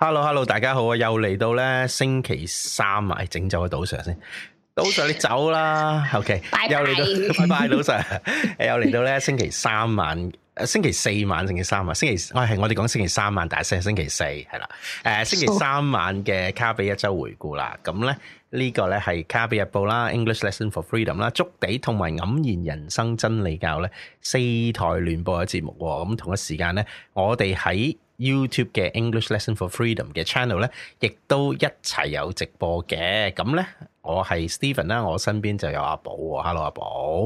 Hello，Hello，hello, 大家好啊！又嚟到咧星期三啊，整、哎、走個島 Sir 先，島 Sir 你走啦，OK，又嚟到，拜拜，島 Sir，誒，又嚟到咧星期三晚，誒， 星期四晚，星期三啊，星期，哎、我係我哋講星期三晚，但係實際星期四係啦，誒、啊，星期三晚嘅卡比一周回顧呢、這個、啦，咁咧呢個咧係卡比日報啦，English lesson for freedom 啦，築地同埋黯然人生真理教咧四台聯播嘅節目、哦，咁、嗯、同一時間咧，我哋喺，YouTube 嘅 English Lesson for Freedom 嘅 channel 咧，亦都一齊有直播嘅。咁咧，我係 Stephen 啦，我身邊就有阿寶。Hello，阿寶，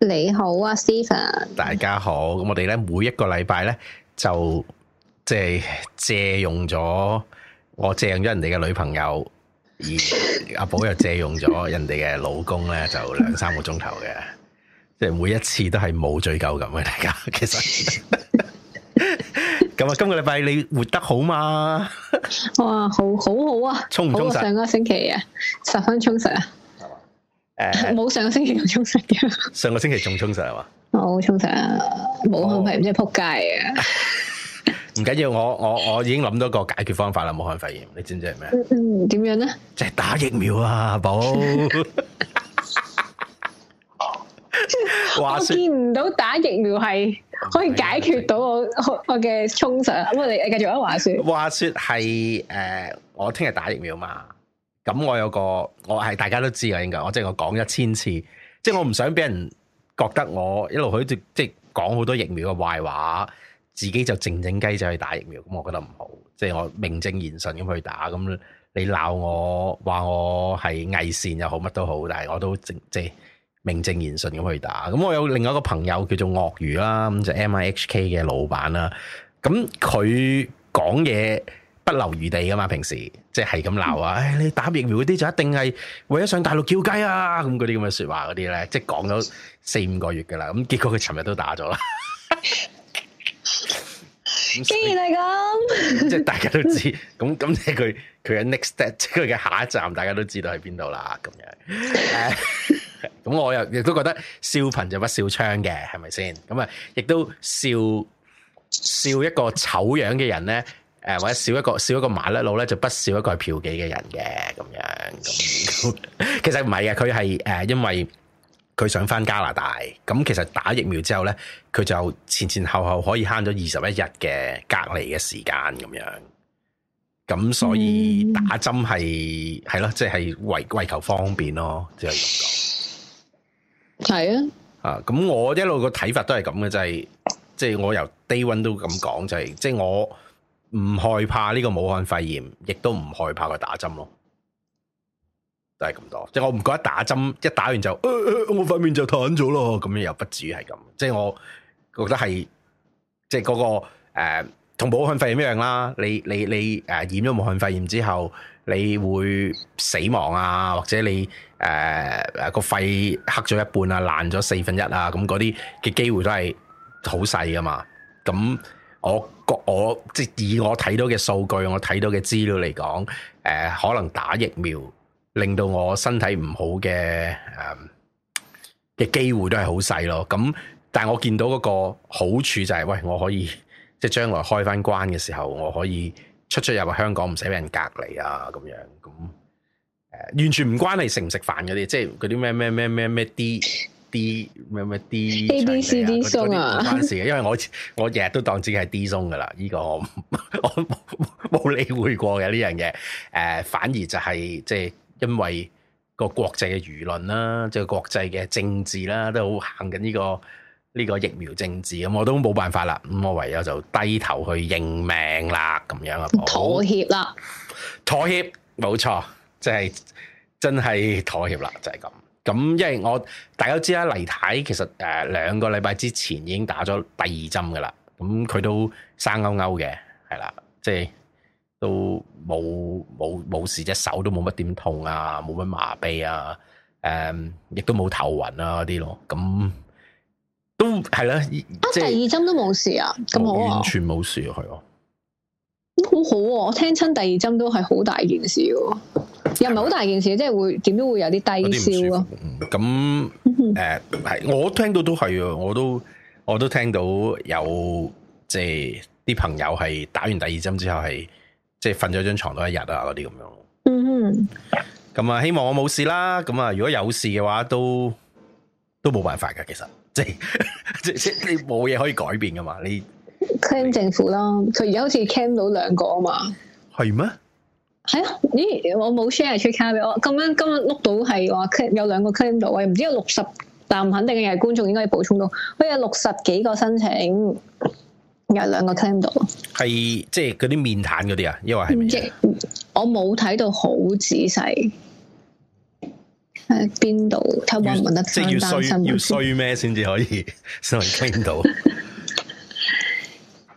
你好啊，Stephen。大家好。咁我哋咧每一個禮拜咧，就即係借用咗我借用咗人哋嘅女朋友，而， 而阿寶又借用咗人哋嘅老公咧，就兩三個鐘頭嘅。即係 每一次都係冇追究咁嘅，大家其實。 咁啊，今個禮拜你活得好嘛？ 哇，好好好啊，充唔充實？上個星期啊，十分充實啊。誒，冇、uh, 上個星期咁充實嘅、啊。 上個星期仲充實係嘛？好充實啊，武漢肺炎即係撲街啊。唔緊要，我我我已經諗到個解決方法啦，武漢肺炎，你知唔知係咩？嗯，點樣咧？即係打疫苗啊，阿寶。 話說我見唔到打疫苗係可以解決到我 我嘅充實，咁啊你繼續啊，話說，話說係誒、呃，我聽日打疫苗嘛，咁我有個我係大家都知啊，應該我即係我講一千次，即係我唔想俾人覺得我一路去即係講好多疫苗嘅壞話，自己就靜靜雞仔去打疫苗，咁我覺得唔好，即係我名正言順咁去打，咁你鬧我話我係偽善又好，乜都好，但係我都正即係。即名正言順咁去打，咁我有另外一個朋友叫做鱷魚啦，咁就 M I H K 嘅老闆啦，咁佢講嘢不留餘地噶嘛，平時即係咁鬧啊，誒、就是嗯哎、你打疫苗嗰啲就一定係為咗上大陸叫雞啊，咁嗰啲咁嘅説話嗰啲咧，即、就、係、是、講咗四五個月噶啦，咁結果佢尋日都打咗啦。 既然係咁，即係大家都知，咁咁即係佢佢嘅 next step，佢嘅下一站，大家都知道喺邊度啦。咁樣，咁、 啊、我又亦都覺得笑貧就不笑娼嘅，係咪先？咁啊，亦都笑笑一個醜樣嘅人咧，誒、啊，或者笑一個笑一個馬甩佬咧，就不笑一個嫖妓嘅人嘅，咁樣。咁其實唔係嘅，佢係誒，因為。佢想翻加拿大，咁其實打疫苗之後咧，佢就前前後後可以慳咗二十一日嘅隔離嘅時間咁樣，咁所以打針係係咯，即係、嗯就是、為為求方便咯，即係咁講。係的啊，啊咁我一路個睇法都係咁嘅，就係即係我由低 a 都咁講，就係即係我唔害怕呢個武漢肺炎，亦都唔害怕佢打針咯。都係咁多，即係我唔覺得打針一打完就，哎、我塊面就癱咗咯。咁樣又不至於係咁，即係我覺得係，即係、那、嗰個誒，同、呃、武漢肺炎一樣啦。你你你誒、呃，染咗武漢肺炎之後，你會死亡啊，或者你誒誒個肺黑咗一半啊，爛咗四分一啊，咁嗰啲嘅機會都係好細噶嘛。咁我覺我即係以我睇到嘅數據，我睇到嘅資料嚟講，誒、呃、可能打疫苗。令到我身體唔好嘅誒嘅機會都係好細咯，咁但係我見到嗰個好處就係，喂，我可以即係將來開翻關嘅時候，我可以出出入香港唔使俾人隔離啊，咁樣咁誒，完全唔關你食唔食飯嗰啲，即係嗰啲咩咩咩咩咩 D D 咩咩 D A B C BC D 送啊，唔關事嘅，因為我我日日都當自己係 D 送噶啦，呢個我冇 我 理會過嘅呢樣嘢，誒，反而就係即係。因為個國際嘅輿論啦，即係國際嘅政治啦，都好行緊、這、呢個呢、這個疫苗政治咁，我都冇辦法啦，咁我唯有就低頭去認命啦，咁樣啊，妥協啦，妥協，冇錯，即係真係妥協啦，就係、是、咁。咁因為我大家都知啦，黎太其實誒、呃、兩個禮拜之前已經打咗第二針噶啦，咁佢都生勾勾嘅，係啦，即係。都冇冇冇事，隻手都冇乜點痛啊，冇乜麻痹啊，誒、嗯，亦、啊、都冇頭暈啊啲咯。咁都係啦，即、啊、第二針都冇事啊，咁好我完全冇事啊，係啊，啊，好好啊。我聽親第二針都係好大件事、啊，又唔係好大件事、啊，啊、即係會點都會有啲低燒咯、啊。咁誒，係、嗯 呃、我聽到都係啊，我都我都，我都聽到有即係啲朋友係打完第二針之後係。即係瞓咗張床都一日啊，嗰啲咁樣。嗯哼，嗯，咁啊，希望我冇事啦。咁啊，如果有事嘅話都，都都冇辦法噶。其實即係即係你冇嘢可以改變噶嘛。你 claim 政府啦，佢而家好似 claim 到兩個啊嘛。係咩嗎？係啊？咦？我冇 share 出 card 俾我。咁樣今日碌到係話 claim 有兩個 claim 到，唔知有六十，但唔肯定嘅係觀眾應該補充到，好似有六十幾個申請。有兩個 claim 到，係即係嗰啲面癱嗰啲啊，因為係咩我冇睇到好仔細，喺邊度睇揾唔揾得？即係要衰，衰要衰咩先至可以先可以 claim 到？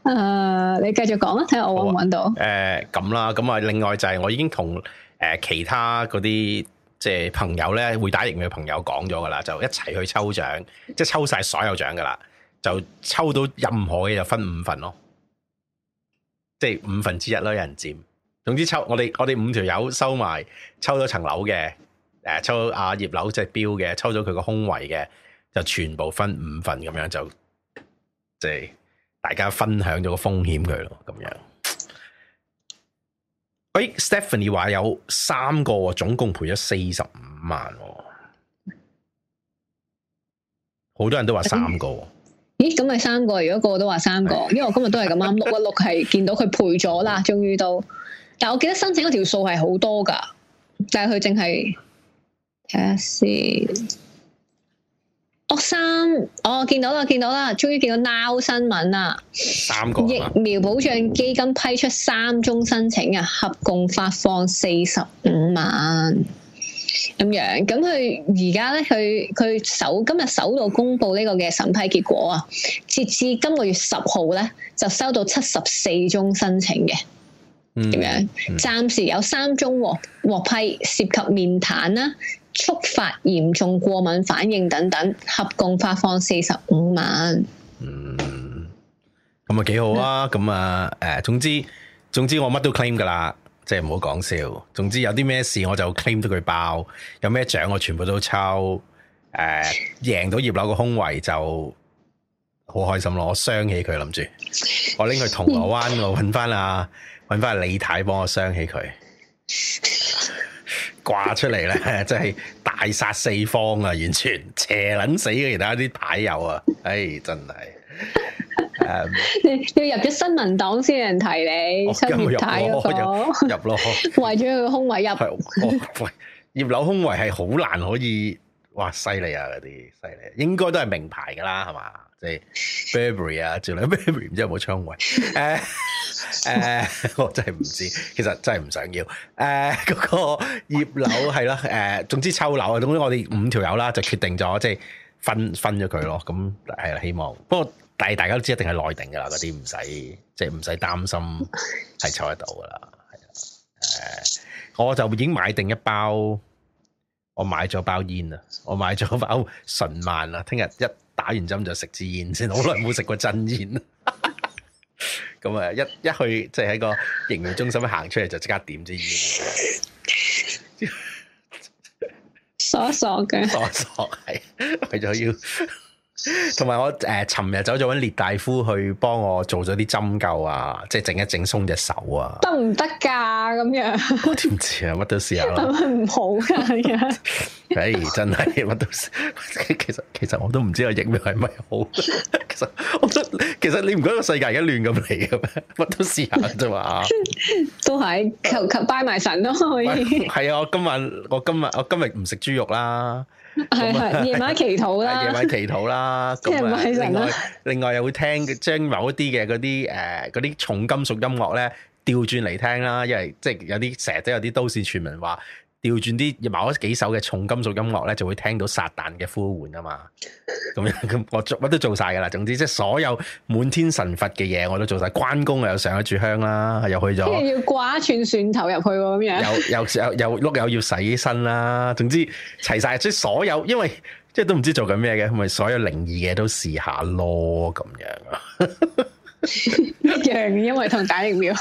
誒，你繼續講啊，睇下我揾唔揾到？誒，咁啦，咁啊，另外就係我已經同誒其他嗰啲即係朋友咧，會打營嘅朋友講咗噶啦，就一齊去抽獎，即係抽晒所有獎噶啦。就抽到任何嘢就分五份咯，即係五分之一咯，有人占。總之抽我哋我哋五條友收埋抽咗層樓嘅，誒抽到阿葉劉隻錶嘅，抽咗佢個胸圍嘅，就全部分五份咁樣就即係、就是、大家分享咗個風險佢咯，咁樣。誒、 哎、Stephanie 話有三個，總共賠咗四十五萬，好多人都話三個。 咦，咁咪三個？如果個個都話三個，因為我今日都係咁啱，碌一碌，係見到佢賠咗啦，終於都。但係我記得申請嗰條數係好多噶，但係佢淨係睇下先。哦三，哦見到啦，見到啦，終於見到 Now 新聞啦。三個疫苗保障基金批出三宗申請啊，合共發放四十五萬。咁樣，咁佢而家咧，佢佢首今日首度公布呢個嘅審批結果啊！截至今個月十號咧，就收到七十四宗申請嘅，咁、嗯、樣暫時有三宗獲獲批，涉及面癱啦、觸發嚴重過敏反應等等，合共發放四十五萬。嗯，咁啊幾好啊！咁、嗯、啊，誒，總之總之我乜都 claim 噶啦。即係唔好講笑，總之有啲咩事我就 claim 到佢爆，有咩獎我全部都抽，誒、呃，贏到葉劉個空位就好開心咯，我傷起佢諗住，我拎去銅鑼灣度搵翻啊，搵翻李太幫我傷起佢，掛 出嚟咧，真係大殺四方啊，完全邪撚死嘅，而家啲牌友啊，唉、哎，真係。誒，um, 你要入咗新聞黨先有人提你，哦那個、入咗入咯了，為咗佢個空位入。喂，葉柳空位係好難可以，哇，犀利啊！嗰啲犀利，應該都係名牌噶啦，係嘛？即係 Burberry 啊，仲 有 Burberry 唔知有冇窗位？誒誒，我真係唔知，其實真係唔想要。誒、uh,，嗰個葉柳係啦，誒，總之抽柳，總之我哋五條友啦，就決定咗，即、就、係、是、分分咗佢咯。咁係啦，希望。不過。但係大家都知，一定係內定噶啦，嗰啲唔使即係唔使擔心係抽得到噶啦。係啊，誒、uh,，我就已經買定一包，我買咗包煙啦，我買咗包純慢啦。聽日一打完針就食支煙先，好耐冇食過真煙咁誒， 一去、就是、一去即係喺個營業中心行出嚟就即刻點支煙， 傻傻嘅，傻傻係為咗要。同埋我誒，尋日走咗搵列大夫去幫我做咗啲針灸啊，即係整一整鬆隻手啊，得唔得噶？咁樣，點知啊？乜都試下，但係唔好噶，係啊，唉，真係乜都試。其實其實我都唔知個疫苗係咪好。其實我，是是 其實我都其實你唔覺得個世界亂 而家亂咁嚟嘅咩？乜 都試下啫嘛，都係求求拜埋神都可以。係 哎、啊，我今晚我今日我今日唔食豬肉啦。係，夜、 嗯、晚祈禱啦。夜 晚祈禱啦。咁 啊，另外另外又會聽將某一啲嘅嗰啲誒啲重金屬音樂咧調轉嚟聽啦，因為即係有啲成日都有啲都市傳聞話，調轉啲某幾首嘅重金屬音樂咧，就會聽到撒旦嘅呼喚啊嘛！咁樣，咁我做乜都做晒噶啦。總之即係所有滿天神佛嘅嘢，我都做晒。關公又上一炷香啦，又去咗。要掛一串蒜頭入去咁樣。有有有有碌柚要洗身啦。總之齊晒，即所，所有，因為即係都唔知做緊咩嘅，咪所有靈異嘢都試下咯，咁樣。一樣，因為同打疫苗，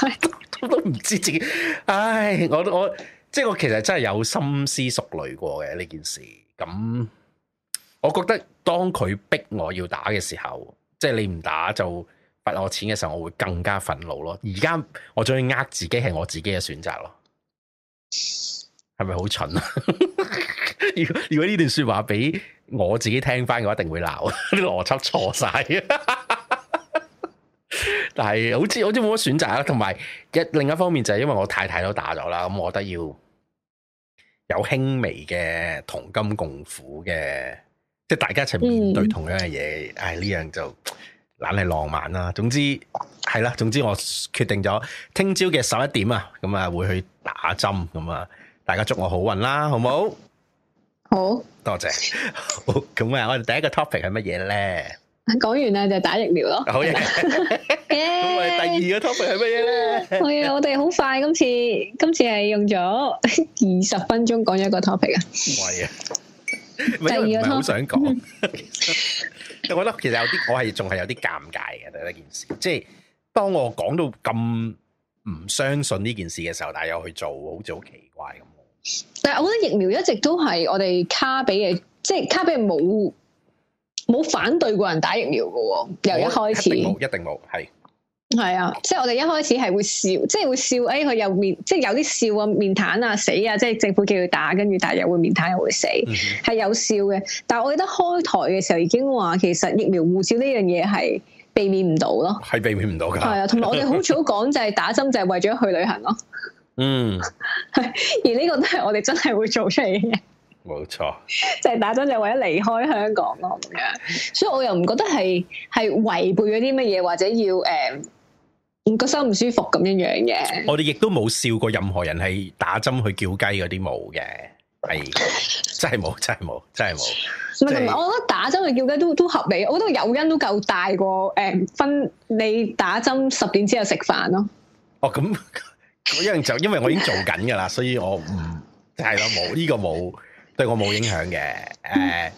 我 都唔知自己。唉，我都我。我我即係我其實真係有深思熟慮過嘅呢件事，咁我覺得當佢逼我要打嘅時候，即係你唔打就罰我錢嘅時候，我會更加憤怒咯。而家我中意呃自己係我自己嘅選擇咯，係咪好蠢啊？ 如？如果如果呢段說話俾我自己聽翻嘅話，一定會鬧，啲邏輯錯晒。 但係好似好似冇乜選擇啦，同埋一另一方面就係因為我太太都打咗啦，咁我覺得要有輕微嘅同甘共苦嘅，即係大家一齊面對同樣嘅嘢，唉呢、嗯哎、樣就懶係浪漫啦、啊。總之係啦，總之我決定咗聽朝嘅十一點啊，咁啊會去打針，咁啊大家祝我好運啦，好冇？好多謝。好咁啊，我哋第一個 topic 係乜嘢咧？講完啦，就打疫苗咯。好嘢，咁咪第二個 topic 係乜嘢咧？係啊，我哋好快今次，今次係用咗二十分鐘講一個 topic 啊。係啊，第二個 topic 唔係好想講。我覺得其實有啲，我係仲係有啲尷尬嘅。第一件事，即係當我講到咁唔相信呢件事嘅時候，大家有去做好似好奇怪咁。但係我覺得疫苗一直都係我哋卡比嘅，即係卡比冇。冇反對過人打疫苗㗎喎，由一開始冇一定冇，係係啊，即係我哋一開始係會笑，即係會笑，哎，佢又面，即係有啲笑啊，面癱啊，死啊，即係政府叫佢打，跟住但係又會面癱又會死，係、嗯、有笑嘅。但我記得開台嘅時候已經話，其實疫苗護照呢樣嘢係避免唔到咯，係避免唔到㗎。係啊，同埋我哋好早講就係打針就係為咗去旅行咯。嗯，係 而呢個都係我哋真係會做出嚟嘅。冇沒錯，即係打針就為咗離開香港咯，咁樣，所以我又唔覺得係係違背咗啲乜嘢，或者要誒唔覺心唔舒服咁樣樣嘅。我哋亦都冇笑過任何人係打針去叫雞嗰啲冇嘅，係真係冇，真係冇，真係冇。唔係，同埋我覺得打針去叫雞都都合理，我覺得誘因都夠大過誒、呃，分你打針十點之後食飯咯。哦，咁嗰樣就因為我已經做緊噶啦， 所以我唔係咯，冇呢、這個冇。對我冇影響嘅，誒、呃，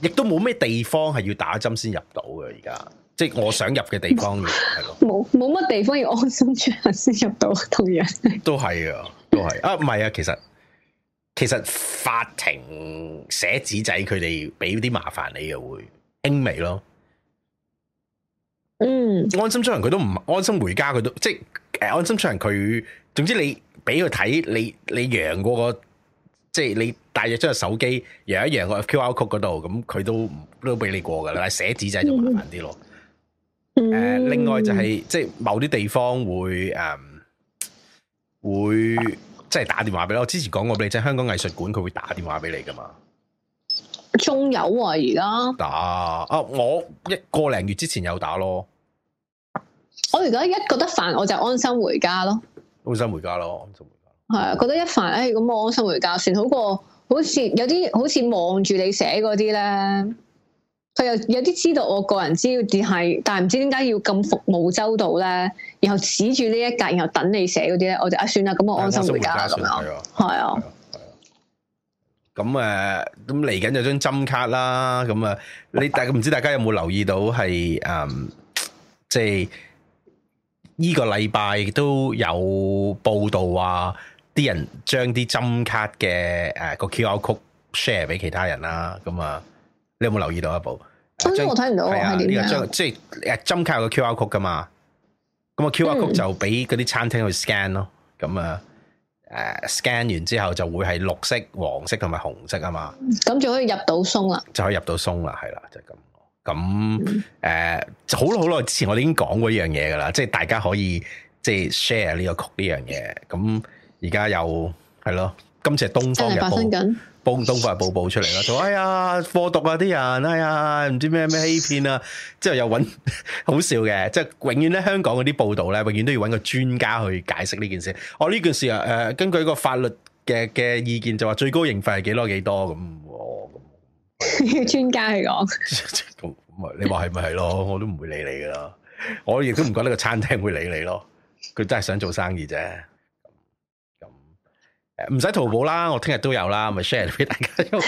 亦都冇咩地方係要打針先入到嘅。而家即係我想入嘅地方，係咯， 冇冇乜地方要安心出行先入到同樣。都係啊，都係啊，唔係啊，其實其實法庭寫紙仔，佢哋俾啲麻煩你嘅會輕微咯。嗯安安，啊，安心出行佢都唔，安心回家佢都，即係誒安心出行佢，總之你俾佢睇你，你養過個。即係你大約將個手機揚一揚個 QR code 嗰度，咁佢都都俾你過噶啦。但係寫紙仔就麻煩啲咯。誒、嗯，uh, 另外就係、是、即係某啲地方會誒、嗯、會即係、就是、打電話俾你。我之前講過俾你，即係香港藝術館佢會打電話俾你噶嘛？仲有啊！而家打啊！我一個零月之前有打咯。我而家一覺得煩，我就安心回家咯。安心回家咯。係啊，覺得一煩，哎，咁我安心回家算好過。好似有啲好似望住你寫嗰啲咧，佢又有啲知道我個人知點係，但係唔知點解要咁服務周到咧，然後指住呢一格，然後等你寫嗰啲咧，我就啊算啦，咁我安心回家咁樣，係啊了。咁誒了，咁嚟緊有張針卡啦，咁啊，你但係唔知大家有冇留意到係誒，即係呢個禮拜都有報道話。啲人將啲針卡嘅誒個 QR 曲 share 俾其他人啦，咁啊，你有冇留意到一部？我都我睇唔到啊，係呢個即係誒針卡個 QR 曲噶嘛，咁啊 QR 曲就俾嗰啲餐廳去 scan 咯，咁啊誒 scan 完之後就會係綠色、黃色同埋紅色啊嘛，咁、嗯、就可以入到鬆啦，嗯、就可以入到鬆啦，係啦，就係咁。咁誒好耐好耐之前我哋已經講過一樣嘢噶啦，即係大家可以即係 share 呢個曲呢、呢個、樣嘢，咁。而家又係咯，今次係東方日報，發生東方日報報出嚟啦，就哎呀，課毒啊啲人，哎呀，唔、啊哎、知咩咩欺騙啊，之後又搵 好笑嘅，即係永遠咧香港嗰啲報道咧，永遠都要搵個專家去解釋呢件事。我呢件事啊，誒、呃，根據個法律嘅嘅意見就話最高刑費係幾多幾多咁，我要專家去講，咁咪你話係咪係咯？我都唔會理你噶啦，我亦都唔覺得個餐廳會理你咯，佢真係想做生意啫。唔使淘寶啦，我聽日都有啦，咪 share 俾大家用。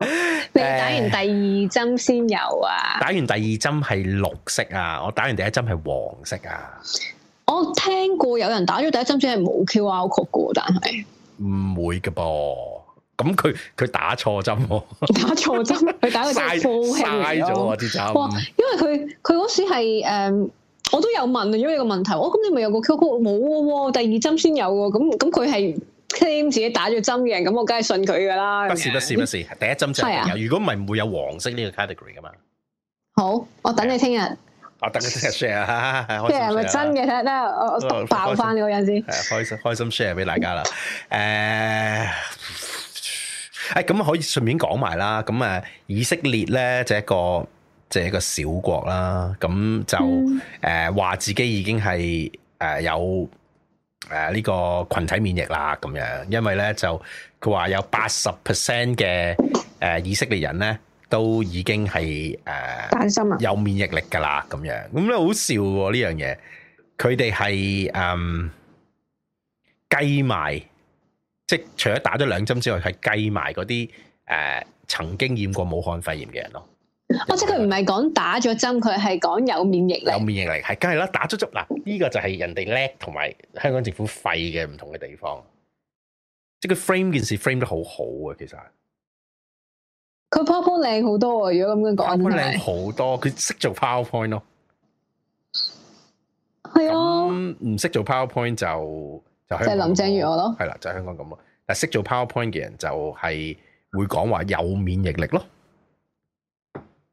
你打完第二針先有啊？打完第二針係綠色啊，我打完第一針係黃色啊。我聽過有人打咗第一針先係冇 QR code 嘅，但、嗯啊、 係唔會嘅噃。咁佢佢打錯針喎，打錯針佢打咗針敷氣咗啊啲針。因為佢佢嗰時係誒。Um, 我都有問啊，因為個問題，我咁你咪有個 QQ 冇喎，第二針先有喎，咁咁佢係 claim 自己打咗針嘅人，咁我梗係信佢噶啦。不是不是不是，第一針就係嘅。如果唔係唔會有黃色呢個 category 噶嘛。好，我等你聽日。我等你聽日 share 啊，開心 share。即係係咪真嘅？睇下我爆翻你個人先。係開心開心 share 俾大家啦。誒，誒咁可以順便講埋啦。咁誒，以色列咧就一個。即係一個小國啦，咁就誒話、呃、自己已經係誒、呃、有誒呢、呃、這個群體免疫啦，咁樣，因為咧就佢話有八十 percent 嘅誒以色列人咧都已經係誒、呃呃，有免疫力噶啦，咁樣，咁咧好笑呢樣嘢，佢哋係嗯計埋，即係除咗打咗兩針之外，係計埋嗰啲誒曾經染過武漢肺炎嘅人咯。我、哦、即佢唔係講打咗針，佢係講有免疫力。有免疫力係梗係啦，打足足喇，呢個就係人哋叻同埋香港政府廢嘅唔同嘅地方。即係佢 frame 件事 frame 得好好啊，其實。佢 PowerPoint 靚好多啊！如果咁樣講，靚好多，佢識是做 PowerPoint 咯。係啊，唔識做 PowerPoint 就就香港就係林鄭月娥咯，係啦，就係、是、香港咁咯。但係識做 PowerPoint 嘅人就係會講話有免疫力咯。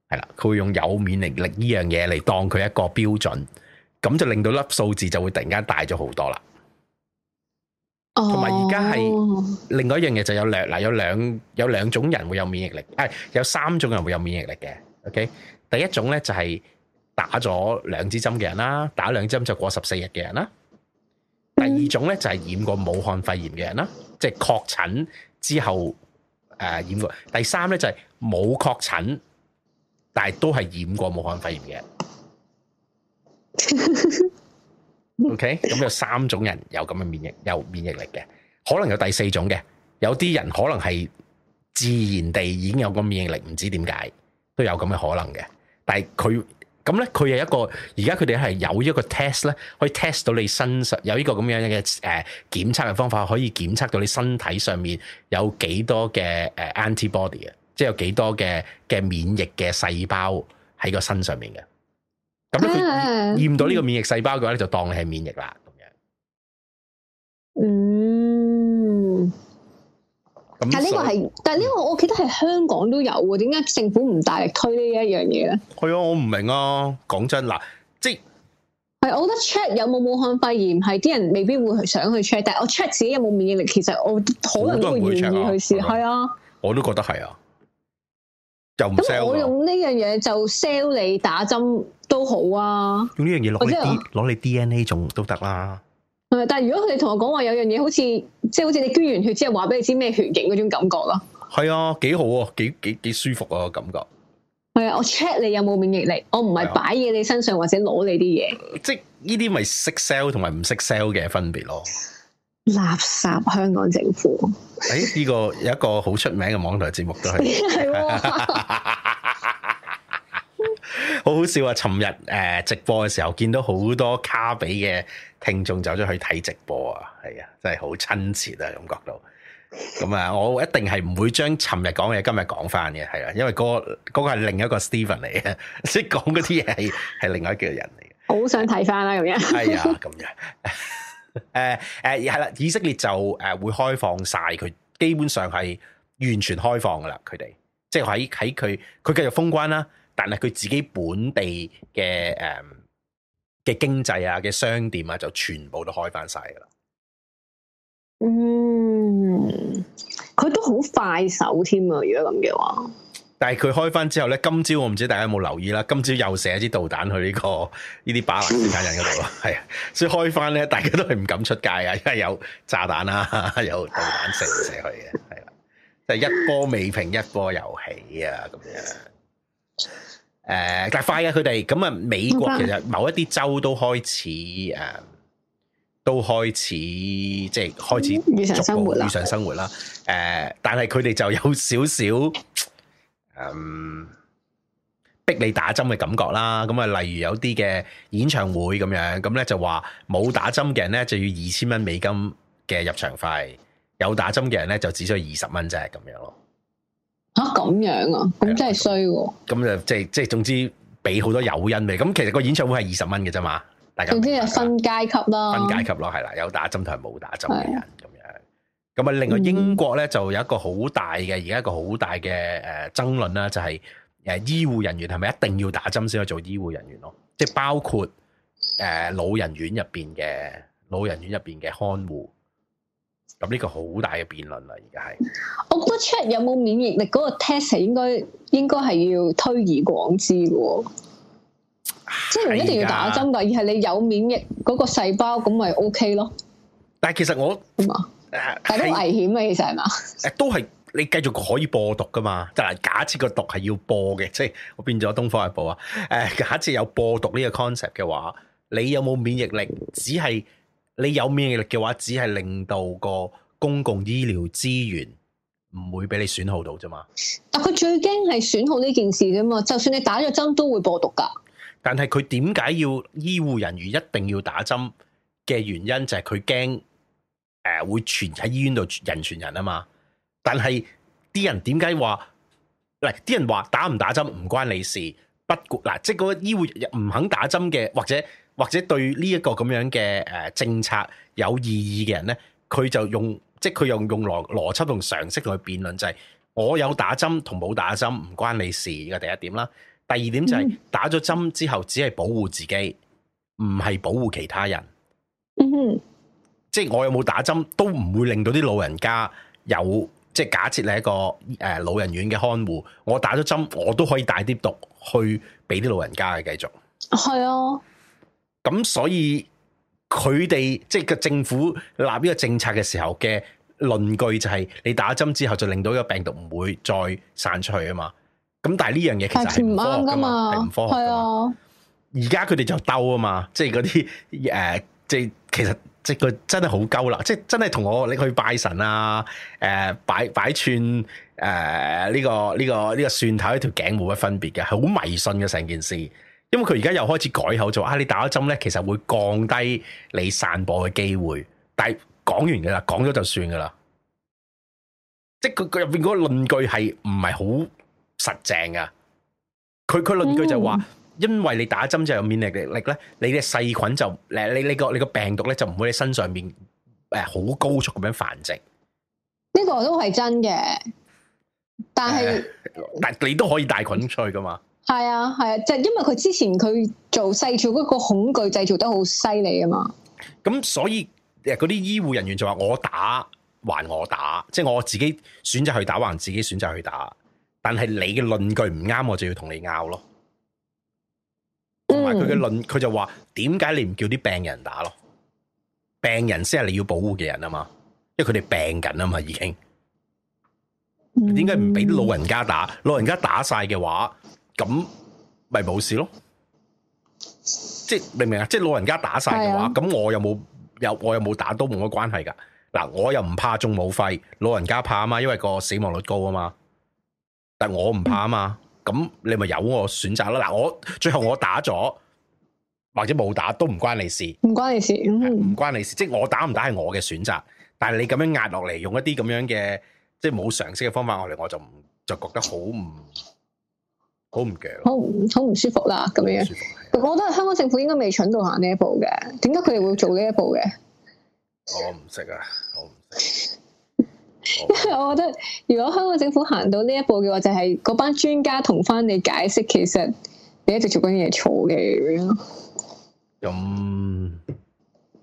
係啦，佢會用有免疫力呢樣嘢嚟當佢一個標準，咁就令到粒數字就會突然間大咗好多啦。哦，同埋而家係另外一樣嘢就有兩嗱，有兩有兩種人會有免疫力，誒、哎，有三種人會有免疫力嘅。O、okay? K，第一種咧就係、是、打咗兩支針嘅人啦，打兩針就過十四日嘅人啦。第二種咧就係、是、染過武漢肺炎嘅人啦，即係確診之後誒、呃、染過。第三咧就係冇確診。但係都係染過武漢肺炎嘅，OK？咁有三種人有咁嘅免疫，有免疫力嘅，可能有第四種嘅，有啲人可能係自然地已經有個免疫力，唔知點解都有咁嘅可能嘅。但係佢咁咧，佢係一個而家佢哋係有一個 test 咧，可以 test 到你身上有呢個咁樣嘅誒檢測嘅方法，可以檢測到你身體上面有幾多嘅誒 antibody 嘅。即係有幾多嘅嘅免疫嘅細胞喺個身上面嘅，咁咧佢驗到呢個免疫細胞嘅話咧，就當你係免疫啦咁樣。嗯，但係呢個係，但係呢個我記得係香港都有嘅，點解政府唔大力推呢一樣嘢咧？係 啊，我唔明啊，講真啦，即係 我覺得 check 有冇武漢肺炎係啲人未必會想去 check，但係我 check 自己有冇免疫力，其實我好多人都會願意去試，係啊，我都覺得係啊。 咁我用呢樣嘢就 sell 你打針都好啊，用呢樣嘢攞啲攞你 DNA 仲都得啦。係，但係如果佢哋同我講話有樣嘢，就是，好似即係好似你捐完血之後話俾你知咩血型嗰種感覺咯。係啊，幾好啊，幾幾幾舒服啊個感覺。係啊，我 check 你有冇免疫力，我唔係擺嘢你身上或者攞你啲嘢。即係呢啲咪識 sell 同埋唔識 sell 嘅分別咯。垃圾香港政府！哎，呢、這個有一個好出名嘅網台節目都係， 好好笑啊！尋日誒直播嘅時候，見到好多卡比嘅聽眾走咗去睇直播啊，係啊，真係好親切啊，感覺到。咁啊，我一定係唔會將尋日講嘢今日講翻嘅，係啊，因為嗰、那個嗰、那個係另一個 Stephen 嚟嘅，即係講嗰啲嘢係係另外一個人嚟嘅。好想睇翻啦，咁樣係啊，咁樣。誒誒，係啦，以色列就誒、uh, 會開放晒，佢基本上係完全開放噶啦，佢哋即係喺喺佢佢繼續封關啦、啊，但係佢自己本地嘅誒嘅經濟啊嘅商店啊，就全部都開返晒噶啦。嗯，佢都好快手添啊！如果咁嘅話。但係佢開翻之後咧，今朝我唔知大家有冇留意啦。今朝又射一支導彈去呢、這個呢啲巴勒斯坦人嗰度咯，係啊。所以開翻咧，大家都係唔敢出街啊，因為有炸彈啦，有導彈射射去嘅，係啦。即係一波未平一波又起啊，咁樣。誒、呃，但係快啊！佢哋咁啊，美國其實某一啲州都開始誒、嗯，都開始即係開始逐步日常生活啦。誒、呃，但係佢哋就有少少。嗯，逼你打針嘅感覺啦，咁啊，例如有啲嘅演唱會咁樣，咁咧就話冇打針嘅人咧就要二千蚊美金嘅入場費，有打針嘅人咧就只需要二十蚊啫，咁樣咯。吓咁樣啊？咁的真係衰喎！咁就即係即係，總之俾好多誘因你。咁其實個演唱會係二十蚊嘅啫嘛，大家。總之係分階級啦，分階級咯，係啦，有打針同冇打針嘅人。咁啊，另外英國咧就有一個好大嘅而家一個好大嘅誒爭論啦，就係、是、誒醫護人員係咪一定要打針先可以做醫護人員咯？即係包括誒、呃、老人院入邊嘅老人院入邊嘅看護。咁呢個好大嘅辯論啦，而家係。我覺得 check 有冇免疫力嗰、那個 test 係應該應該係要推而廣之嘅，的即係唔一定要打針㗎，而係你有免疫嗰個細胞咁咪 OK 咯。但係其實我啊。係好是危險啊！其實係嘛？誒，都係你繼續可以播毒噶嘛？就嚟假設個毒係要播嘅，即係我變咗《東方日報》啊！誒，假設有播毒呢個 concept 嘅話，你有冇免疫力？只係你有免疫力嘅話，只係令到個公共醫療資源唔會俾你損耗到啫嘛？但佢最驚係損耗呢件事啫嘛！就算你打咗針都會播毒噶，但係佢點解要醫護人員一定要打針嘅原因就係佢驚。誒、呃，會傳喺醫院度人傳人啊嘛？但係啲人點解話？嗱，啲人話打唔打針唔關你事，不管嗱、啊，即係嗰個醫護唔肯打針嘅，或者或者對呢一個咁樣嘅誒、呃、政策有異議嘅人咧，佢就用即係佢用用邏邏輯同常識去辯論，就係我有打針同冇打針唔關你事。呢個第一點啦。第二點就係打咗針之後，只係保護自己，唔係保護其他人。嗯哼。即係我有冇打針都唔會令到啲老人家有即係假設你係一個誒、呃、老人院嘅看護，我打咗針，我都可以帶啲毒去俾啲老人家嘅繼續。係啊，咁所以佢哋即係個政府立呢個政策嘅時候嘅論據就係、是、你打針之後就令到呢個病毒唔會再散出去啊嘛。咁但係呢樣嘢其實係唔啱噶嘛，唔科學啊。而家佢哋就兜啊嘛，即係嗰啲誒即係其實。即佢真係好鳩啦！即真係同我你去拜神啊，誒、呃、擺擺串誒呢、呃這個呢、這個呢、這個蒜頭一條頸冇乜分別嘅，係好迷信嘅成件事。因為佢而家又開始改口，就、啊、話你打咗針咧，其實會降低你散播嘅機會。但講完嘅啦，講咗就算嘅啦。即佢佢入邊嗰個論據係唔係好實正㗎？佢佢論據就係話。嗯因為你打針就有免疫力咧，你嘅細菌就誒，你你個你個病毒咧就唔會喺身上面誒好高速咁樣繁殖。呢個都係真嘅，但係但、嗯、 你都可以帶菌出去噶嘛？係啊，係啊，就是、因為佢之前佢做製造嗰個恐懼製造得好犀利啊嘛。咁所以誒嗰啲醫護人員就話我打還我打，即、就、係、是、我自己選擇去打還自己選擇去打，但係你嘅論據唔啱，我就要同你拗咯。同埋佢嘅論，佢就話，點解你唔叫啲病人打咯？病人先係你要保護嘅人啊嘛，因為佢哋病緊啊嘛，已經點解唔俾啲老人家打？老人家打晒嘅話，咁咪冇事咯。即係明唔明啊？即係老人家打晒嘅話，咁的我又冇又我又冇打都冇乜關係噶。嗱，我又唔怕中武肺，老人家怕啊嘛，因為個死亡率高啊嘛，但係我唔怕啊嘛。咁你咪有我選擇咯嗱，我最後我打咗或者冇打都唔關，關你事，唔、嗯、關你事，唔關你事，即係我打唔打係我嘅選擇。但係你咁樣壓落嚟，用一啲咁樣嘅即係冇常識嘅方法落嚟，我就唔就覺得好唔好唔強，好好唔舒服啦咁樣。我覺得香港政府應該未蠢到行呢一步嘅，點解佢哋會做呢一步嘅？我唔識啊。我因為我覺得如果香港政府行到呢一步嘅話，就係、是、嗰班專家同翻你解釋，其實你一直做緊嘢錯嘅咁，嗯、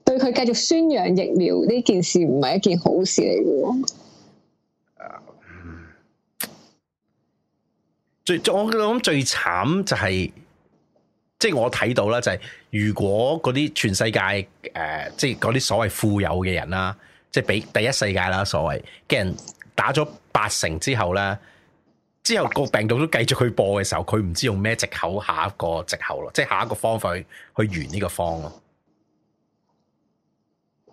對佢繼續宣揚疫苗呢件事唔係一件好事嚟嘅、嗯。最我諗最慘就係，即係我睇到啦，就係、是就是、如果嗰啲全世界誒，即係嗰啲所謂富有嘅人啦。即係俾第一世界啦，所謂嘅人打咗八成之後咧，之後個病毒都繼續去播嘅時候，佢唔知用咩借口下一個借口咯，即係下一個方法去去完呢個方咯。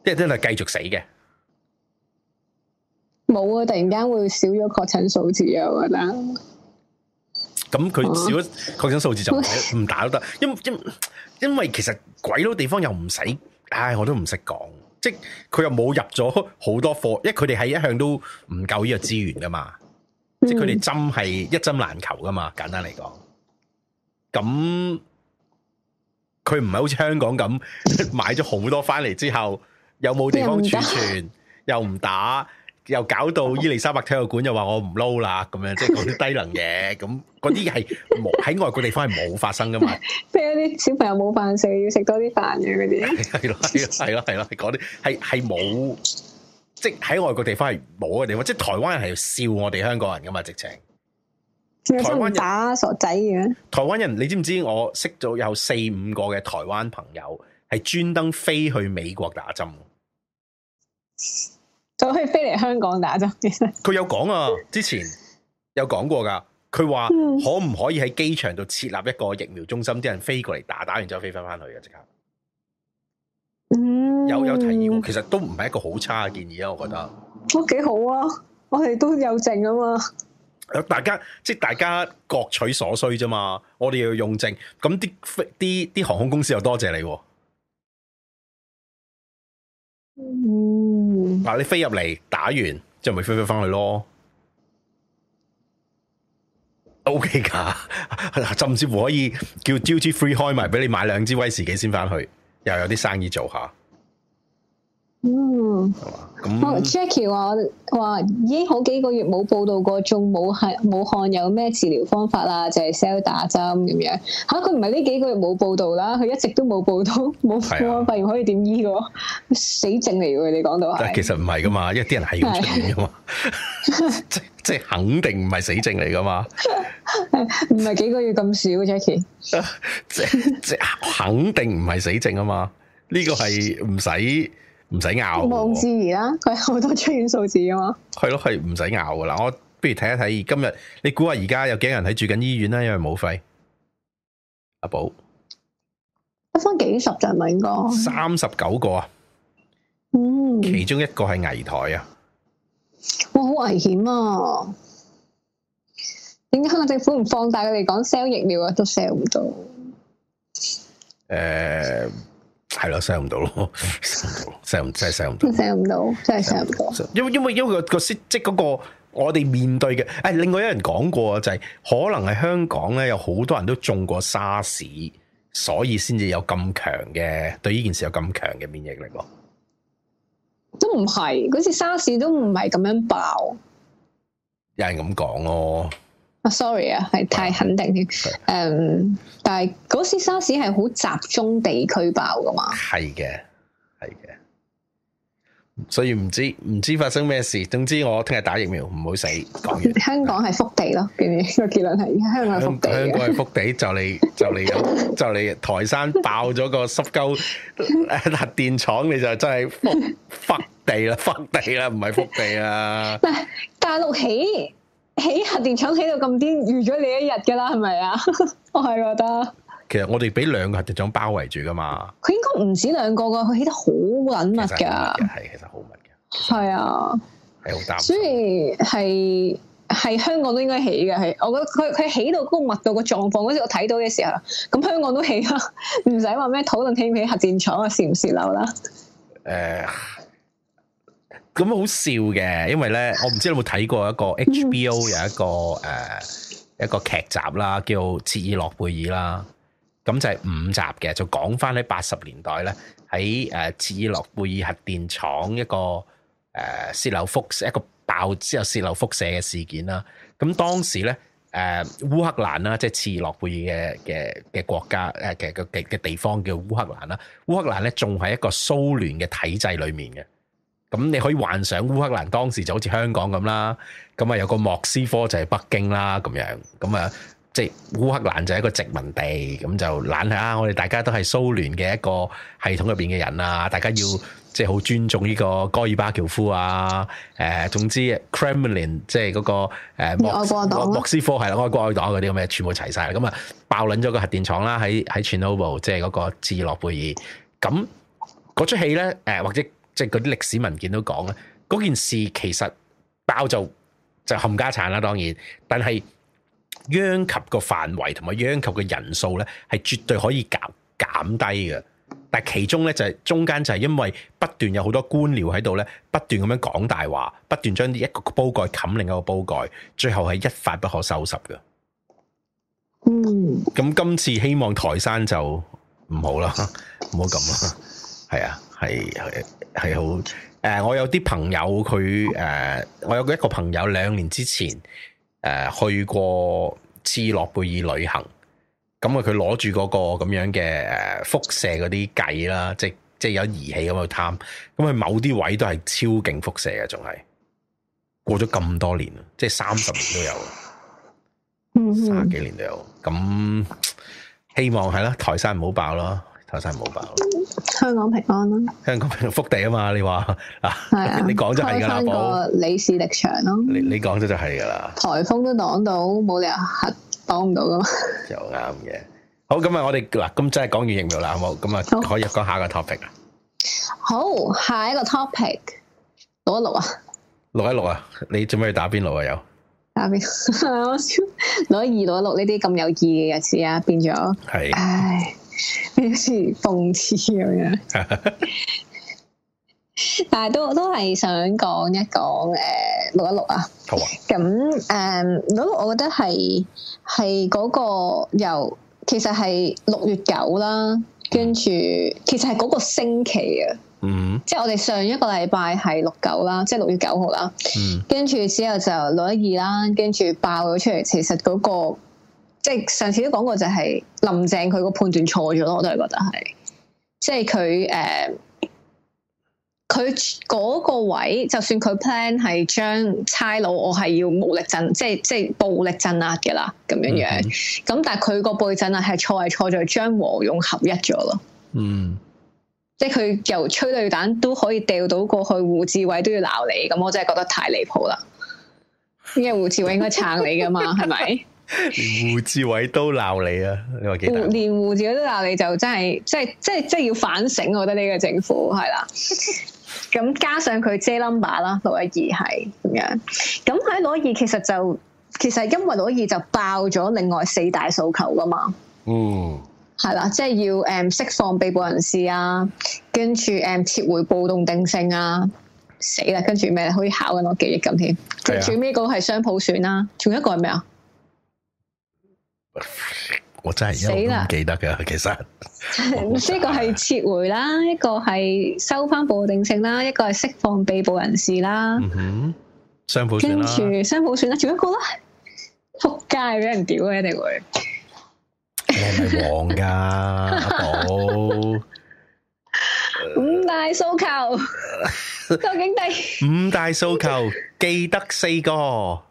即係真係繼續死嘅，冇啊！突然間會少咗確診數字啊！我覺得咁佢少咗確診數字就唔唔打都得， 因因因為其實鬼佬地方又唔使，唉，我都唔識講。即佢又冇入咗好多貨，因為佢哋係一向都唔夠呢個資源噶嘛，嗯、即係佢哋針係一針難求噶嘛，簡單嚟講，咁佢唔係好似香港咁 買咗好多返嚟之後，又冇地方儲存，又唔打。又搞到伊利沙伯體育館又話我唔撈啦，咁樣即係講啲低能嘢，咁嗰啲係冇喺外國地方係冇發生噶嘛？即係啲小朋友冇飯食，要食多啲飯嘅嗰啲，係咯係咯係咯係咯，啲係係冇，即係喺外國地方係冇嘅地方，即係台灣人係笑我哋香港人噶嘛？直情台灣人打傻仔嘅。台灣人，你知唔知我識咗有四五個嘅台灣朋友係專登飛去美國打針？就可以飛嚟香港打針，佢有講啊，之前有講過噶，佢話可唔可以喺機場度設立一個疫苗中心，啲人飛過嚟打，打完之後飛翻翻去啊，即刻。嗯，有有提議，其實都唔係一個好差嘅建議啊，我覺得都幾好啊，我哋都有證啊嘛。大家即係大家各取所需啫嘛，我哋要用證，咁啲啲啲航空公司又多謝你啊。嗯。嗱，你飛入嚟打完，就咪飛飛翻去咯。O K 㗎， 甚至乎可以叫 Duty Free 開埋俾你買兩支威士忌先翻去，又有啲生意做下。嗯，哦，Jackie 話話已經好幾個月冇報道過，仲冇係冇看有咩治療方法、就是、等等啊？就係 sell 打針咁樣，吓佢唔係呢幾個月冇報道啦，佢一直都冇報道，冇方法，然、啊、可以點醫個死症嚟㗎？你講到啊？但係其實唔係噶嘛，一啲人係要診噶嘛，即係肯定唔係死症嚟噶嘛，唔係幾個月咁少 Jackie 即係肯定唔係死症啊嘛，呢、這個係唔使。唔使拗，冇質疑啦，佢好多出院數字噶嘛，係咯係，唔使拗噶啦。我不如睇一睇今日，你估下而家有幾多人喺住緊醫院啦？因為冇肺。阿寶，得翻幾十咋嘛？應該三十九個啊，嗯，其中一個係危殆啊，哇，好危險啊！點解香港政府唔放大嚟講 sell 疫苗啊？都 sell 唔到，誒。係咯，受唔到咯，受唔，真係受唔到。我受唔到，真係受唔到。因因為因、那、為個即嗰個我哋面對嘅，誒、哎，另外有人講過就係、是、可能係香港咧有好多人都中過沙士，所以先至有咁強嘅對呢件事有咁強嘅免疫力咯。都唔係，嗰次沙士都唔係咁樣爆。有人咁講咯。啊，sorry 啊，係太肯定嘅，嗯、um,，但係嗰時沙士係好集中地區爆噶嘛？係嘅，係嘅，所以唔知唔知發生咩事，總之我聽日打疫苗唔好死。講完，香港係福地咯，個結論係。香港係福地，香港係福地，就你就你咁，就你台山爆咗個濕鳩核電廠，你就真係福 福地啦，福地啦，唔係福地啦。嗱，大陸起。起核電廠起到咁癲，預咗你一日噶啦，係咪啊？ 我係覺得，其實我哋俾兩個核電廠包圍住噶嘛。佢應該唔止兩個噶，佢起得好緊密噶。係其實好密嘅。係啊，係好差。所以係係香港都應該起噶。係，我覺得佢佢起到咁密度個狀況，嗰時我睇到嘅時候，咁香港都起啦，唔使話咩討論起唔起核電廠啊，泄唔泄漏啦。誒、呃。咁好笑嘅，因為咧，我唔知你有冇睇過一個 HBO 有一個誒、呃、一個劇集啦，叫切爾諾貝爾啦、呃《切爾諾貝爾》啦，咁就係五集嘅，就講翻喺八十年代咧，喺誒切爾諾貝爾核電廠一個誒、呃、洩漏輻射一個爆之後洩漏輻射嘅事件啦。咁當時咧，誒、呃、烏克蘭啦，即係切爾諾貝爾嘅嘅嘅國家誒嘅嘅嘅地方叫烏克蘭啦，烏克蘭咧仲係一個蘇聯嘅體制裏面嘅。咁你可以幻想烏克蘭當時就好似香港咁啦，咁啊有個莫斯科就係北京啦咁樣，咁啊即係烏克蘭就係一個殖民地，咁就懶係啊，我哋大家都係蘇聯嘅一個系統入邊嘅人啊，大家要即係好尊重呢個戈爾巴喬夫啊，誒、呃，總之 Kremlin 即係嗰、那個誒、呃莫、啊、莫斯科係啦，愛國愛黨嗰啲咁嘅全部齊晒啦，咁啊爆捻咗個核電廠啦，喺喺 Chernobyl 即係嗰個智諾貝爾，咁嗰出戲咧，誒、呃、或者。即係嗰啲歷史文件都講啦，嗰件事其實爆就就冚家鏟啦，當然，但係殃及個範圍同埋殃及嘅人數呢，係絕對可以減減低嘅。但係其中呢，就係中間就係因為不斷有好多官僚喺度呢，不斷咁樣講大話，不斷將啲一個煲蓋冚另一個煲蓋，最後係一發不可收拾嘅。嗯，咁今次希望台山就唔好啦，唔好咁啦，係啊。係係係好誒！我有啲朋友佢、誒、呃，我有一個朋友兩年之前誒、呃、去過切爾諾貝爾旅行，咁啊佢攞住嗰個咁樣嘅誒輻射嗰啲計啦，即即有儀器咁去探，咁、嗯、佢某啲位都係超勁輻射嘅，仲係過咗咁多年，即係三十年都有，三十幾年都有，咁、嗯、希望係啦、嗯，台山唔好爆咯。真晒冇法，香港平安咯、啊，香港平安福地啊嘛，你話啊，你講就係噶啦，香港。翻個李氏力場咯，你你講咗就係噶啦。台風都擋到，冇理由吓擋唔到噶嘛。又啱嘅，好咁啊，我哋嗱咁真係講完疫苗啦，好冇？咁啊，可以講下一個 topic 啊。好，下一個 topic，六一六啊，六一六啊，你做咩去打邊爐啊？又打邊邊，我超攞二攞六呢啲咁有意義嘅日子啊，變咗係、啊、唉。好似諷刺咁樣， 但係都都係想講一講誒六一六啊，好啊，咁誒六一六，我覺得係係嗰個由，其實係六月九啦，跟住、嗯、其實係嗰個星期啊，嗯，即係我哋上一個禮拜係六九啦，即係六月九號啦，跟住、嗯、之後就六一二啦，跟住爆咗出嚟，其實嗰、那個。即係上次都講過，就係林鄭佢個判斷錯咗咯，我都係覺得係，即係佢誒佢嗰個位，就算佢 plan 係將差佬，我係要武力鎮，即係即係暴力鎮壓嘅啦，咁樣樣。咁、嗯、但係佢個暴鎮壓係錯係錯在將和勇合一咗咯。嗯，即係佢由催淚彈都可以掉到過去，胡志偉都要鬧你，咁我真係覺得太離譜啦。因為胡志偉應該撐你噶嘛，係咪？ 連胡志偉都鬧你啊！你話幾大？連胡志偉都鬧你就真係，即係，即係，即係要反省，我覺得呢個政府係啦。咁 加上佢遮 number 啦，六一二係咁樣。咁喺六二其實就，其實因為六二就爆咗另外四大訴求噶嘛，嗯。嗯，係啦，即係要誒釋放被捕人士啊，跟住誒撤回暴動定性啊，死啦！跟住咩？可以考緊我記憶咁添。的最尾嗰個係雙普選啦，啊，仲有一個係咩啊？我真係死啦，唔記得嘅。了其實呢哇個係撤回啦，一個係收翻報定性啦，一個係釋放被捕人士啦，嗯哼，雙普選跟住雙普選算啦，做、啊、一個啦，撲街俾人屌嘅一定會、啊，我係黃噶 阿寶寶，五大訴求 究竟第五大訴求記得四個？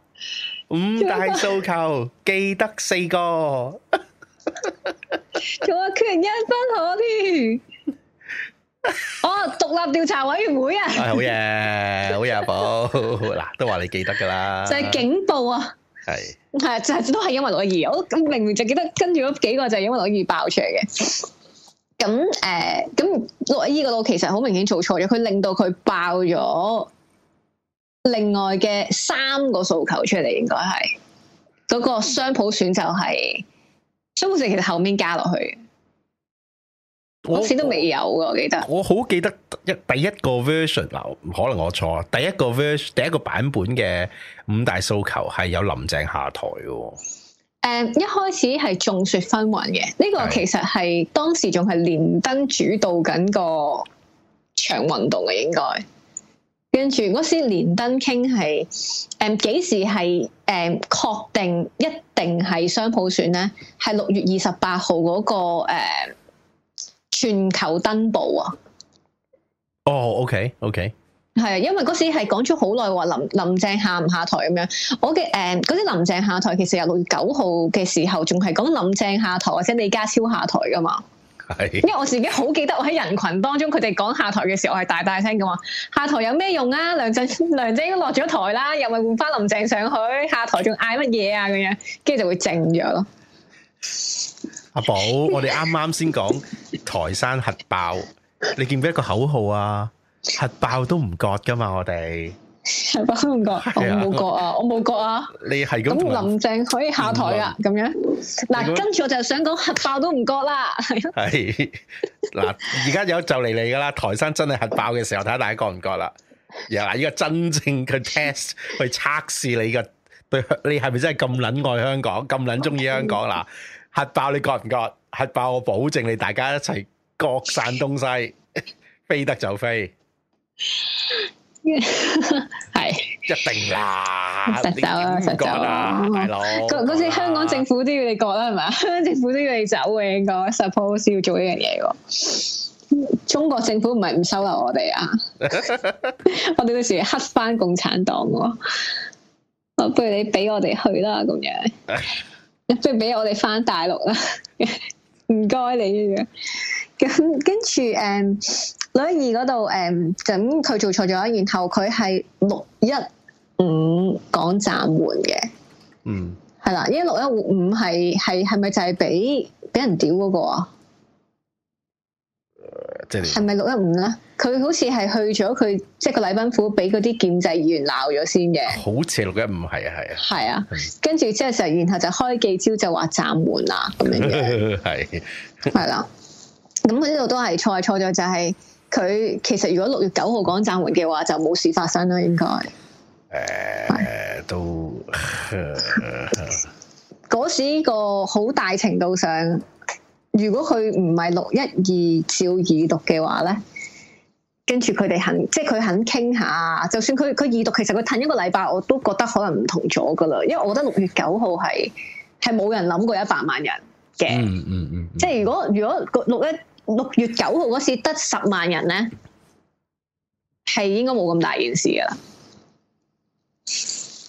五大訴求，有記得四個，仲話缺一不可添。 哦，獨立調查委員會啊，好 嘢，哎，好嘢阿寶，嗱、 啊、都話你記得噶啦、啊是，就係警暴啊，係，係，就係都係因為羅伊，我咁明明就記得跟住嗰幾個就係因為羅伊爆出嚟嘅。咁誒，咁羅伊個度其實好明顯做錯咗，佢令到佢爆咗。另外嘅三個訴求出嚟，應該係嗰個商普選就係商普選，其實後面加落去，我先都未有嘅，我記得我。我好記得一第一個 version 流，可能我錯，第一個 version 第一個版本嘅五大訴求係有林鄭下台。誒，um, 一開始係眾說紛紜嘅，呢、這個其實係的當時仲係連登主導緊個場運動嘅，應該。跟住嗰時連登傾係，誒、嗯、幾時係誒確定一定係雙普選咧？係六月二十八號嗰個誒、嗯、全球登報啊！哦、oh,，OK OK，係啊，因為嗰時係講咗好耐話林林鄭下唔下台咁樣。我嘅誒嗰啲林鄭下台，其實係六月九號嘅時候仲係講林鄭下台，或者李家超下台噶嘛。 因為我自己好記得，我喺人群當中，佢哋講下台嘅時候，我係大大聲咁話：下台有咩用啊？梁振，梁振英落咗台啦，又咪換翻林鄭上去？下台仲嗌乜嘢啊？咁樣，跟住就會靜咗咯。 阿寶，我哋啱啱先講台山核爆，你見唔見一個口號啊？核爆都唔割噶嘛，我哋。核爆都唔覺， 我冇覺啊，我冇覺啊。你係咁，咁林鄭可以下台啊，咁樣嗱。跟、嗯、住、嗯啊、我就想講核爆都唔覺啦，係 啦。係嗱，而家有就嚟嚟噶啦，台山真係核爆嘅時候，睇下大家覺唔覺啦。又嗱，呢個真正嘅 test 去測試你嘅對，你係咪真係咁捻愛香港，咁捻中意香港嗱、啊？核爆你覺唔覺？核爆我保證你大家一齊各散東西，飛 得就飛。係 是一定啦，啊，定走啊，實走啦，啊，實走啦，係咯。 嗰嗰次香港政府都要你過啦，係咪？香港政府都要你走嘅，應該 suppose 要做呢樣嘢。中國政府唔係唔收留我哋啊？ 我哋到時黑翻共產黨喎、啊。 不如你俾我哋去啦，咁樣。 不如俾我哋翻大陸啦，唔 該煩你。咁 跟住誒。女二嗰度，誒，咁佢做錯咗，然後佢係六一五講暫緩嘅，嗯，係啦ぜ，因為六一五係係係咪就係俾俾人屌嗰個啊？即係係咪六一五咧？佢好似係去咗，佢即係個禮賓府俾嗰啲建制員鬧咗先嘅，好似六一五係啊係啊，係啊，跟住即係成，然後就開記招就話暫緩啦，咁樣嘅，係係啦，咁佢呢度都係錯係錯咗，就係。佢其實如果六月九號講暫緩嘅話，就冇事發生啦，應該、呃。誒誒是，都嗰 時個好大程度上，如果佢唔係六一二照二讀嘅話咧，跟住佢哋肯，即係佢肯傾下，就算佢佢二讀，其實佢褪一個禮拜，我都覺得可能唔同咗噶啦，因為我覺得六月九號係係冇人諗過一百萬人嘅、嗯，嗯嗯嗯，嗯即係如果如果六一。六月九號嗰時得十萬人咧，係應該冇咁大件事噶啦。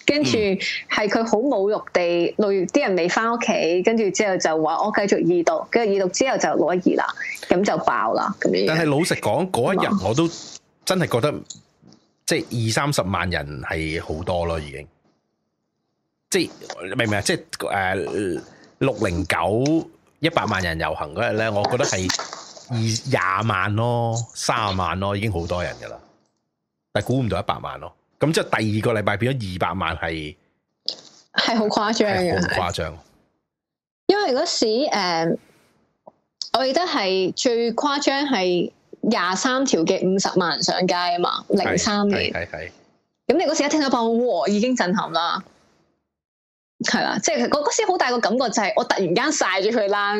跟住係佢好侮辱地六月啲人未返屋企，跟住之後就話我繼續二讀，跟住二讀之後就攞二啦，咁就爆啦咁樣。但係老實講，嗰一日吧我都真係覺得，即係二三十萬人係好多咯，已經。即係明唔明啊？即係誒，六零九一百萬人遊行嗰日咧，我覺得係。二廿萬咯，三十萬咯，已經好多人噶啦，但估唔到一百萬咯。咁即係第二個禮拜變咗二百萬，係係好誇張嘅，誇張是。因為嗰時誒、嗯，我記得係最誇張係廿三條嘅五十萬人上街啊嘛，零三年係係。咁你嗰時一聽到報我已經震撼啦，係啦，即係嗰嗰時好大個感覺就係我突然間晒咗佢啦。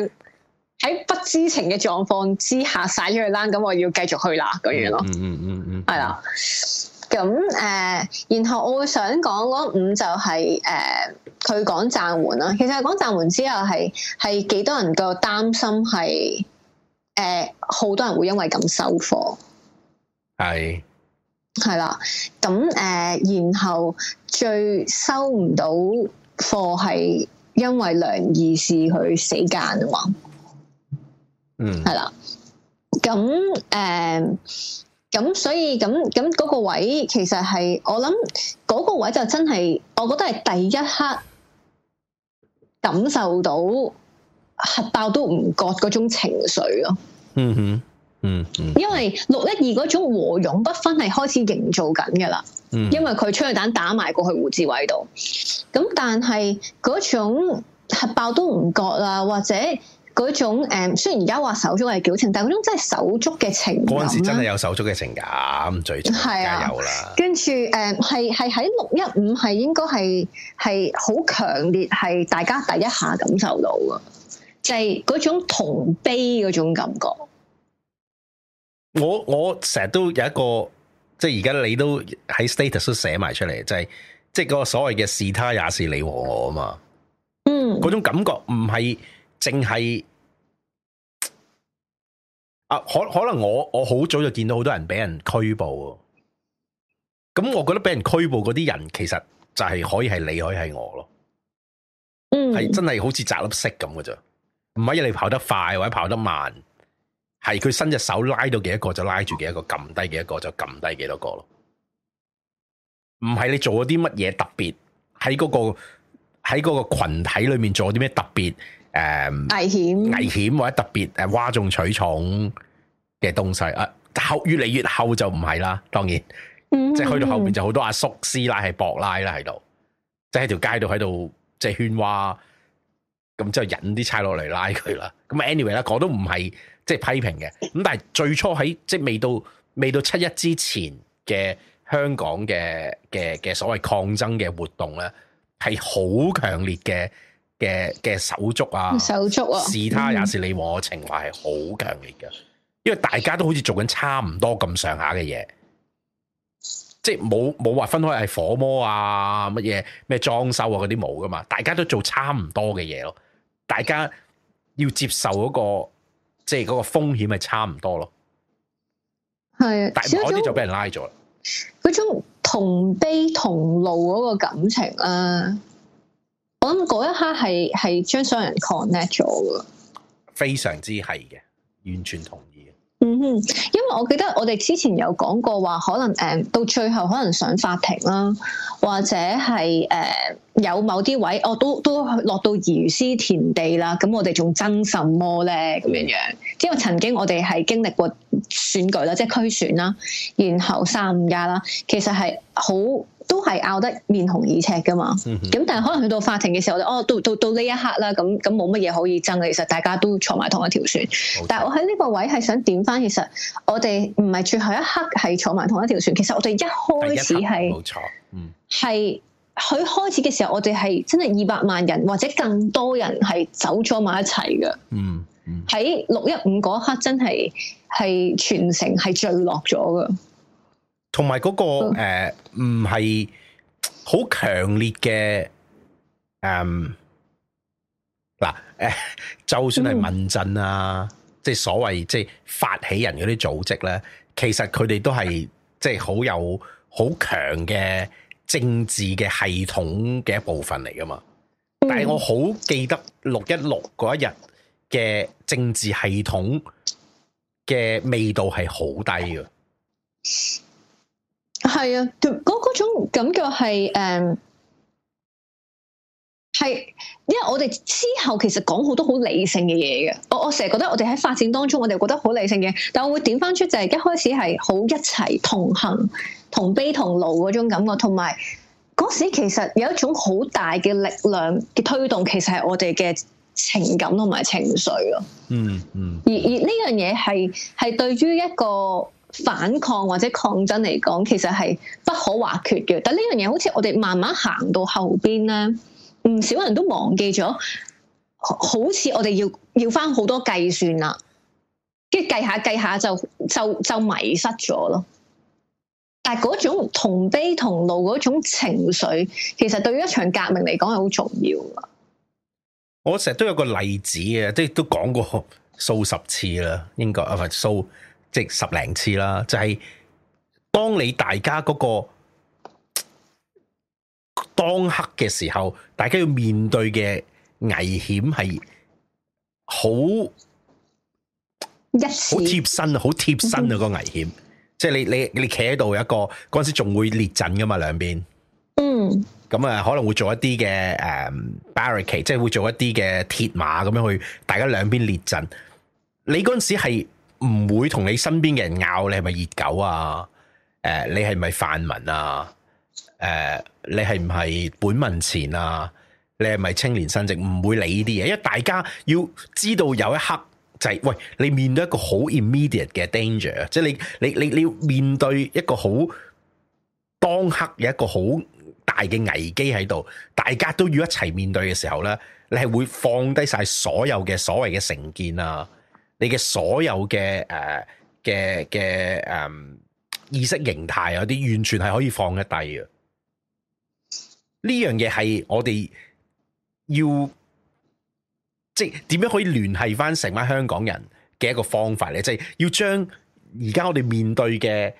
喺不知情嘅狀況之下,下去，晒咗佢啦，咁我要繼續去啦，咁樣咯。嗯嗯嗯嗯，係啦，咁誒，然後我會想講嗰五就係、是、誒，佢講暫緩啦。其實講暫緩之後，係係幾多人個擔心係誒，好、嗯、多人會因為咁收貨，係係啦。咁、嗯、誒，然後最收唔到貨係因為梁二氏佢死間喎。嗯，係啦、mm，咁、hmm. 誒，咁、uh, 所以咁咁嗰個位，其實係我諗嗰個位就真係，我覺得係第一刻感受到核爆都唔覺嗰種情緒咯。嗯嗯嗯，hmm. mm hmm. 因為六一二嗰種和勇不分係開始營造緊噶啦。Mm hmm. 因為佢槍彈打埋過去胡志偉度，咁但係嗰種核爆都唔覺啦，或者。嗰種誒，雖然而家話手足係矯情，但係嗰種真係手足嘅情，情感。嗰時真係有手足嘅情感最真，梗係有啦。跟住誒係係喺六一五係應該係係好強烈，係大家第一下感受到嘅，就係、是、嗰種同悲嗰種感覺。我我成日都有一個，即係而家你都喺 status 都寫埋出嚟，就係、是、即係嗰個所謂嘅是他也是你和我啊嘛。嗯，嗰種感覺唔係。淨係啊，可可能，我我好早就見到好多人俾人拘捕，咁我覺得俾人拘捕嗰啲人，其實就係可以係你，可以係我咯，嗯，係真係好似摘粒色咁嘅咋，唔係你跑得快或者跑得慢，係佢伸隻手拉到幾多個就拉住幾多個，撳低幾多個就撳低幾多個咯，唔係你做咗啲乜嘢特別喺嗰個喺嗰個群體裏面做啲咩特別。誒，um, 危險險危險或者特別誒，嘩眾取寵嘅東西啊，後越嚟越後就唔係啦，當然，嗯、 即係去到後面就好多阿叔師奶係搏拉啦喺度，即係條街度喺度即係喧嘩，咁之後引啲差佬嚟拉佢啦。咁 Anyway 啦，我都唔係即係批評嘅，咁但係最初喺即係未到未到七一之前嘅香港嘅嘅嘅所謂抗爭嘅活動咧，係好強烈嘅。嘅嘅手足啊，手足啊，是他也是你，和我情懷係好強烈嘅，嗯，因為大家都好似做緊差唔多咁上下嘅嘢，即係冇冇話分開係火魔啊乜嘢咩裝修啊嗰啲冇噶嘛，大家都做差唔多嘅嘢咯，大家要接受嗰、嗰個即係嗰個風險係差唔多咯，係的，啊，大我啲就俾人拉咗啦，嗰種，種同悲同怒嗰個感情啊。我諗嗰一刻係係將所有人 connect 咗噶，非常之係嘅，完全同意。嗯哼，因為我記得我哋之前有講過話，可能誒、嗯、到最後可能上法庭啦，或者係誒、嗯、有某啲位，我、哦、都都落到如斯田地啦。咁我哋仲爭什麼咧？咁樣樣，因為曾經我哋係經歷過選舉啦，即係區選啦，然後三五家啦，其實係好。都係拗得面紅耳赤噶嘛，咁、嗯、哼但係可能去到法庭嘅時候我哋哦，到到到呢一刻啦，咁咁冇乜嘢可以爭嘅，其實大家都坐埋同一條船。錯但係我喺呢個位係想點翻，其實我哋唔係最後一刻係坐埋同一條船，其實我哋一開始係冇是錯，嗯，係佢開始嘅時候，我哋係真係二百萬人或者更多人係走咗埋一齊嘅、嗯，嗯，喺六一五嗰刻真係係全城係墜落咗嘅。同埋嗰個唔係好強烈嘅誒嗱誒，嗯、 就算係民陣啊，即係所謂即係發起人嗰啲組織咧，其實佢哋都係即係好有好強嘅政治嘅系統嘅一部分嚟㗎嘛。但係我好記得六一六嗰一日嘅政治系統嘅味道係好低嘅。係啊，嗰嗰種感覺係，誒、嗯，係，因為我哋之後其實講好多好理性嘅嘢嘅，我我成日覺得我哋喺發展當中，我哋覺得好理性嘅，但我會點翻出就係一開始係好一齊同行同悲同怒嗰種感覺，同埋嗰時其實有一種好大嘅力量嘅推動，其實係我哋嘅情感同埋情緒咯、嗯。嗯嗯。而而呢樣嘢係係對於一個反抗或者抗爭嚟講，其實係不可或缺嘅。但呢樣嘢好似我哋慢慢行到後邊咧，唔少人都忘記咗，好似我哋要要翻好多計算啦。跟住計下計下就就就迷失咗咯。但係嗰種同悲同怒嗰種情緒，其實對於一場革命嚟講係好重要噶。我成日都有個例子嘅，即係都講過數十次啦，應該啊唔係數。即十零次啦，就係、是、當你大家嗰個當刻嘅時候，大家要面對嘅危險係好一好次貼身，好貼身啊個危險。嗯、即係你你你企喺度一個陣時裂，仲會列陣噶嘛兩邊。嗯，咁啊可能會做一啲嘅誒、um, barricade 即係會做一啲嘅鐵馬咁樣去，大家兩邊列陣。你嗰陣時係。唔會同你身邊嘅人拗，你係咪熱狗啊？誒、呃，你係咪泛民啊？誒、呃，你係唔係本民前啊？你係咪青年新政？唔會理呢啲嘢，因為大家要知道有一刻就係、是、喂，你面對一個好 immediate 嘅 danger，即係你你你你要面對一個好當刻有一個好大嘅危機喺度，大家都要一齊面對嘅時候咧，你係會放低晒所有嘅所謂嘅成見啊！你嘅所有嘅誒嘅嘅誒意識形態，有啲完全係可以放得低嘅。呢樣嘢係我哋要即係點樣可以聯繫翻成班香港人嘅一個方法咧，即、就、係、是、要將而家我哋面對嘅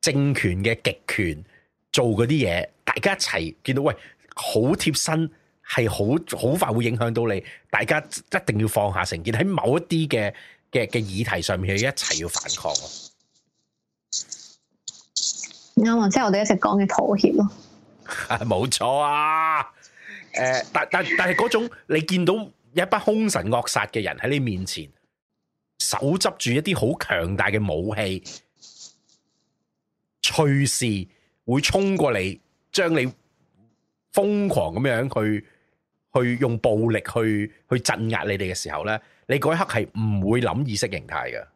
政權嘅極權做嗰啲嘢，大家一齊見到，喂，好貼身。係好好快會影響到你，大家一定要放下成見，喺某一啲嘅嘅嘅議題上面，要一齊要反抗。啱、嗯、 啊，即係我哋一直講嘅妥協咯，冇錯啊！誒、呃，但但但係嗰種你見到一班凶神惡煞嘅人喺你面前，手執住一啲好強大嘅武器，隨時會衝過嚟，將你瘋狂咁樣去。去用暴力去去鎮壓你哋嘅時候咧，你嗰一刻係唔會諗意識形態嘅，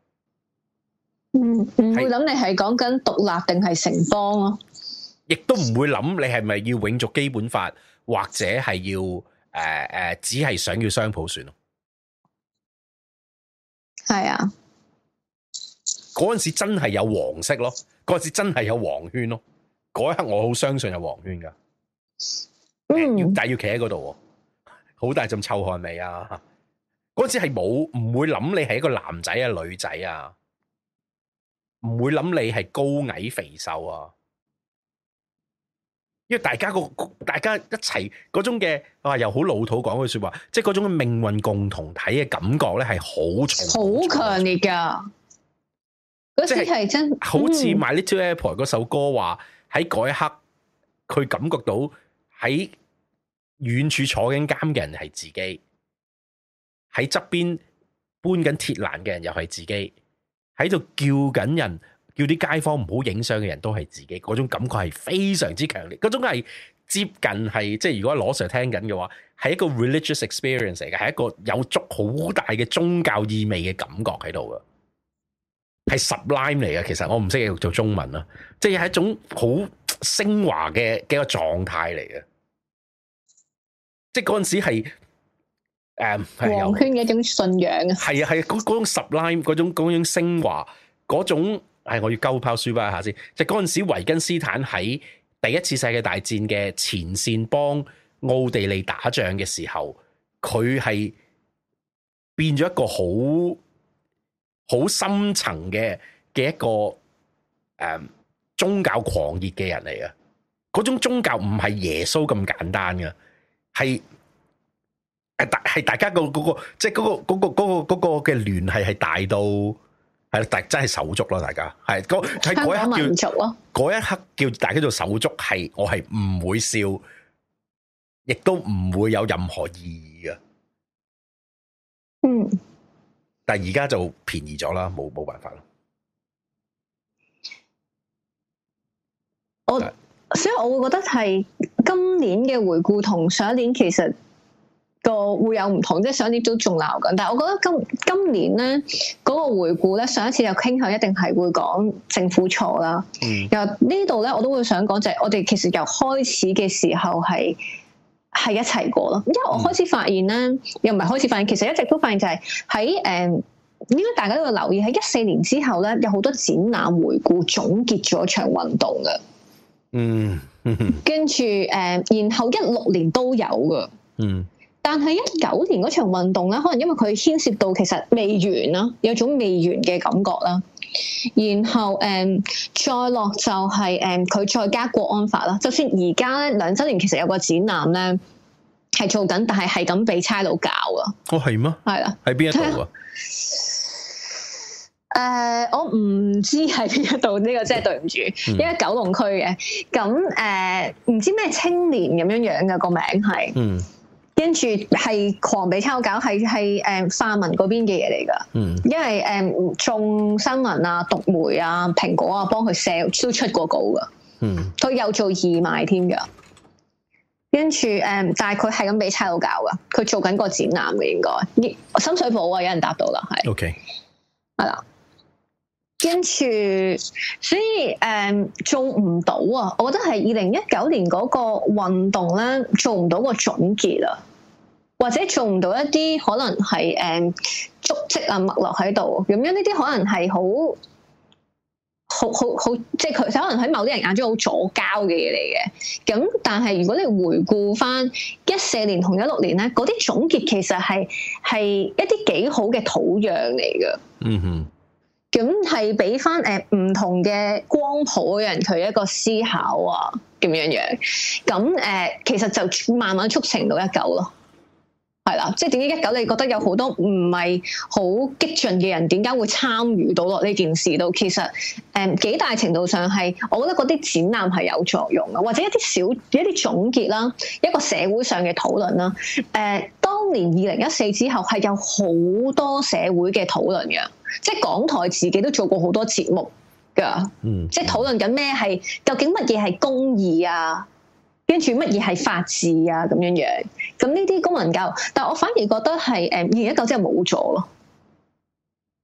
唔唔會諗你係講緊獨立定係城邦咯，亦都唔會諗你係咪要永續基本法，或者係要誒誒、呃呃，只係想要雙普選咯，係啊，嗰陣時真係有黃色咯，嗰陣時真係有黃圈咯，嗰一刻我好相信有黃圈噶，嗯，但係要企喺嗰度。好大陣臭汗味啊！嗰時係冇，唔會諗你係一個男仔啊女仔啊，唔會諗你係高矮肥瘦啊。因為大家個大家一齊嗰種嘅啊，又好老土講句說話，即係嗰種命運共同體嘅感覺咧，係好重好強烈噶。嗰時係真，嗯、好似《My Little Airport》嗰首歌話喺嗰一刻，佢感覺到喺。遠處坐緊監嘅人係自己，喺側邊搬緊鐵欄嘅人又係自己，喺度叫緊人，叫啲街坊唔好影相嘅人都係自己。嗰種感覺係非常之強烈，嗰種係接近係即係如果羅 Sir 聽緊嘅話，係一個 religious experience 嚟嘅，係一個有足好大嘅宗教意味嘅感覺喺度嘅，係 sublime 嚟嘅。其實我唔識做中文啦，即係係一種好昇華嘅嘅個狀態嚟嘅。即係嗰陣時係誒，狂、嗯、圈，嘅一種信仰啊，係啊，係嗰嗰種 sublime，嗰種嗰種昇華，嗰種係、哎、我要高拋書包一下先。即係嗰陣時，維根斯坦喺第一次世界大戰嘅前線幫奧地利打仗嘅時候，佢係變咗一個好好深層嘅嘅一個誒、嗯、宗教狂熱嘅人嚟嘅。嗰種宗教唔係耶穌咁簡單噶。係誒，大係大家個、嗰、嗰個，即係嗰個嗰、嗰個、嗰個、嗰個嘅聯繫係大到係，大真係手足啦，大家係嗰喺嗰一刻叫大家做手足，係我係唔會笑，亦都唔會有任何意義啊。嗯，但係而家就便宜咗啦，冇冇辦法咯。我。所以我會覺得係今年嘅回顧同上一年其實個會有唔同，即係上一年都仲鬧緊，但係我覺得今今年咧嗰個回顧咧，上一次又傾向一定係會講政府錯啦。由呢度咧，我都會想講就係我哋其實由開始嘅時候係係一齊過咯，因為我開始發現咧，嗯、又唔係開始發現，其實一直都發現就係喺誒，因、呃、應該大家都留意喺一四年之後咧，有好多展覽回顧總結咗一場運動嘅。嗯，跟住誒，然後一六年都有噶，嗯，但係一九年嗰場運動咧，可能因為佢牽涉到其實未完啦，有種未完嘅感覺啦。然後誒、嗯，再落就係、是、誒，佢、嗯、再加國安法啦。就算而家咧兩周年，其實有個展覽咧係做緊，但係係咁俾差佬搞、哦、的啊。哦，係咩？係啊，喺邊一度啊？誒，uh, 我唔知喺邊一度呢，呢個真係對唔住，因為九龍區嘅，咁誒唔知咩青年咁樣樣嘅個名係，mm.，嗯，跟住係狂被差佬搞，係係誒泛民嗰邊嘅嘢嚟噶，嗯，因為誒眾新聞啊、獨媒啊、蘋果啊，幫佢 sell 都出過稿噶，mm.，嗯，佢有做義賣添噶，跟住誒，但係佢係咁被差佬搞噶，佢做緊個展覽嘅應該，深水埗啊，有人答到啦，係，ok，係啦。 跟住，所以誒、嗯，做唔到啊！我覺得係二零一九年嗰個運動咧，做唔到個總結啊，或者做唔到一啲可能係誒、嗯、足跡啊、脈絡喺度咁樣，呢啲可能係好好好，好，即係佢可能喺某啲人眼中好左膠嘅嘢嚟嘅。咁但係如果你回顧翻一四年同一六年咧，嗰啲總結其實係係一啲幾好嘅土壤嚟嘅。嗯哼。咁係俾翻誒唔同嘅光譜嘅人佢一個思考啊，點樣樣？咁誒、呃，其實就慢慢促成到一九咯，係啦。即係點解一九，你覺得有好多唔係好激進嘅人，點解會參與到落呢件事度？其實誒、呃，幾大程度上係，我覺得嗰啲展覽係有作用啊，或者一啲小一啲總結啦，一個社會上嘅討論啦，誒、呃。當年二零一四之後，係有好多社會嘅討論嘅，即係港台自己都做過好多節目噶，嗯，即係討論緊咩係，究竟乜嘢係公義啊，跟住乜嘢係法治啊，咁樣樣，咁呢啲公民教育，但我反而覺得係，誒二零一九真係冇咗咯，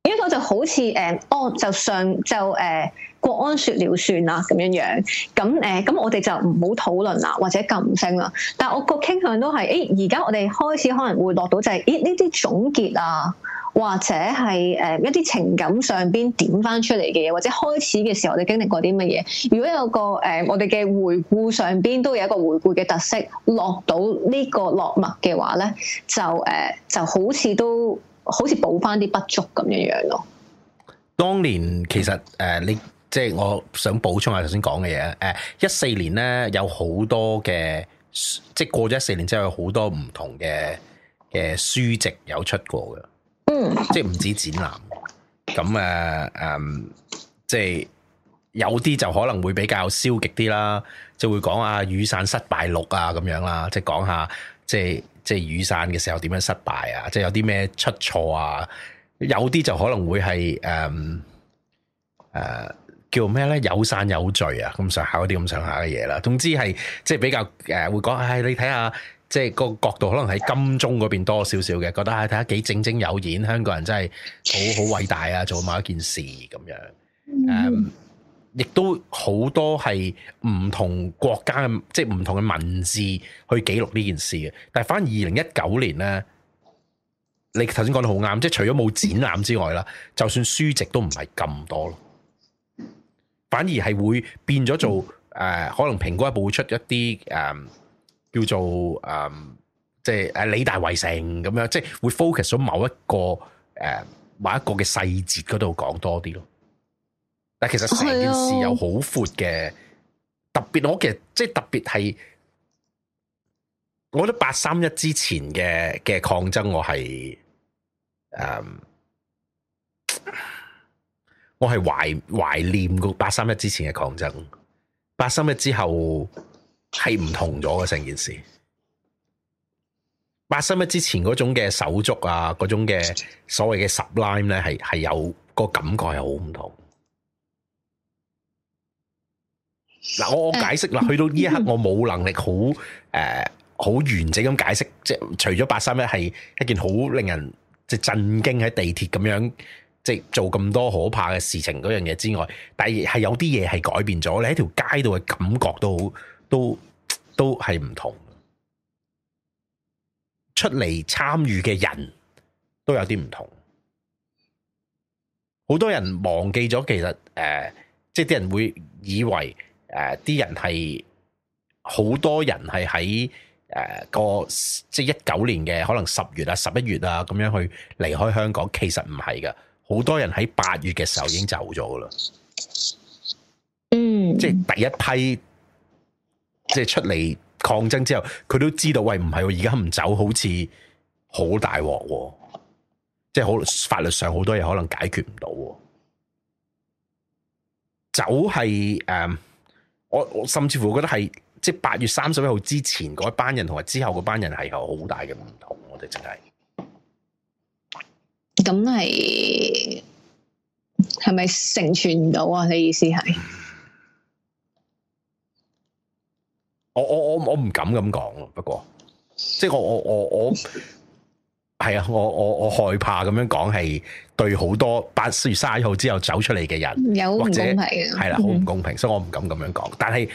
一九就好似，誒、嗯，哦，就上就誒。嗯國安說了算啦，咁樣樣咁誒，咁我哋就唔好討論啦，或者禁聲啦。但係我個傾向都係，誒而家我哋開始可能會落到就係、是，誒呢啲總結啊，或者係誒、呃、一啲情感上邊點翻出嚟嘅嘢，或者開始嘅時候我哋經歷過啲乜嘢。如果有個誒、呃、我哋嘅回顧上邊都有一個回顧嘅特色，落到呢個落墨嘅話咧，就誒、呃、就好似都好似補翻啲不足咁樣樣咯。當年其實誒、呃、你。即係我想補充下頭先講嘅嘢啊！誒，一四年咧有好多嘅，即係過咗一四年之後有，有好多唔同嘅嘅書籍有出過嘅。嗯，即係唔止展覽。咁誒誒，即係有啲就可能會比較消極啲啦，即係會講啊雨傘失敗錄啊咁樣啦，即係講下即係即係雨傘嘅時候點樣失敗啊，即係有啲咩出錯啊？有啲就可能會係誒誒。呃呃.叫咩咧？有散有罪啊！咁上下嗰啲咁上下嘅嘢啦，總之係即係比較誒，會講，哎，你睇下，即係個角度可能喺金鐘嗰邊多少少嘅，覺得啊，睇下幾正正有演，香港人真係好好偉大啊！做某一件事咁樣，誒，亦都好多係唔同國家嘅，即係唔同嘅文字去記錄呢件事嘅。但係反而二零一九年咧，你頭先講得好啱，即係除咗冇展覽之外啦，就算書籍都唔係咁多咯。反而係會變咗做誒、呃，可能蘋果一部會出一啲誒、呃，叫做誒、呃，即係誒，理大圍城咁樣，即係會 focus 咗某一個誒、呃，某一個嘅細節嗰度講多啲咯。但其實成件事又好闊嘅，啊，特別我其實即係特別係，我覺得八三一之前嘅嘅抗爭我，我係誒。我係懷懷念過八三一之前嘅抗爭，八三一之後係唔同咗嘅成件事。八三一之前嗰種嘅手足啊，嗰種嘅所謂嘅 sublime 咧，係係有個感覺係好唔同。嗱，我我解釋啦，去到呢一刻我冇能力好誒好完整咁解釋，即係除咗八三一係一件好令人即係震驚喺地鐵咁樣。即做咁多可怕嘅事情嗰樣嘢之外，但係有啲嘢係改變咗。你喺條街度嘅感覺都好，都都係唔同。出嚟參與嘅人都有啲唔同。好多人忘記咗，其實誒、呃，即係啲人會以為誒，啲、呃、人係好多人係喺誒個即係一九年嘅，可能十月啊、十一月啊咁樣去離開香港，其實唔係噶。好多人喺八月嘅時候已經走咗噶啦，嗯，即係第一批，即係出嚟抗爭之後，佢都知道，喂，唔係我而家唔走，好似好大鑊，即係好法律上好多嘢可能解決唔到，走係誒、呃，我我甚至乎我覺得係即係八月三十一號之前嗰班人同埋之後嗰班人係有好大嘅唔同，我哋真係。咁係係咪成全唔到啊？你意思係、啊？我我我我唔敢咁講，不過即係我我我我係啊！我我我害怕咁樣講，係對好多八月三十一號之後走出嚟嘅人有，或者係係啦，好唔公平，嗯、所以我唔敢咁樣講。但係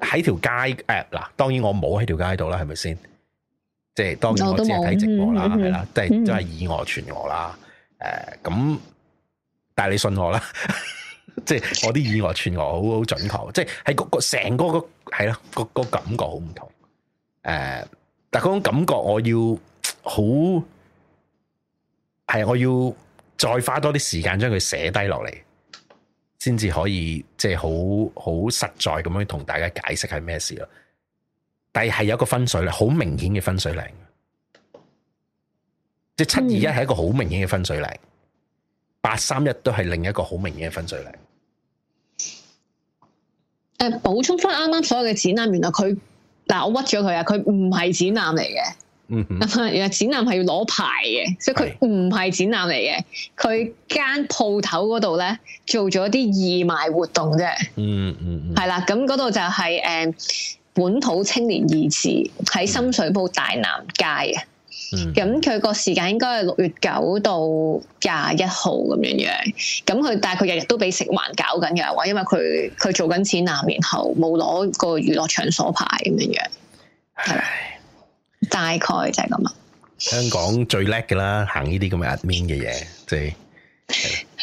喺條街誒嗱、哎，當然我冇喺條街度啦，係咪先？即係當然我只係睇直播、嗯、啦，係啦、嗯，即係即係以訛傳訛啦。誒、嗯，咁、呃、但係你信我啦， 即係我啲以訛傳訛好好準確，即係喺個成個個係咯、啊，個感覺好唔同。誒、呃，但係嗰種感覺我要好係，我要再花多啲時間將佢寫低落嚟，先至可以即係好好實在咁樣同大家解釋係咩事咯。係係有一個分水嶺，好明顯嘅分水嶺。即七二一係一個好明顯嘅分水嶺，八三一都係另一個好明顯嘅分水嶺。誒、嗯，補充翻啱啱所有嘅展覽，原來佢嗱我屈咗佢啊，佢唔係展覽嚟嘅。嗯哼，原來展覽係要攞牌嘅，所以佢唔係展覽嚟嘅。佢間鋪頭嗰度咧做咗啲義賣活動啫、嗯。嗯嗯，係啦，咁嗰度就係、是、誒。嗯本土青年意志喺深水埗大南街啊，咁佢個時間應該係六月九到廿一號咁樣樣，咁佢但係佢日日都俾食環搞緊嘅話，因為佢佢做緊錢啊，然後冇攞個娛樂場所牌咁樣樣，係唉大概就係咁啊。香港最叻嘅啦，行呢啲咁嘅 admin 嘅嘢，即係。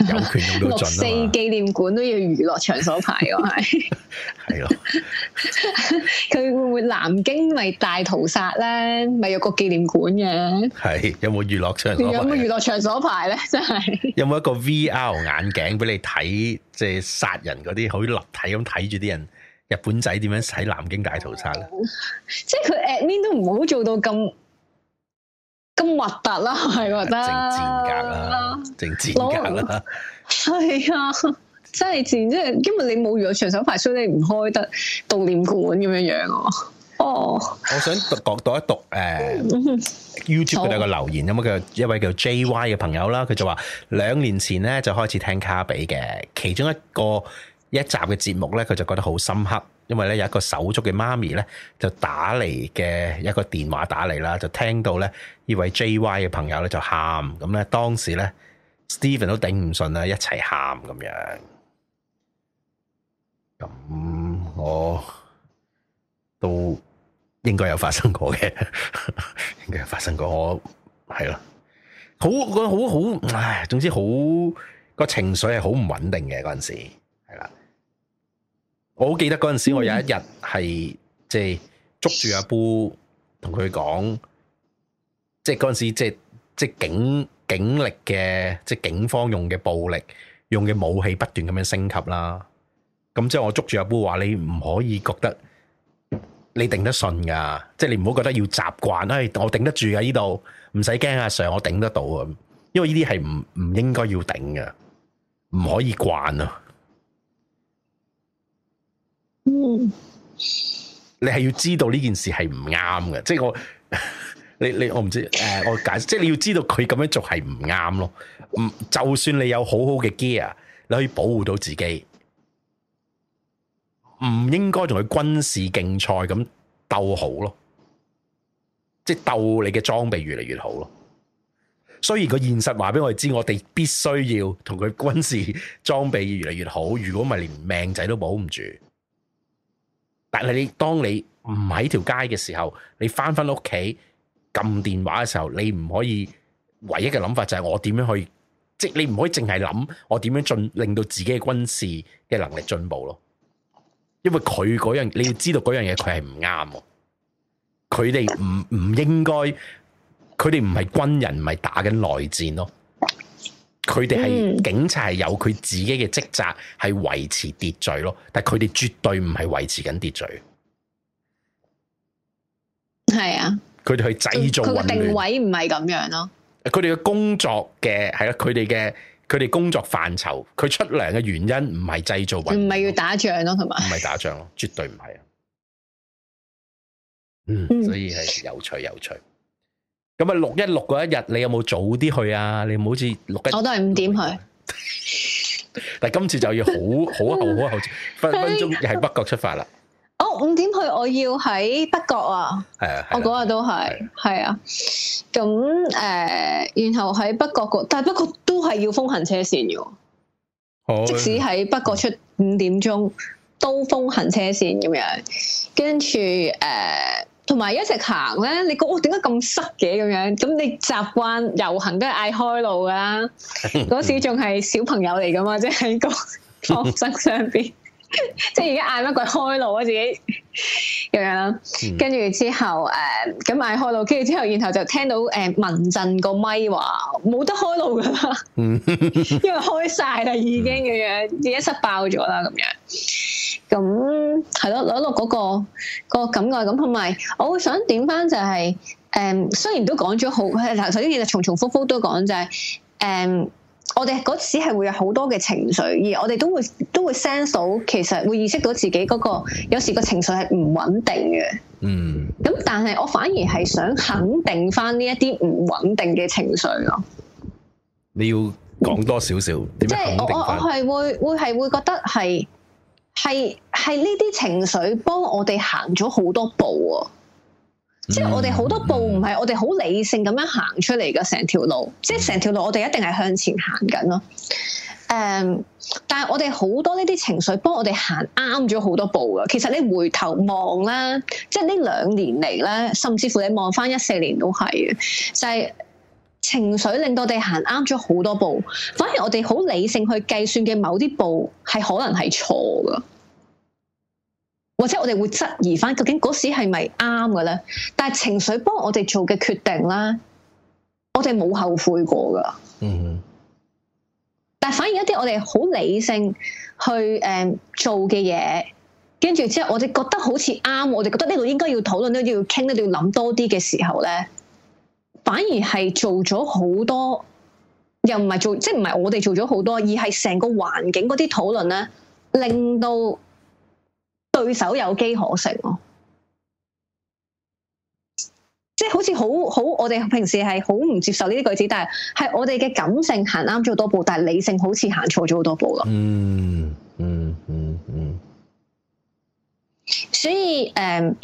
有權用到盡啊！六四紀念館都要娛樂場所牌，我係係咯，佢會唔會南京咪大屠殺咧？咪有個紀念館嘅？係有冇娛樂場有冇娛樂場所牌咧、啊？真係 有冇一個 VR 眼鏡俾你睇，即係殺人嗰啲，好立體咁睇住啲人，日本仔點樣喺南京大屠殺咧？即係佢 admin 都唔好做到咁。咁核突啦，係我覺得，正賤格啦，正賤格啦，係啊，真係賤！即係，因為你冇咗長手牌，所以你唔開得悼念館咁樣樣哦。我想讀讀一讀誒、呃、YouTube 佢哋個留言，咁啊、嗯、佢、嗯、一位叫 J Y 嘅朋友啦，佢就話兩年前咧就開始聽卡比嘅，其中一個一集嘅節目咧，佢就覺得好深刻。因為咧，有一個手足嘅媽咪咧，就打嚟嘅一個電話打嚟啦，就聽到咧呢位 J Y 嘅朋友咧就喊，咁咧當時咧 Stephen 都頂唔順啦，一齊喊咁樣。咁、嗯、我都應該有發生過嘅， 應該有發生過，我係咯，好我覺得好好，唉，總之好、個情緒係好唔穩定嘅嗰陣時。我好記得嗰陣時，我有一日係即係捉住阿布，同佢講，即係嗰陣時，即係即係警警力嘅，即係警方用嘅暴力，用嘅武器不斷咁樣升級啦。咁之後我捉住阿布話，你唔可以覺得你頂得順噶，即係你唔好覺得要習慣，哎，我頂得住噶呢度，唔使驚阿 sir 我頂得到啊，因為呢啲係唔唔應該要頂噶，唔可以慣啊。你係要知道呢件事係唔啱嘅，即係我你你我唔知，誒、呃、我解，即係你要知道佢咁樣做係唔啱咯。唔就算你有好好嘅 gear，你可以保護到自己，唔應該同佢軍事競賽咁鬥好咯，即係鬥你嘅裝備越嚟越好咯。雖然個現實話俾我哋知，我哋必須要同佢軍事裝備越嚟越好，如果唔係，越越連命仔都保唔住。但係你當你唔喺條街嘅時候，你翻翻屋企撳電話嘅時候，你唔可以唯一嘅諗法就係我點樣去，即係、就是、你唔可以淨係諗我點樣進，令到自己嘅軍事嘅能力進步咯。因為佢嗰樣你要知道嗰樣嘢佢係唔啱，佢哋唔唔應該，佢哋唔係軍人，唔係打緊內戰咯。佢哋係警察，係有佢自己嘅職責，係維持秩序咯。但係佢哋絕對唔係維持緊秩序，係啊。佢哋去製造佢個定位唔係咁樣咯。佢哋嘅工作嘅係啦，佢哋嘅佢哋工作範疇，佢出糧嘅原因唔係製造混亂，唔係要打仗咯，同埋唔係打仗咯，絕對唔係啊。嗯、嗯，所以係有，有趣，有趣。咁啊，六一六嗰一日，你有冇早啲去啊？你唔好似六一，我都係五點去。 但係今次就要好好啊，好啊，好，好好好好 分分鐘喺北角出發啦。哦，五點去，我要喺北角啊。係啊，我嗰日都係，係啊。咁誒，然後喺北角，但係北角都係要封行車線嘅。Oh, 即使喺北角出五點鐘，嗯、都封行車線咁樣，跟住誒。呃同埋一直行咧，你覺我點解咁塞嘅咁樣？咁你習慣遊行都係嗌開路噶啦。嗰 時仲係小朋友嚟噶嘛，即係喺個闖室上邊，即係而家嗌乜鬼開路啊自己咁樣。跟 住之後誒，咁、呃、嗌開路。跟住之後，然後就聽到誒、呃、民陣個咪話冇得開路噶 啦，因為開晒啦已經咁樣，而家塞爆咗啦咁樣。咁係咯，攞落嗰個、那個感覺咁嘅，咁同埋我會想點翻就係、是、誒、嗯，雖然都講咗好，誒，首先其實重重復復都講就係、是、誒、嗯，我哋嗰時係會有好多嘅情緒，而我哋都會都會 sense 到，其實會意識到自己嗰、那個有時個情緒係唔穩定嘅。嗯。咁但係我反而係想肯定翻呢一啲唔穩定嘅情緒咯。嗯、你要講多少少？即係、嗯、我我係會會係會覺得係。係係呢啲情緒幫我哋行咗好多步啊！即係我哋好多步唔係我哋好理性咁樣行出嚟嘅成條路，即係成條路我哋一定係向前行緊咯。誒、嗯，但係我哋好多呢啲情緒幫我哋行啱咗好多步噶、啊。其實你回頭望啦，即係呢兩年嚟咧，甚至乎你望翻一四年都係嘅，就係、是。情緒令到我哋行啱咗好多步，反而我哋好理性去計算嘅某啲步係可能係錯㗎，或者我哋會質疑返究竟嗰時係咪啱嘅咧？但係情緒幫我哋做嘅決定啦，我哋冇後悔過㗎。嗯哼、嗯，但係反而一啲我哋好理性去誒、嗯、做嘅嘢，跟住之後我哋覺得好似啱，我哋覺得呢度應該要討論咧，呢度要傾咧，呢度要諗多啲嘅時候咧。反而係做咗好多，又唔係做，即係唔係我哋做咗好多，而係成個環境嗰啲討論咧，令到對手有機可乘咯。即係好似好好，我哋平時係好唔接受呢啲句子，但係係我哋嘅感性行啱咗好多步，但係理性好似行錯咗好多步咯。嗯嗯嗯嗯。嗯、所以誒。Um,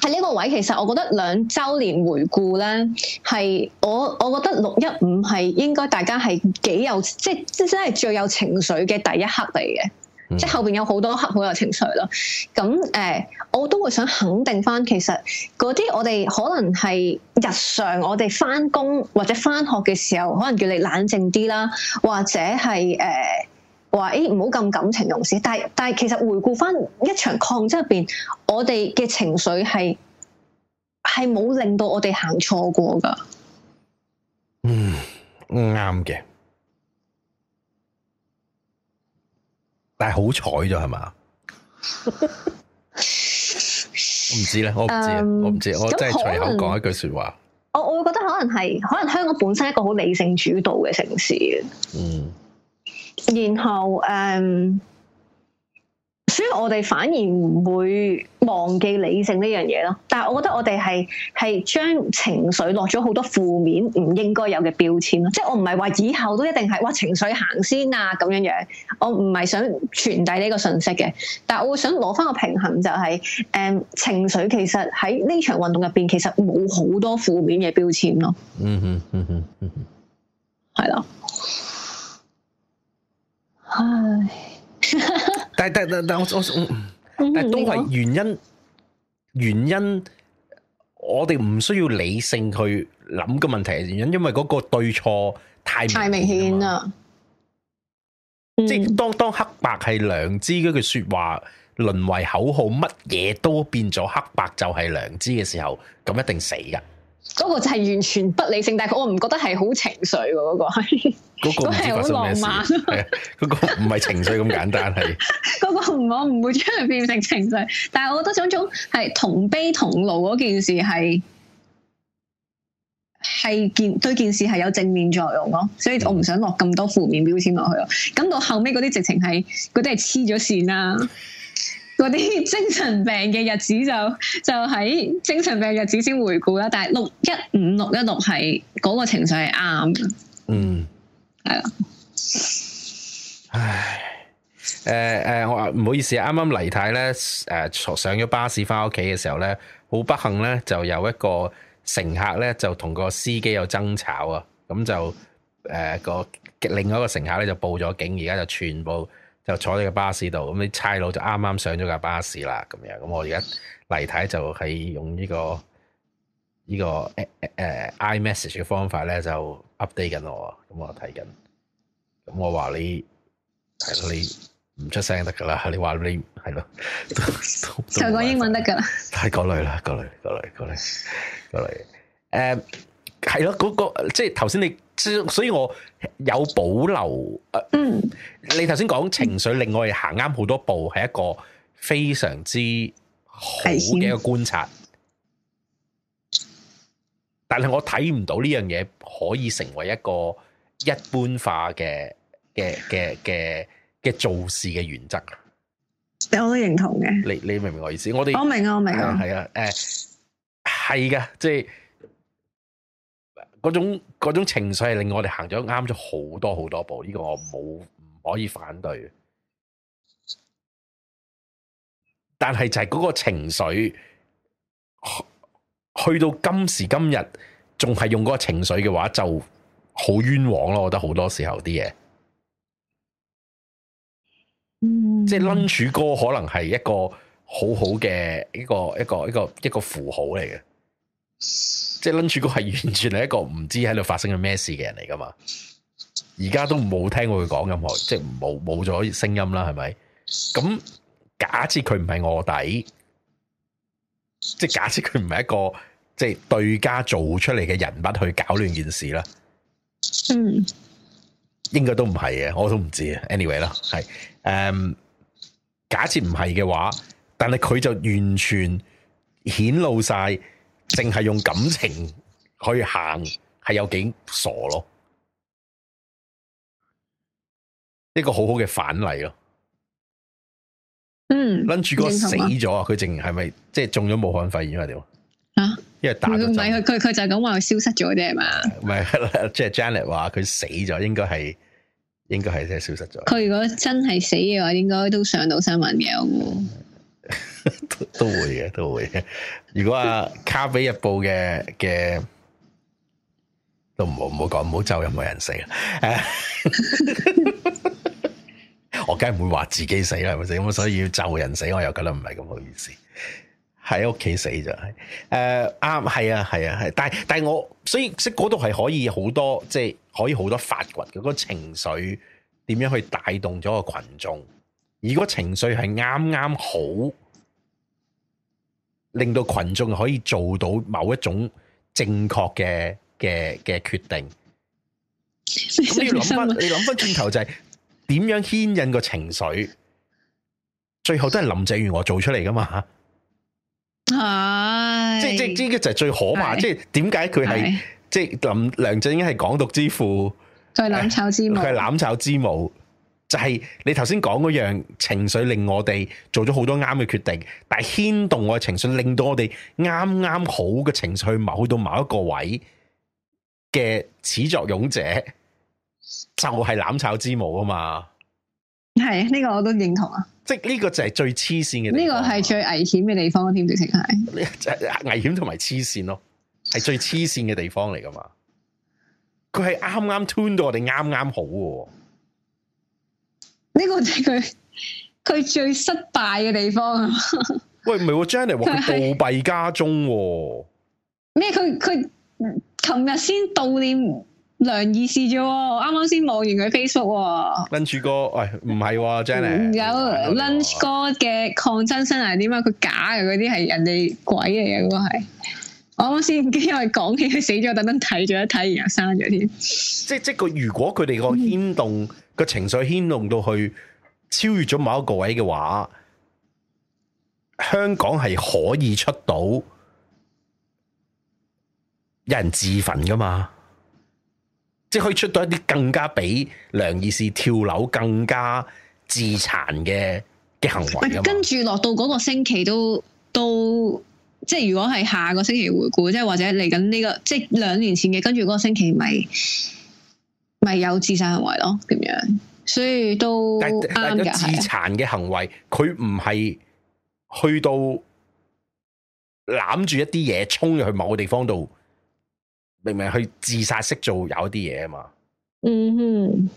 喺呢個位，其實我覺得兩週年回顧咧，係我我覺得六一五係應該大家係幾有即即真係最有情緒嘅第一刻嚟嘅，嗯、即後邊有好多刻好有情緒咯。咁誒、呃，我都會想肯定翻，其實嗰啲我哋可能係日常我哋翻工或者翻學嘅時候，可能叫你冷靜啲啦，或者係誒。呃話誒唔好咁感情用事，但係但係其實回顧翻一場抗爭入邊，我哋嘅情緒係係冇令到我哋行錯過噶、嗯。嗯，啱嘅，但係好彩啫係嘛？唔 知咧，我唔知，嗯、我唔知，我真係隨口講一句説話。嗯、我我會覺得可能係，可能香港本身係一個好理性主導嘅城市嗯。然後誒、嗯，所以我哋反而唔會忘記理性呢樣嘢咯。但係我覺得我哋係係將情緒落咗好多負面唔應該有嘅標籤咯。即係我唔係話以後都一定係哇情緒行先啊咁樣樣。我唔係想傳遞呢個信息嘅。但係我會想攞翻個平衡，就係、是、誒、嗯、情緒其實喺呢場運動入邊其實冇好多負面嘅標籤咯。嗯嗯嗯嗯嗯嗯，係啦。唉， 但但但但，我我但都係原因，原因，我哋唔需要理性去諗個問題嘅原因，因為嗰個對錯太太明顯啦。顯即係當當黑白係良知嗰句說話淪、嗯、為口號，乜嘢都變咗黑白就係良知嘅時候，咁一定死噶。嗰個就係完全不理性，但係我唔覺得係好情緒喎，嗰、嗰個係，嗰個係好浪漫，嗰、 嗰個唔係情緒咁簡單係。嗰 個我唔會將佢變成情緒，但係我覺得種種係同悲同怒嗰件事係係見對件事係有正面作用咯，所以我唔想落咁多負面標籤落去咯。咁到後尾嗰啲直情係嗰啲係黐咗線啦、啊。嗯嗰啲精神病嘅日子就就喺精神病日子先回顧啦，但係六一五六一六係嗰個情緒係啱嘅，嗯的，係啊，唉，誒、呃、誒，我、呃、唔好意思，啱啱黎太咧，誒、呃、坐上咗巴士翻屋企嘅時候咧，好不幸咧，就有一個乘客咧就同個司機有爭吵啊，咁就誒個、呃、另外一個乘客咧就報咗警，而家就全部。就坐喺個巴士度，咁啲差佬就啱啱上咗架巴士啦，咁樣、這個。咁我而家嚟太就係用呢個呢個、uh, 誒、uh, iMessage 嘅方法咧，就 update 緊我，咁我睇緊。咁我話你，你唔出聲得噶啦，你話你係咯，就講英文得噶啦，係講嚟啦，講嚟，講嚟，講嚟，講嚟。誒、uh,，係、那、咯、個，嗰、那個即係頭先你，所以，所以我。有保留，誒，嗯，你頭先講情緒令我哋行啱好多步，係一個非常之好嘅一個觀察。係先。但係我睇唔到呢樣嘢可以成為一個一般化嘅嘅嘅嘅嘅做事嘅原則。我都認同嘅，你你明唔明我意思？我哋我明啊，我明啊，係啊，誒，係噶，係噶，即係。嗰種嗰種情緒係令我哋行咗啱咗好多好多步，呢、這個我冇唔可以反對。但係就係嗰個情緒去到今時今日，仲係用嗰個情緒嘅話，就好冤枉咯。我覺得好多時候啲嘢，嗯、即係 lunch 哥可能係一個好好嘅一個一個一個一個，一個符號嚟嘅。即係 Lunch 哥係完全係一個唔知喺度發生緊咩事嘅人嚟噶嘛。而家都冇聽過佢講任何，即係冇冇咗聲音啦，係咪？咁假設佢唔係臥底，即係假設佢唔係一個即係對家做出嚟嘅人物去搞亂件事啦，嗯 anyway，嗯，應該都唔係嘅，我都唔知。anyway 啦，係誒，假設唔係嘅話，但係佢就完全顯露晒。淨係用感情去行，係有幾傻咯？一個好好嘅反例咯。嗯，lunch 哥死咗啊？佢淨係咪即係中咗武漢肺炎啊？點啊？因為打咗針，佢佢就咁話佢消失咗啫，係嘛？唔係，即係 Janet 話佢死咗，應該係應該係即係消失咗。佢如果真係死嘅話，應該都上到新聞嘅。都都會嘅，都會嘅。如果阿卡比日報嘅嘅，都唔好唔好講，唔好咒任何人死啊！Uh, 我梗係唔會話自己死啦，係咪先？咁所以要咒人死，我又覺得唔係咁好意思。喺屋企死就係誒啱，係啊係啊係。但係但係我所以識嗰度係可以好多，即係可以好多發掘嘅個情緒，點樣去帶動咗個群眾？如果情緒係啱啱好。令到群眾可以做到某一種正確嘅嘅嘅決定，咁你要諗翻，心你諗翻轉頭就係點樣牽引個情緒，最後都係林鄭月娥做出嚟噶嘛？係是即即呢個就係最可怕，是即係點解佢係即林梁振英係港獨之父，再攬炒之母，佢係攬炒之母。就係你頭先講嗰樣情緒令我哋做咗好多啱嘅決定，但係牽動我嘅情緒，令到我哋啱啱好嘅情緒，去到某一個位嘅始作俑者，就係、是、攬炒之母啊嘛。係呢、呢個我都認同啊。即係呢、呢個就係最黐線嘅，呢個係最危險嘅地方添，直情係危險同埋黐線咯，係最黐線嘅地方嚟噶嘛。佢係啱啱 tune 到我哋啱啱好。呢個就係佢佢最失敗嘅地方 啊！喂是，唔係 Jenny 話佢倒斃家中咩，啊？佢佢琴日先悼念梁義士啫，我啱啱先望完佢 Facebook，啊。Lunch 哥，喂、哎，唔係 Jenny 有 Lunch 哥嘅抗爭生涯點啊？佢假嘅嗰啲係人哋鬼嚟嘅，都、那、係、個、我啱先唔因為講起佢死咗，特登睇咗一睇，然後刪咗添。即即個如果佢哋個牽動。 個情緒牽動到去超越咗某一個位嘅話，香港係可以出到有人自焚噶嘛？即係可以出到一啲更加比梁義士跳樓更加自殘嘅嘅行為噶嘛？跟住落到嗰個星期都都即係如果係下個星期回顧，即係或者嚟緊呢個即係兩年前嘅，跟住嗰個星期咪、就是。咪有自殺行為咯，咁樣？所以都啱嘅。自殘嘅行為，佢唔係去到攬住一啲嘢衝入去某個地方度，明明去自殺識做有一啲嘢啊嘛。嗯哼。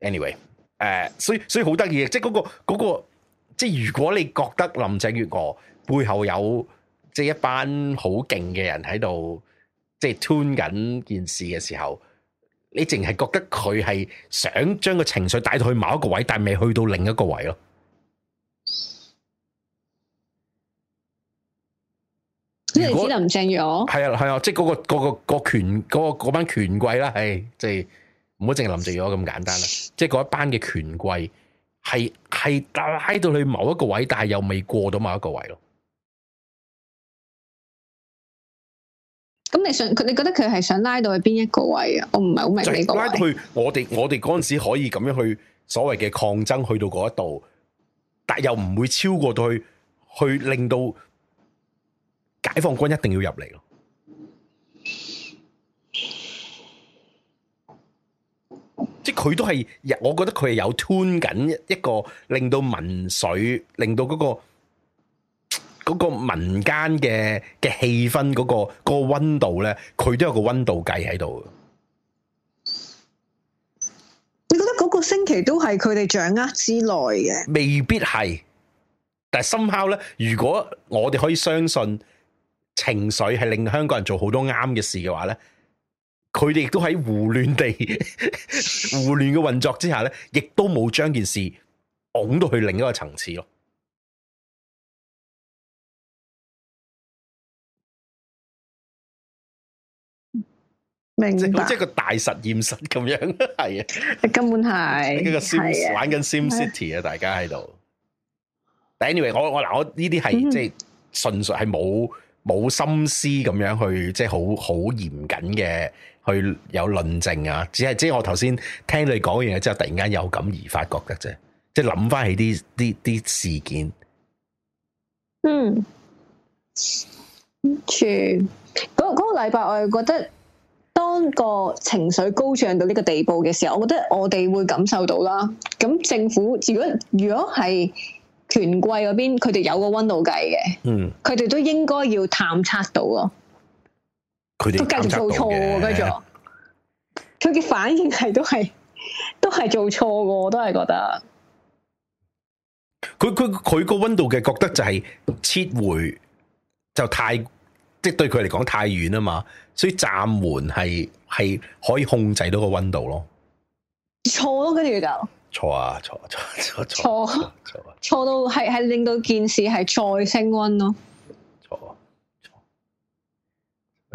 Anyway，誒、呃，所以所以好得意，嘅，即係、那、嗰個、那個，即係如果你覺得林鄭月娥背後有。即係一班好勁嘅人喺度，即係 turn 緊件事嘅時候，你淨係覺得佢係想將個情緒帶到去某一個位，但未去到另一個位咯。如果林鄭月娥？係啊係啊,啊，即係、那、嗰個嗰、那個、那個那個權嗰、那個班、那個、權貴啦，係即係唔好淨係林鄭月娥咁簡單啦，即係嗰一班嘅權貴係係拉到去某一個位，但係又未過到某一個位咯。咁你想佢？你覺得佢係想拉到去邊一個位啊？我唔係好明你講。就係拉佢，我哋我哋嗰陣時可以咁樣去所謂嘅抗爭，去到嗰一度，但又唔會超過到去去令到解放軍一定要入嚟咯。 即係佢都係，我覺得佢係有吞緊一個令到民粹，令到嗰、嗰個。嗰個民間嘅嘅氣氛，嗰個嗰個溫度咧，佢都有個溫度計喺度。你覺得嗰個星期都係佢哋掌握之內嘅？未必係。但係深究咧，如果我哋可以相信情緒係令香港人做好多啱嘅事嘅話咧，佢哋亦都喺胡亂地 胡亂嘅運作之下咧，亦都冇將件事拱到去另一個層次咯。明白，即係個大實驗室咁樣，係啊，根本係，係啊，玩緊 Sim City 啊，大家喺度。Anyway，我我嗱，我呢啲係即係純粹係冇冇心思咁樣去，即係好好嚴謹嘅去有論證啊，只係即係我頭先聽你講完之後，突然間有感而發，覺嘅啫，即係諗翻起啲啲啲事件。嗯，全嗰嗰個禮拜，我係覺得，當個情緒高漲到呢個地步嘅時候，我覺得我哋會感受到啦。咁政府如果如果係權貴嗰邊，佢哋有個溫度計嘅，嗯，佢哋都應該要探測到咯。佢哋都繼續做錯啊，跟住。佢嘅反應係都係都係做錯噶，我都係覺得。佢佢佢個溫度嘅覺得就係撤回就太即係、就是、對佢嚟講太遠啊嘛。所以暫緩係係可以控制到個溫度咯？錯咯，跟住就錯啊！錯錯錯錯錯到係係令到件事係再升温咯？錯錯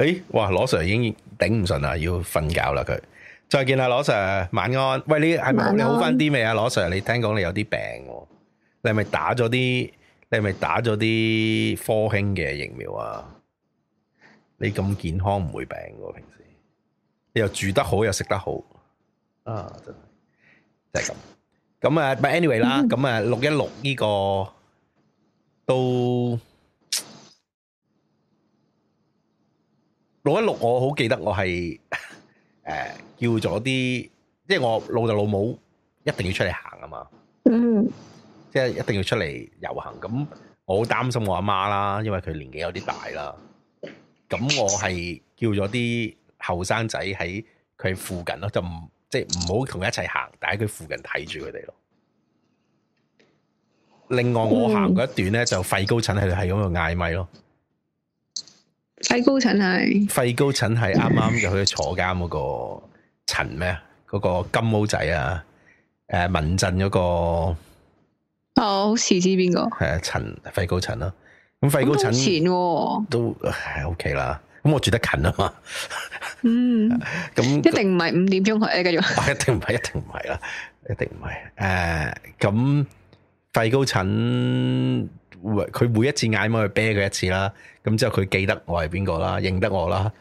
誒！哇！羅 Sir 已經頂唔順啦，要瞓覺啦佢。再見啦，羅 Sir，晚安。喂，你係咪你好返啲未啊？羅 Sir，你聽講你有啲病、啊，你係咪打咗啲？你係咪打咗啲科興嘅疫苗啊？你咁健康唔會病嘅喎，平時你又住得好又食得好，啊真係就係咁。咁啊，但係 anyway 啦、嗯，咁啊六一六呢個都六一六我好記得我係誒叫咗啲，即係我老豆老母一定要出嚟行啊嘛，嗯，即係一定要出嚟遊行。咁我好擔心我阿媽啦，因為佢年紀有啲大啦。咁我係叫咗啲後生仔喺佢附近咯，就唔即係唔好同佢一齊行，但喺佢附近睇住佢哋咯。另外我行嗰一段咧、嗯、就費高陳係係咁度嗌咪咯。費高陳係費高陳係啱啱就去坐監嗰個陳咩啊？嗰、那個金毛仔啊？誒、呃，民陣嗰個，好似知邊個？係啊、呃，陳費高陳咯。咁肺高診都係 O K 啦，咁我住得近啊嘛。嗯，咁一定唔係五點鐘去繼續。一定唔係，一定唔係啦，一定唔係。誒，咁肺高診，佢每一次嗌我去啤佢一次啦。咁之後佢記得我係邊個啦，認得我啦。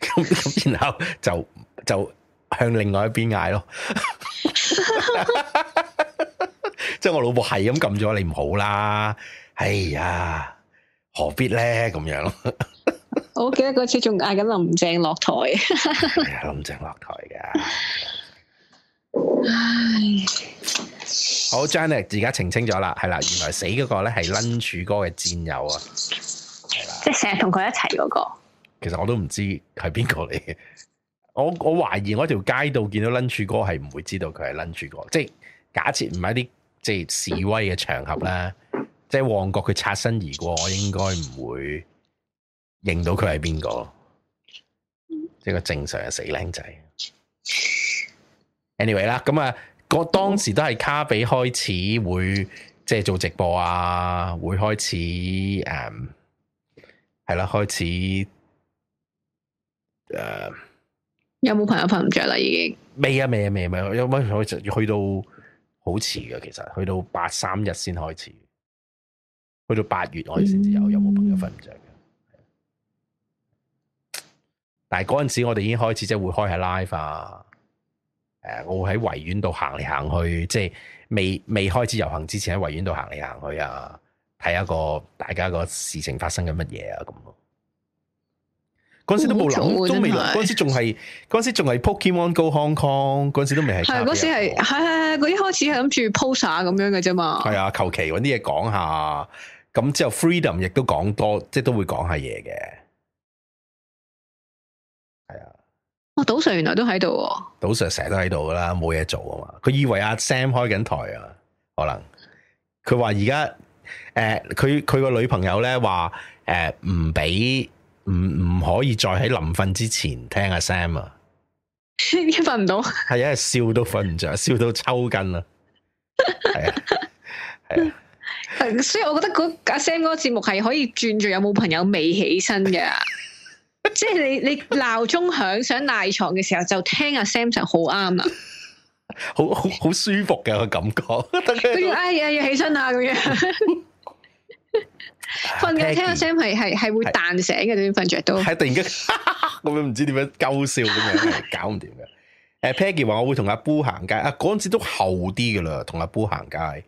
咁咁然後就就向另外一邊嗌咯。即係我老婆係咁撳咗你唔好啦。哎呀！何必咧咁樣？我記得嗰次仲嗌緊林鄭落台。林鄭落台嘅。好，Janet 而家澄清咗啦，係啦，原來死嗰個咧係 Lunch 哥嘅戰友啊，即係成日同佢一齊嗰個。其實我都唔知係邊個嚟。我我懷疑我條街道見到 Lunch 哥係唔會知道佢係 Lunch 哥，即係假設唔係啲即係示威嘅場合咧。嗯即係旺角，佢擦身而過，我應該唔會認到佢係邊個，即係個正常嘅死靚仔。Anyway 啦，咁啊，個當時都係卡比開始會即係做直播啊，會開始誒，係、嗯、啦，開始誒，嗯、有冇朋友瞓唔着啦？已經未啊，未啊，未啊，未因為去去到好遲嘅，其實去到八三一先開始。去到八月，我哋先至有有冇朋友瞓唔着嘅？嗯、但係嗰陣時，我哋已經開始即係、就是、會開下 live 啊。誒，我會喺維園度行嚟行去，即係未未開始遊行之前喺維園度行嚟行去啊，睇下個大家個事情發生緊乜嘢啊咁咯。嗰陣時都冇諗，哦、都未嗰陣時仲係嗰陣時仲係 Pokemon Go Hong Kong 嗰陣時都未係。係嗰陣時係係係係，一開始係諗住 post 咁樣嘅啫嘛。係啊，求其搵啲嘢講下。咁之後 freedom 亦都講多，即係都會講下嘢嘅，係啊。我賭 Sir 原來都喺度、哦，賭 Sir 成日都喺度噶啦，冇嘢做啊嘛。佢以為阿 Sam 開緊台啊，可能佢話而家誒，佢佢個女朋友咧話誒，唔俾唔唔可以再喺臨瞓之前聽阿 Sam 啊，瞓唔到，係啊，因為笑到瞓唔着，笑到抽筋啦，係啊，係啊。所以，我覺得阿、啊、Sam 嗰個節目係可以轉住，有冇朋友未起身嘅？啊， 即係你你鬧鐘響想賴床嘅時候就聽阿、啊、Sam 就、啊、好啱啦，好好好舒服嘅個感覺。要哎呀，要起身啊咁樣。瞓 緊 聽阿 Sam 係係係會彈醒嘅，就算瞓著都係突然間咁樣唔知點樣鳩笑咁樣搞唔掂嘅。誒 Peggy 話我會同阿 Bo 行街，啊嗰陣時都後啲嘅啦，同阿 Bo 行街誒。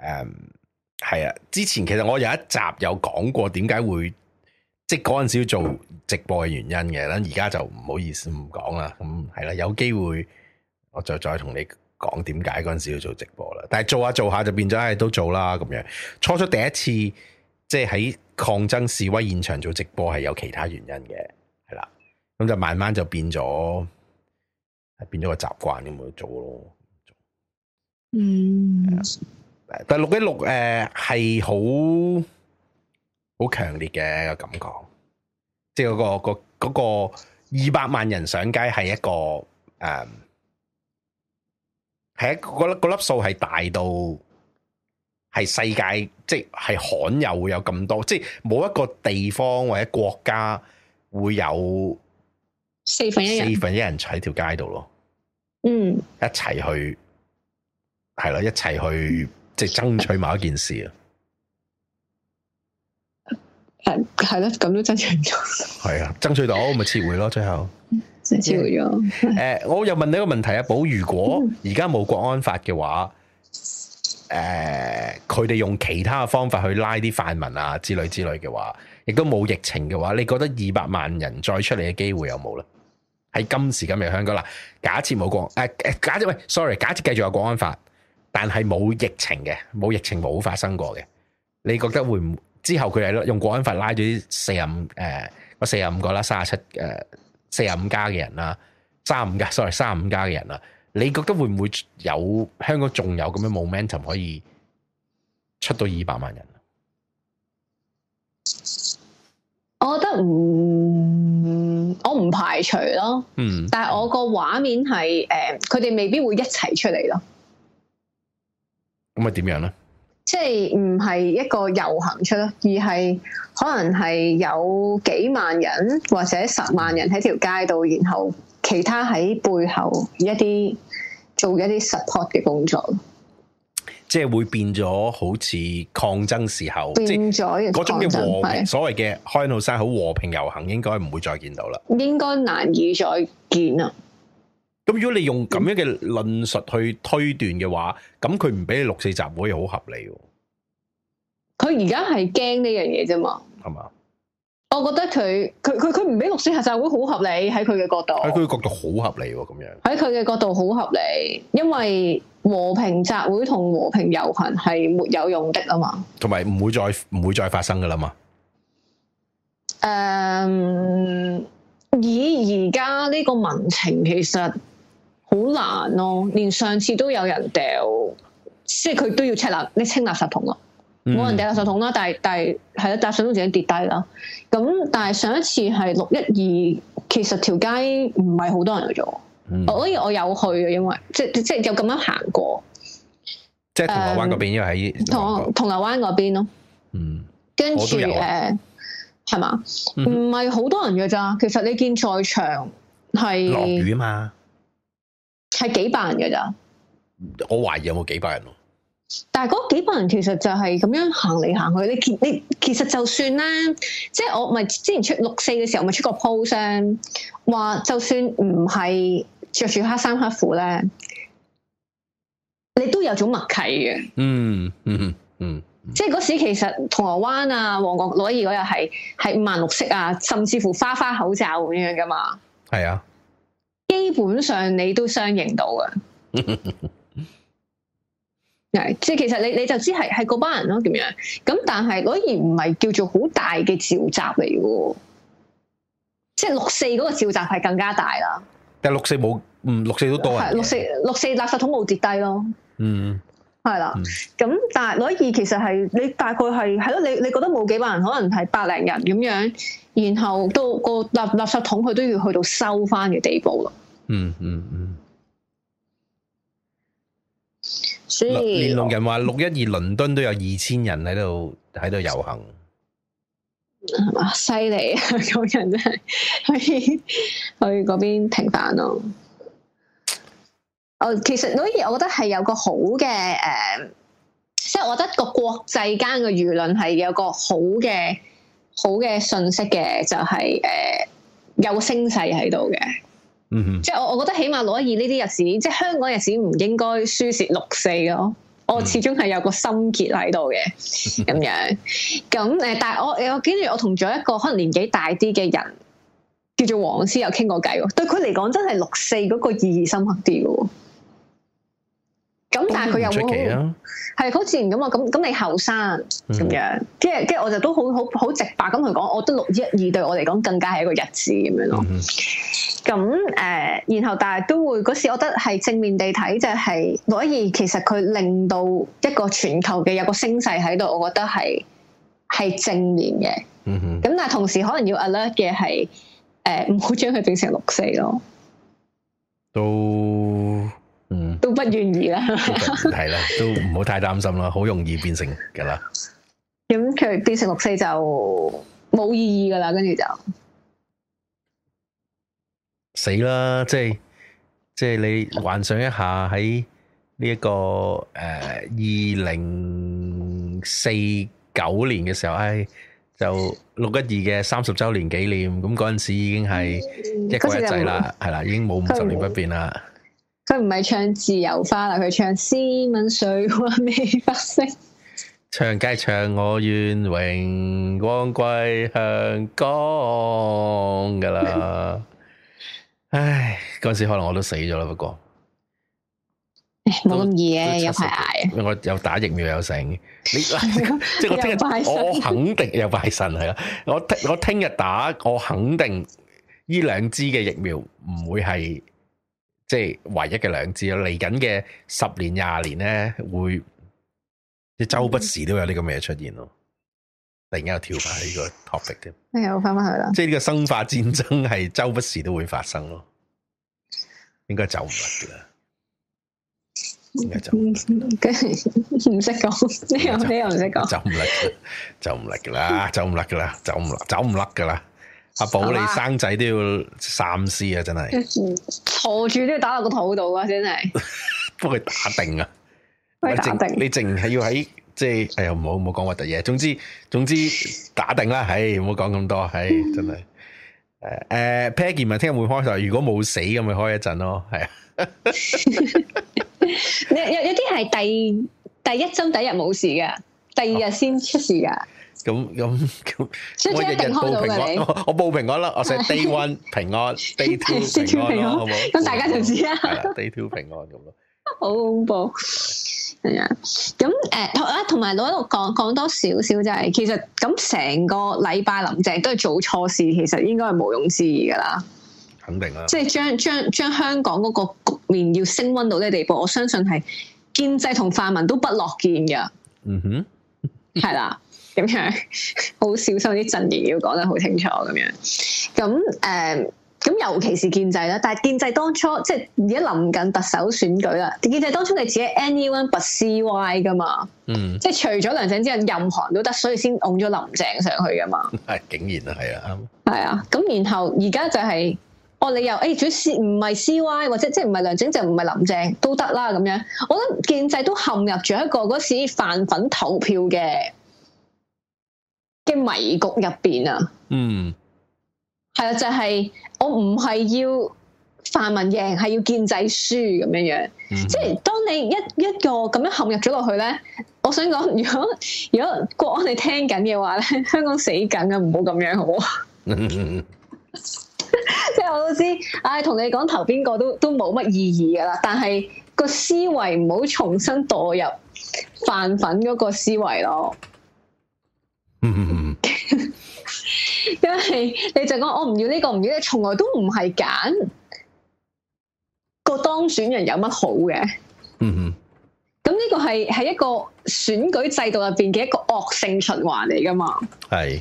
Um, 係啊，之前其實我有一集有講過點解會即係嗰陣時要做直播嘅原因嘅，咁而家就唔好意思唔講啦。咁係啦，有機會我就再同你講點解嗰陣時要做直播啦。但係做下做下就變咗係都做啦，咁樣初初第一次即係喺抗爭示威現場做直播係有其他原因嘅，係啦，咁就慢慢就變咗變咗個習慣咁去做咯。做。嗯。但係六一六誒係好好強烈嘅一個感覺，即係、嗰個、嗰個、嗰個二百萬人上街係一個誒，係、嗯、一個嗰粒粒數係大到係世界，即係罕有會有咁多，即係冇一個地方或者國家會有四分一四分一人喺條街度咯，嗯，一齊去係咯，一齊去。即係爭取某一件事啊，係係咯，咁都爭取唔咗。係 啊，爭取到咪撤回咯，最後撤回咗。誒、 欸，我又問你一個問題啊，寶，如果而家冇國安法嘅話，誒、欸，佢哋用其他嘅方法去拉啲泛民啊之類之類嘅話，亦都冇疫情嘅話，你覺得二百萬人再出嚟嘅機會有冇咧？喺今時今日香港啦，假設冇國誒誒、欸，假設喂，sorry，假設繼續有國安法。但係冇疫情嘅，冇疫情冇發生過嘅，你覺得會唔會之後佢哋用國安法拉咗四十五誒四十五個啦，卅七誒四十五加嘅人啦，卅五加，sorry 卅五加嘅人啦，你覺得會唔會有香港仲有咁樣 momentum 可以出到二百萬人？我覺得唔，我唔排除咯，嗯，但係我個畫面係誒，佢哋未必會一齊出嚟咯。咁咪點樣咧？即係唔係一個遊行出咯，而係可能係有幾萬人或者十萬人喺條街度，然後其他喺背後一啲做一啲 support 嘅工作。即係會變咗好似抗爭時候，變咗嗰種嘅和平，的所謂嘅開到山好和平遊行，應該唔會再見到啦，應該難以再見啦。咁如果你用咁樣嘅論述去推斷嘅話，咁佢唔俾你六四集會好合理。佢而家係驚呢樣嘢啫嘛，係嘛吧？我覺得佢佢佢佢唔俾六四集會好合理喺佢嘅角度，喺佢嘅角度好合理咁樣，喺佢嘅角度好合理，因為和平集會同和、和平遊行係沒有用的啊嘛，同埋唔會再唔會再發生噶啦嘛。誒，um, 以而家呢個民情其實。好難咯、哦，連上次都有人掉，即係佢都要清垃，你清垃圾桶咯，冇人掉垃圾桶啦。但係但係係咯，搭上都自己跌低啦。咁但係上一次係六一二，其實條街唔係好多人去做，嗯、所以我有去嘅，因為即係即係就咁樣行過，即係銅鑼灣嗰邊，因為喺銅銅鑼灣嗰邊咯。嗯，跟住誒係嘛，唔係好多人嘅咋？其實你見在場係落雨嘛？係幾百人嘅咋？我懷疑有冇幾百人咯。但係嗰幾百人其實就係咁樣行嚟行去。你你其實就算咧，即係我咪之前出六四嘅時候咪出個 post 啊，話就算唔係着住黑衫黑褲咧，你都有種默契嘅、嗯。嗯嗯嗯，嗯即係嗰時其實銅鑼灣啊、旺角、攞二嗰日係係五顏六色啊，甚至乎花花口罩咁樣噶嘛。係啊。基本上你都相認到嘅，係即係其實你你就知係係嗰班人咯，點樣？咁但係攞二唔係叫做好大嘅召集嚟嘅，即係六四嗰個召集係更加大啦。但係六四冇，嗯，六四都多啊。六四六四垃圾桶冇跌低咯。嗯，係啦的。咁、嗯、但係攞二其實係你大概係係咯，你你覺得冇幾百人，可能係百零人咁樣。然後到個垃垃圾桶，佢都要去到收翻嘅地步咯、嗯。嗯嗯嗯。所以連登人話六一二倫敦都有二千人喺度喺度遊行。哇！犀利啊，嗰人真係 去去嗰邊平反咯。哦，其實反而我覺得係有個好嘅誒，即、呃、係、即係、我覺得個國際間嘅輿論係有個好嘅。好嘅信息嘅就係、是、誒、呃、有個聲勢喺度嘅，嗯哼，即係我我覺得起碼攞六一二呢啲日子，即係香港日子唔應該輸蝕六四咯，我始終係有個心結喺度嘅咁樣，咁誒，但係我我，我，我跟住我同咗一個可能年紀大啲嘅人叫做黃絲有傾過偈喎，對佢嚟講真係六四嗰個意義深刻啲嘅喎。咁但係佢又冇，係好、啊、自然咁啊！咁咁你後生咁樣，即係即係我就都好好好直白咁去講，我覺得六一二對我嚟講更加係一個日子咁樣咯。咁誒、嗯哼呃，然後但係都會嗰時，我覺得係正面地睇就係六一二，其實佢令到一個全球嘅有一個聲勢喺度，我覺得係係正面嘅。嗯咁哼但係同時可能要 alert 嘅係誒，唔好將佢變成六四咯。都。都不願意啦，係啦，都唔好太擔心啦，好容易變成嘅啦。咁佢變成六四就冇意義嘅啦，跟住就死啦！即係即係你幻想一下喺呢一個誒二零四九年嘅時候，唉、哎，就六一二嘅三十週年紀念，咁嗰陣時已經係一國一制啦，係啦、嗯，已經冇五十年不變啦。佢唔係唱自由花啦，佢唱詩文水花未發聲，唱計唱我願榮光歸香港》噶啦。唉，嗰陣時可能我都死咗啦，不過冇咁易嘅、啊，有排捱。我有打疫苗有成，你 有 即係我聽日我肯定有拜神係啦、啊。我我聽日打，我肯定呢兩支嘅疫苗唔會係。即係唯一嘅兩字嚟緊嘅十年廿年咧，會周不時都有呢咁嘅嘢出現咯。突然間又跳翻呢個 topic 添。又翻翻去啦。即係呢個生化戰爭係周不時都會發生咯。應該走唔甩噶啦。應該走唔甩。跟唔識講，呢個呢個唔識講。走唔甩，走唔甩噶啦，走唔甩噶啦，走唔甩，走唔甩噶啦。阿寶、啊、你生仔都要三思啊！真係坐住都要打落個肚度啊！真係， 不過打定啊，定你定你定係要喺即係，哎呀，唔好唔好講核突嘢。總之總之打定啦，唉，唔好講咁多，唉，真係。誒誒 Peggy 咪聽日會開台，如果冇死咁咪開一陣咯，係啊。 有有啲係第第一針第一日冇事㗎，第二日先出事噶。啊咁咁咁，我哋定開到嘅你，我報平安啦，我寫 day one 平安 day two 平安，咁大家就知啦。係啦 day two 平安咁咯。好恐怖，係啊。咁誒，同埋老一攞到講講多少少就係，其實咁成個禮拜林鄭都係做錯事，其實應該係無庸置疑噶啦。肯定啦。即係將將將香港嗰個局面要升温到呢個地步，我相信係建制同泛民都不樂見嘅。嗯哼，係啦。咁樣好小心，啲陣營要講得好清楚，咁樣，咁誒，咁尤其是建制啦。但係建制當初即係而家臨近特首選舉啦，建制當初你自己 anyone but CY 噶嘛，嗯、即係除咗梁振英任何人都得，所以先擋咗林鄭上去噶嘛。係 竟然是啊，係啊，係啊，咁然後而家就係、是、哦，你又誒、哎、主 C 唔係 CY 或者即係唔係梁振英唔係林鄭都得啦咁樣，我覺得建制都陷入住一個嗰時泛粉投票嘅。嘅迷局入邊啊，嗯、mm，係、hmm. 啊，就係、是、我唔係要泛民贏，係要建制輸咁樣樣，mm hmm. 即係當你一一個咁樣陷入咗落去咧，我想講，如果如果國安你聽緊嘅話咧，香港死緊，咁唔好咁樣好啊，即係我都知，唉、哎，同你講投邊個都都冇乜意義噶啦，但係個思維唔好重新墮入泛粉嗰個思維咯。嗯嗯嗯，因為你就講我唔要呢、這個唔要、這個，從來都唔係揀個當選人有乜好嘅。嗯哼，咁 呢樂個係係一個選舉制度入邊嘅一個惡性循環嚟噶嘛？係。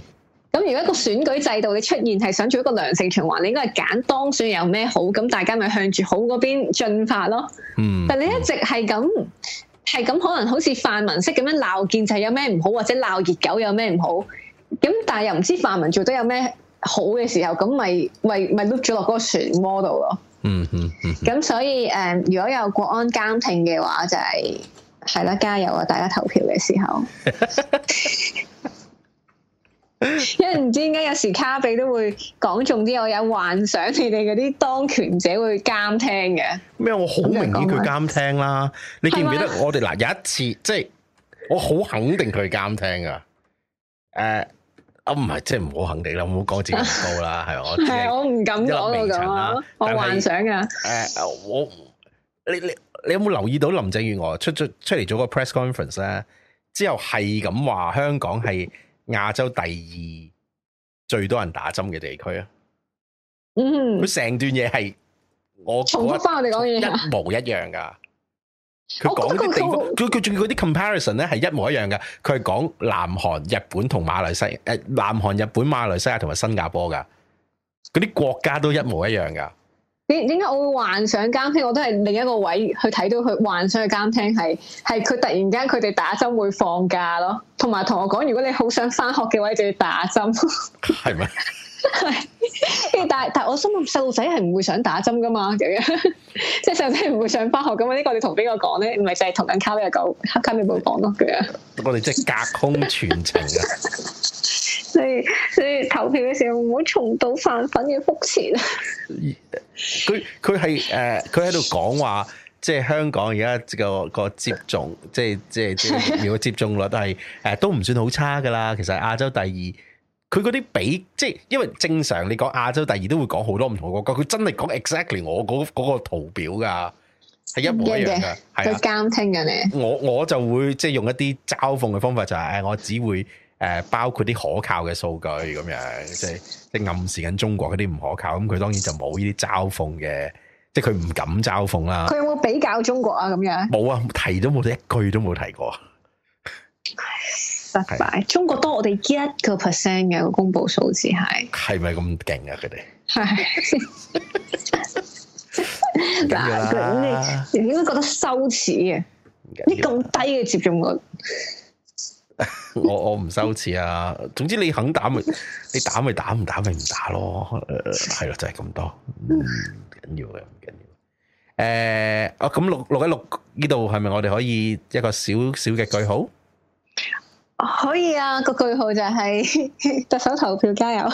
咁 如果一個選舉制度嘅出現係想做一個良性循環，你應該係揀當選人有咩好，咁大家咪向住好嗰邊進發咯。嗯， 但你一直係咁。係咁可能好似泛民式咁樣鬧建制有咩唔好，或者鬧熱狗有咩唔好，咁但係又唔知泛民做到有咩好嘅時候，咁咪咪咪碌咗落嗰個船 model 咯。 嗯嗯咁所以誒，如果有國安監聽嘅話，就係係啦，加油啊！大家投票嘅時候。 因為唔知點解有時卡比都會講中啲，我有幻想你哋嗰啲當權者會監聽嘅。咩？我好明顯佢監聽啦。 你記唔記得我哋嗱嗎有一次，即係我好肯定佢監聽噶誒、uh, 啊，啊唔係，即係唔好肯定啦， 我唔好講自己啦，係我係我唔敢講到咁我幻想噶誒，uh, 我你你你有冇留意到林鄭月娥出出出嚟做個 press conference 咧？之後係咁話香港係。 亞洲第二最多人打針嘅地區啊，嗯，佢成段嘢係我重複翻我哋講嘢，一模一樣噶。佢講啲地方，佢佢仲要嗰啲 comparison 咧，係一模一樣噶。佢係講南韓、日本同馬來西亞，誒，南韓、日本、馬來西亞同埋新加坡噶，嗰啲國家都一模一樣噶。點點解我會幻想監聽，我都係另一個位去睇到佢幻想嘅監聽係係佢突然間佢哋打針會放假咯，同埋同我講如果你好想翻學嘅話就要打針，係 咩嗎？ 但係但係我心諗細路仔係唔會想打針噶嘛，咁樣即係細路仔唔會想上翻學嘛，咁、這、呢個你同邊個講咧？唔係就係同緊卡比米狗卡比寶講咯，咁樣我哋即係隔空全程嘅、啊。 所以所以投票嘅時候唔好重蹈飯粉嘅覆轍啦。佢佢係誒佢喺度講話，即係香港而家個個接種，即係即係即係個接種率、呃、都係誒都唔算好差噶啦。其實亞洲第二，佢嗰啲比即係因為正常你講亞洲第二都會講好多唔同國家，佢真係講 exactly 我嗰、那、嗰、個那個圖表噶係一模一樣噶，係 啊，監聽緊你。我我就會即係用一啲嘲諷嘅方法、就是，就係誒我只會。誒，包括啲可靠嘅數據咁樣，即係即係暗示緊中國嗰啲唔可靠，咁佢當然就冇呢啲嘲諷嘅，即係佢唔敢嘲諷啦。佢有冇比較中國啊？咁樣冇啊，提都冇得，一句都冇提過。拜拜，是中國多我哋一個 percent 嘅個公布數字係，係咪咁勁啊？佢哋係，嗱是，佢哋點解覺得羞恥啊？呢咁低嘅接種率。我我唔收錢啊！總之你肯打咪，你打咪打，唔打咪唔打咯。係咯，就係、是、咁多，唔緊要嘅，唔緊要。誒，哦、啊，咁六六一六呢度係咪我哋可以一個小小嘅句號？可以啊，個句號就係特首投票加油。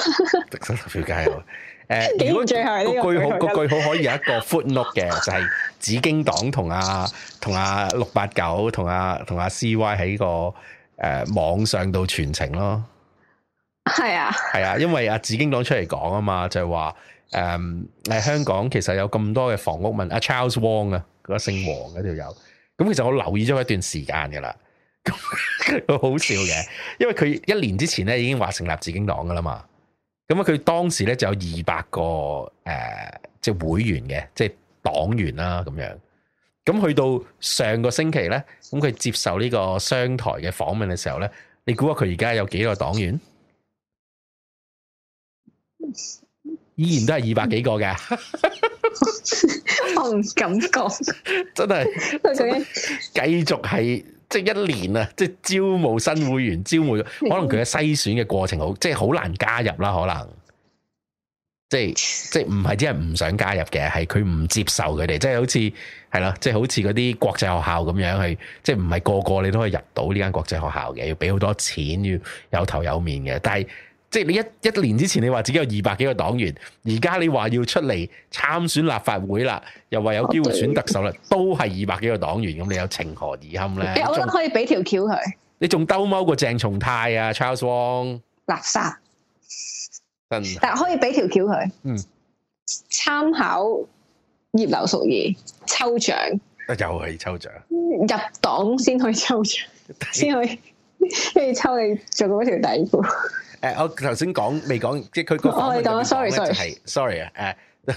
特首投票加油。誒、 啊，如果 最後一句這這個句號個句號可以有一個 footnote 嘅，就係、是、紫荊黨同阿同阿六八九同阿同阿 C Y 喺個。誒、uh, 網上到全程咯，係啊，係啊，因為阿紫荊黨出嚟講啊嘛，就係話誒，喺、嗯啊、香港其實有咁多嘅房屋問阿 Charles Wong 啊，嗰個姓王嗰條友，咁其實我留意咗一段時間嘅啦， 好笑嘅，因為佢一年之前咧已經話成立紫荊黨嘅啦嘛，咁啊佢當時咧就有二百個誒、呃，即係會員嘅，即係黨員啦、啊、咁樣。咁去到上個星期咧，咁佢接受呢個商台嘅訪問嘅時候咧，你估下佢而家有幾多個黨員？依然都係二百幾個嘅。 我唔敢講 ，真係。繼續係即係一年啊，即係招募新會員，招募可能佢嘅篩選嘅過程好，即係好難加入啦，可能。即係即係唔係只係唔想加入嘅，係佢唔接受佢哋，即係好似。係啦， 即係好似嗰啲國際學校咁樣去，即係唔係個個你都可以入到呢間國際學校嘅，要俾好多錢，要有頭有面嘅。但係即係你一一年之前你話自己有二百幾個黨員，而家你話要出嚟參選立法會啦，又話有機會選特首啦，我對 都係二百幾個黨員，咁你有情何以堪咧？有得可以俾條橋佢，你仲兜踎過鄭松泰啊，Charles Wong 垃圾，索真好但係可以俾條橋佢，嗯，參考。葉劉淑儀抽獎，又係抽獎，入黨先可以抽獎，先可以，跟住抽你做到條底褲 、呃。誒，我頭先講未講，即係佢個，我係講，sorry，sorry，係，sorry 啊，誒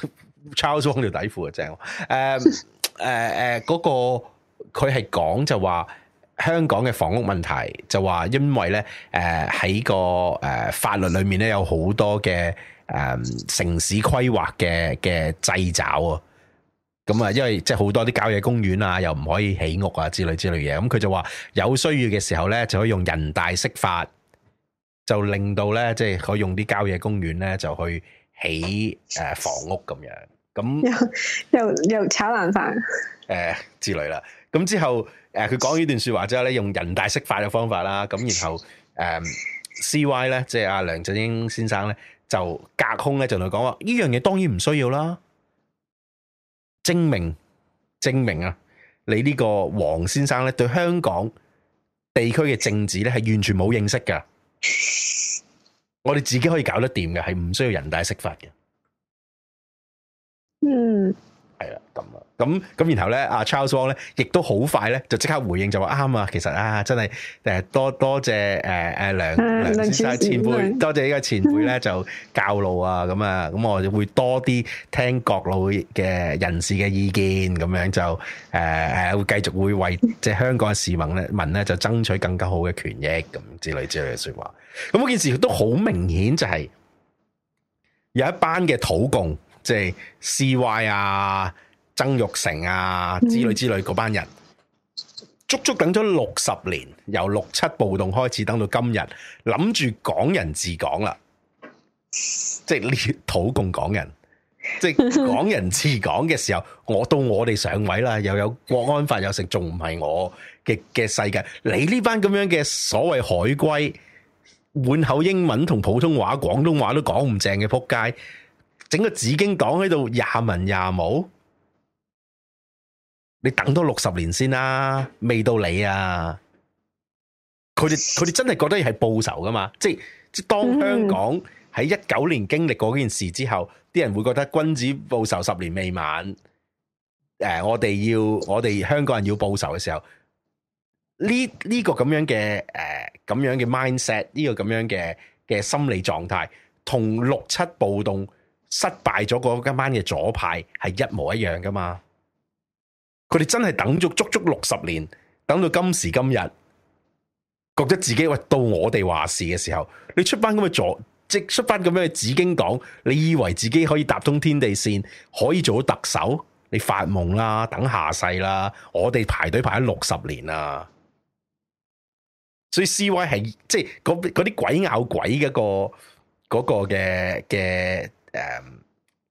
Charles 着條底褲啊，正，誒，誒，誒，嗰個佢係講就話香港嘅房屋問題，就話因為咧，誒、呃、喺個誒、呃、法律裏面咧有好多嘅誒、嗯、城市規劃嘅嘅掣肘啊。咁啊，因為即係好多啲郊野公園啊，又唔可以起屋啊之類之類嘢，咁佢就話有需要嘅時候咧，就可以用人大釋法，就令到咧即係可以用啲郊野公園咧就去起誒房屋咁樣，咁又又又炒冷飯誒、呃、之類啦。咁之後誒，佢講呢段說話之後咧，用人大釋法嘅方法啦，咁然後誒、呃、C Y 咧，即係阿梁振英先生咧，就隔空咧就同佢講話，呢樣嘢當然唔需要啦。證明，證明啊！你呢個黃先生咧，對香港地區嘅政治咧係完全冇認識㗎。我哋自己可以搞得掂嘅，係唔需要人大釋法嘅。咁咁，然後咧，阿 Charles Wong 咧，亦都好快咧，就即刻回應就，就話啱啊！其實啊，真係誒，多多謝誒誒、呃、梁梁生前輩，多謝呢個前輩咧、嗯，就教路啊，咁啊，咁我就會多啲聽各路嘅人士嘅意見，咁樣就誒誒、呃，會繼續會為即係、就是、香港嘅市民咧，民咧就爭取更加好嘅權益咁之類之類嘅說話。咁件事都好明顯，就係有一班嘅土共，即係 CY 啊。曾玉成啊之類之類嗰班人，嗯、足足等咗六十年，由六七暴動開始等到今日，諗住港人治港啦， 即係土共港人，即係港人治港嘅時候，我到我哋上位啦，又有國安法又，又食，仲唔係我嘅嘅世界？你呢班咁樣嘅所謂海歸，滿口英文同普通話、廣東話都講唔正嘅撲街，整個紫荊黨喺度廿文廿武。你等多六十年先啦，啊，未到你啊！佢哋佢哋真係覺得係報仇噶嘛？即係當香港喺一九年經歷過嗰件事之後，啲人會覺得君子報仇十年未晚。誒、呃，我哋要我哋香港人要報仇嘅時候，呢呢、呢個咁樣嘅誒咁樣嘅 mindset 呢個咁樣嘅嘅心理狀態，同六七暴動失敗咗嗰今晚嘅左派係一模一樣噶嘛？佢哋真係等咗足足六十年，等到今時今日，覺得自己喂到我哋話事嘅時候，你出翻咁嘅座，即出翻咁樣嘅紫荊黨，你以為自己可以搭通天地線，可以做到特首？你發夢啦，等下世啦，我哋排隊排咗六十年啦，所以 C Y 係即係嗰啲鬼咬鬼嘅、嗰個嗰、嗰個嘅嘅誒。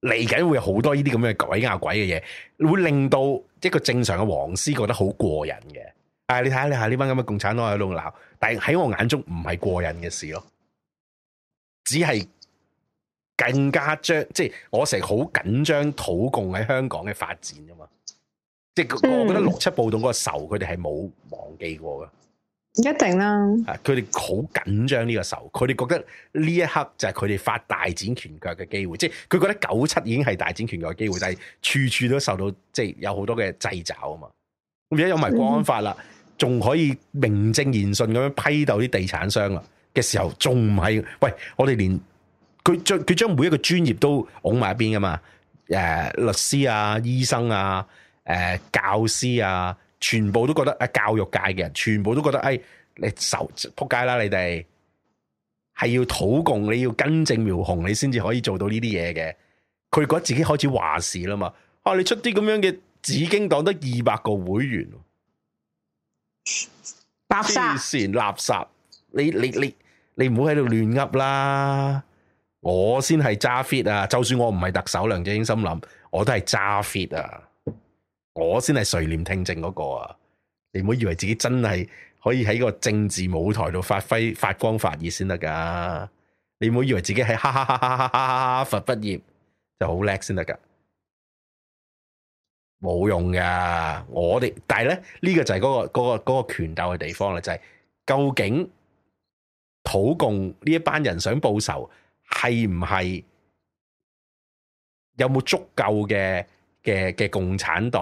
嚟緊會有好多呢啲咁嘅鬼壓鬼嘅嘢，會令到一個正常嘅黃絲覺得好過癮嘅。啊、哎，你睇下你吓呢班咁嘅共產黨喺度鬧，但係喺我眼中唔係過癮嘅事咯，只係更加將即係我成日好緊張土共喺香港嘅發展吖嘛。即係我覺得六七暴動嗰個仇，佢哋係冇忘記過噶。嗯一定啦！佢哋好緊張呢個時候，佢哋覺得呢一刻就係佢哋發大展拳腳嘅機會，即係佢覺得九七已經係大展拳腳嘅機會，但係處處都受到即係有好多嘅掣肘啊嘛！咁而家有埋國安法啦，仲可以名正言順咁樣批鬥啲地產商啦嘅時候，仲唔係？喂，我哋連佢將佢將每一個專業都拱埋一邊噶嘛？誒、呃，律師啊，醫生啊，誒、呃，教師啊。全部都覺得誒、啊、教育界嘅人，全部都覺得誒、哎、你受，撲街啦你哋係要土共，你要根正苗紅，你先至可以做到呢啲嘢嘅。佢覺得自己開始話事啦嘛，啊你出啲咁樣嘅紫荊黨，講得二百個會員，垃圾，黐線垃圾，你你你你唔好喺度亂噏啦！我先係揸 fit 啊，就算我唔係特首，梁振英心諗我都係揸 fit 啊！我先係垂念聽政嗰個啊！你唔好以為自己真係可以喺個政治舞台度發揮發光發熱先得噶。你唔好以為自己喺哈哈哈哈哈哈佛畢業就好叻先得噶，冇用噶。我哋但係咧呢、這個就係嗰、那個、那個、那個拳鬥嘅地方啦，就係、是、究竟土共呢一班人想報仇係唔係有冇足夠嘅？嘅嘅共產黨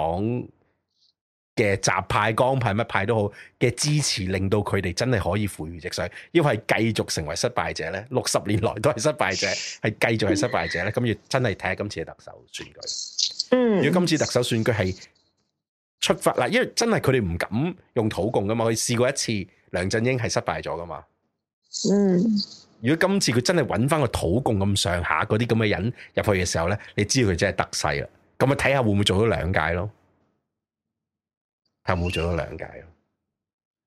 嘅習派、江派、乜派都好嘅支持，令到佢哋真係可以扶搖直上。要係繼續成為失敗者咧，六十年來都係失敗者，係繼續係失敗者咧。咁要真係睇下今次嘅特首選舉。嗯，如果今次特首選舉係出發嗱，因為真係佢哋唔敢用土共噶嘛，佢試過一次，梁振英係失敗咗噶嘛。嗯，如果今次佢真係揾返個土共咁上下嗰啲咁嘅人入去嘅時候咧，你知道佢真係得勢啦。咁咪睇下會唔會做到兩屆咯？睇有冇做到兩屆咯？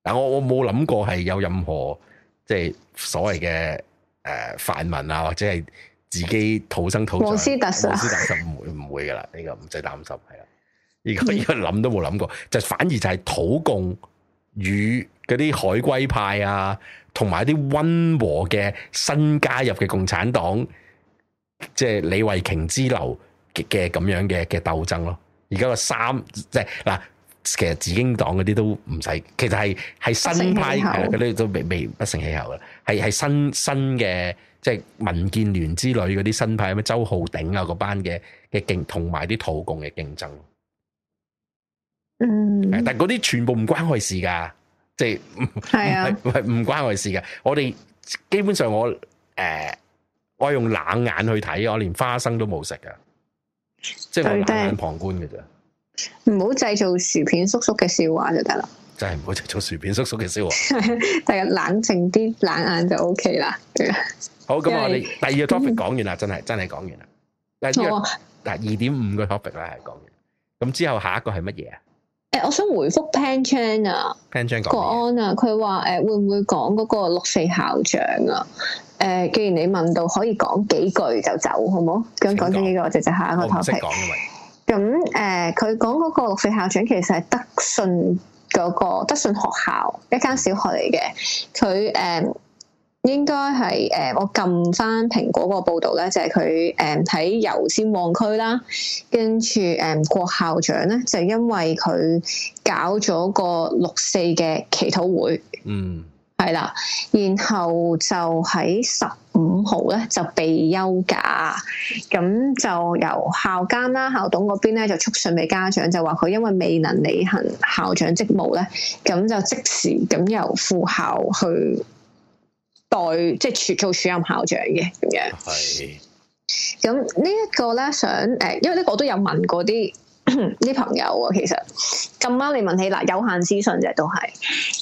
但我我冇諗過係有任何即係、就是、所謂嘅誒、呃、泛民啊，或者係自己土生土長，冇私德啊，冇私德就唔會唔 會噶啦，呢、這個唔使擔心係啦。而家呢個諗都冇諗過，就反而就係土共與嗰啲海歸派啊，同埋一啲溫和嘅新加入嘅共產黨，即、就、係、是、李慧瓊之流。嘅咁樣嘅嘅鬥爭咯，而家個三即係嗱，其實紫荊黨嗰啲都唔使，其實係係新派嗰啲都未未不成氣候啦，係係新新嘅即係民建聯之類嗰啲新派咩周浩鼎啊嗰班嘅嘅競同埋啲土共嘅競爭，嗯，但係嗰啲全部唔關我事噶，即係係啊，唔關我事噶，我哋基本上我誒、呃，我用冷眼去睇，我連花生都冇食啊。即係我冷眼旁觀嘅啫，唔好製造薯片叔叔嘅笑話就得啦。真係唔好製造薯片叔叔嘅笑話，第日 冷靜啲，冷眼就 OK 啦。好，咁為我哋第二個 topic 講完啦、嗯，真係真係講完啦。第二個、oh.，嗱，二點五個 topic 咧係講完，咁之後下一個係乜嘢啊？誒，我想回覆潘章啊，潘章講，國安啊，佢話誒，會唔會講嗰個六四校長啊？誒、呃，既然你問到，可以講幾句就走，好唔好？咁講咗幾句，我直接下一個 topic。咁誒，佢講嗰個六四校長其實係德信嗰、嗰個德信學校一間小學嚟嘅，佢誒。嗯應該係誒、呃，我撳翻蘋果個報道咧，就係佢誒喺油尖旺區啦，跟住誒郭校長咧，就因為佢搞咗個六四嘅祈禱會，嗯，係啦，然後就喺十五號咧就被休假，咁就由校監啦、校董嗰邊咧就促信俾家長，就話佢因為未能履行校長職務咧，咁就即時咁由副校去。代即係做署任校長嘅咁樣，係咁是呢一個咧，想誒，因為呢個我都有問過啲呢 朋友啊，其實咁啱你問起嗱，有限資訊啫，都係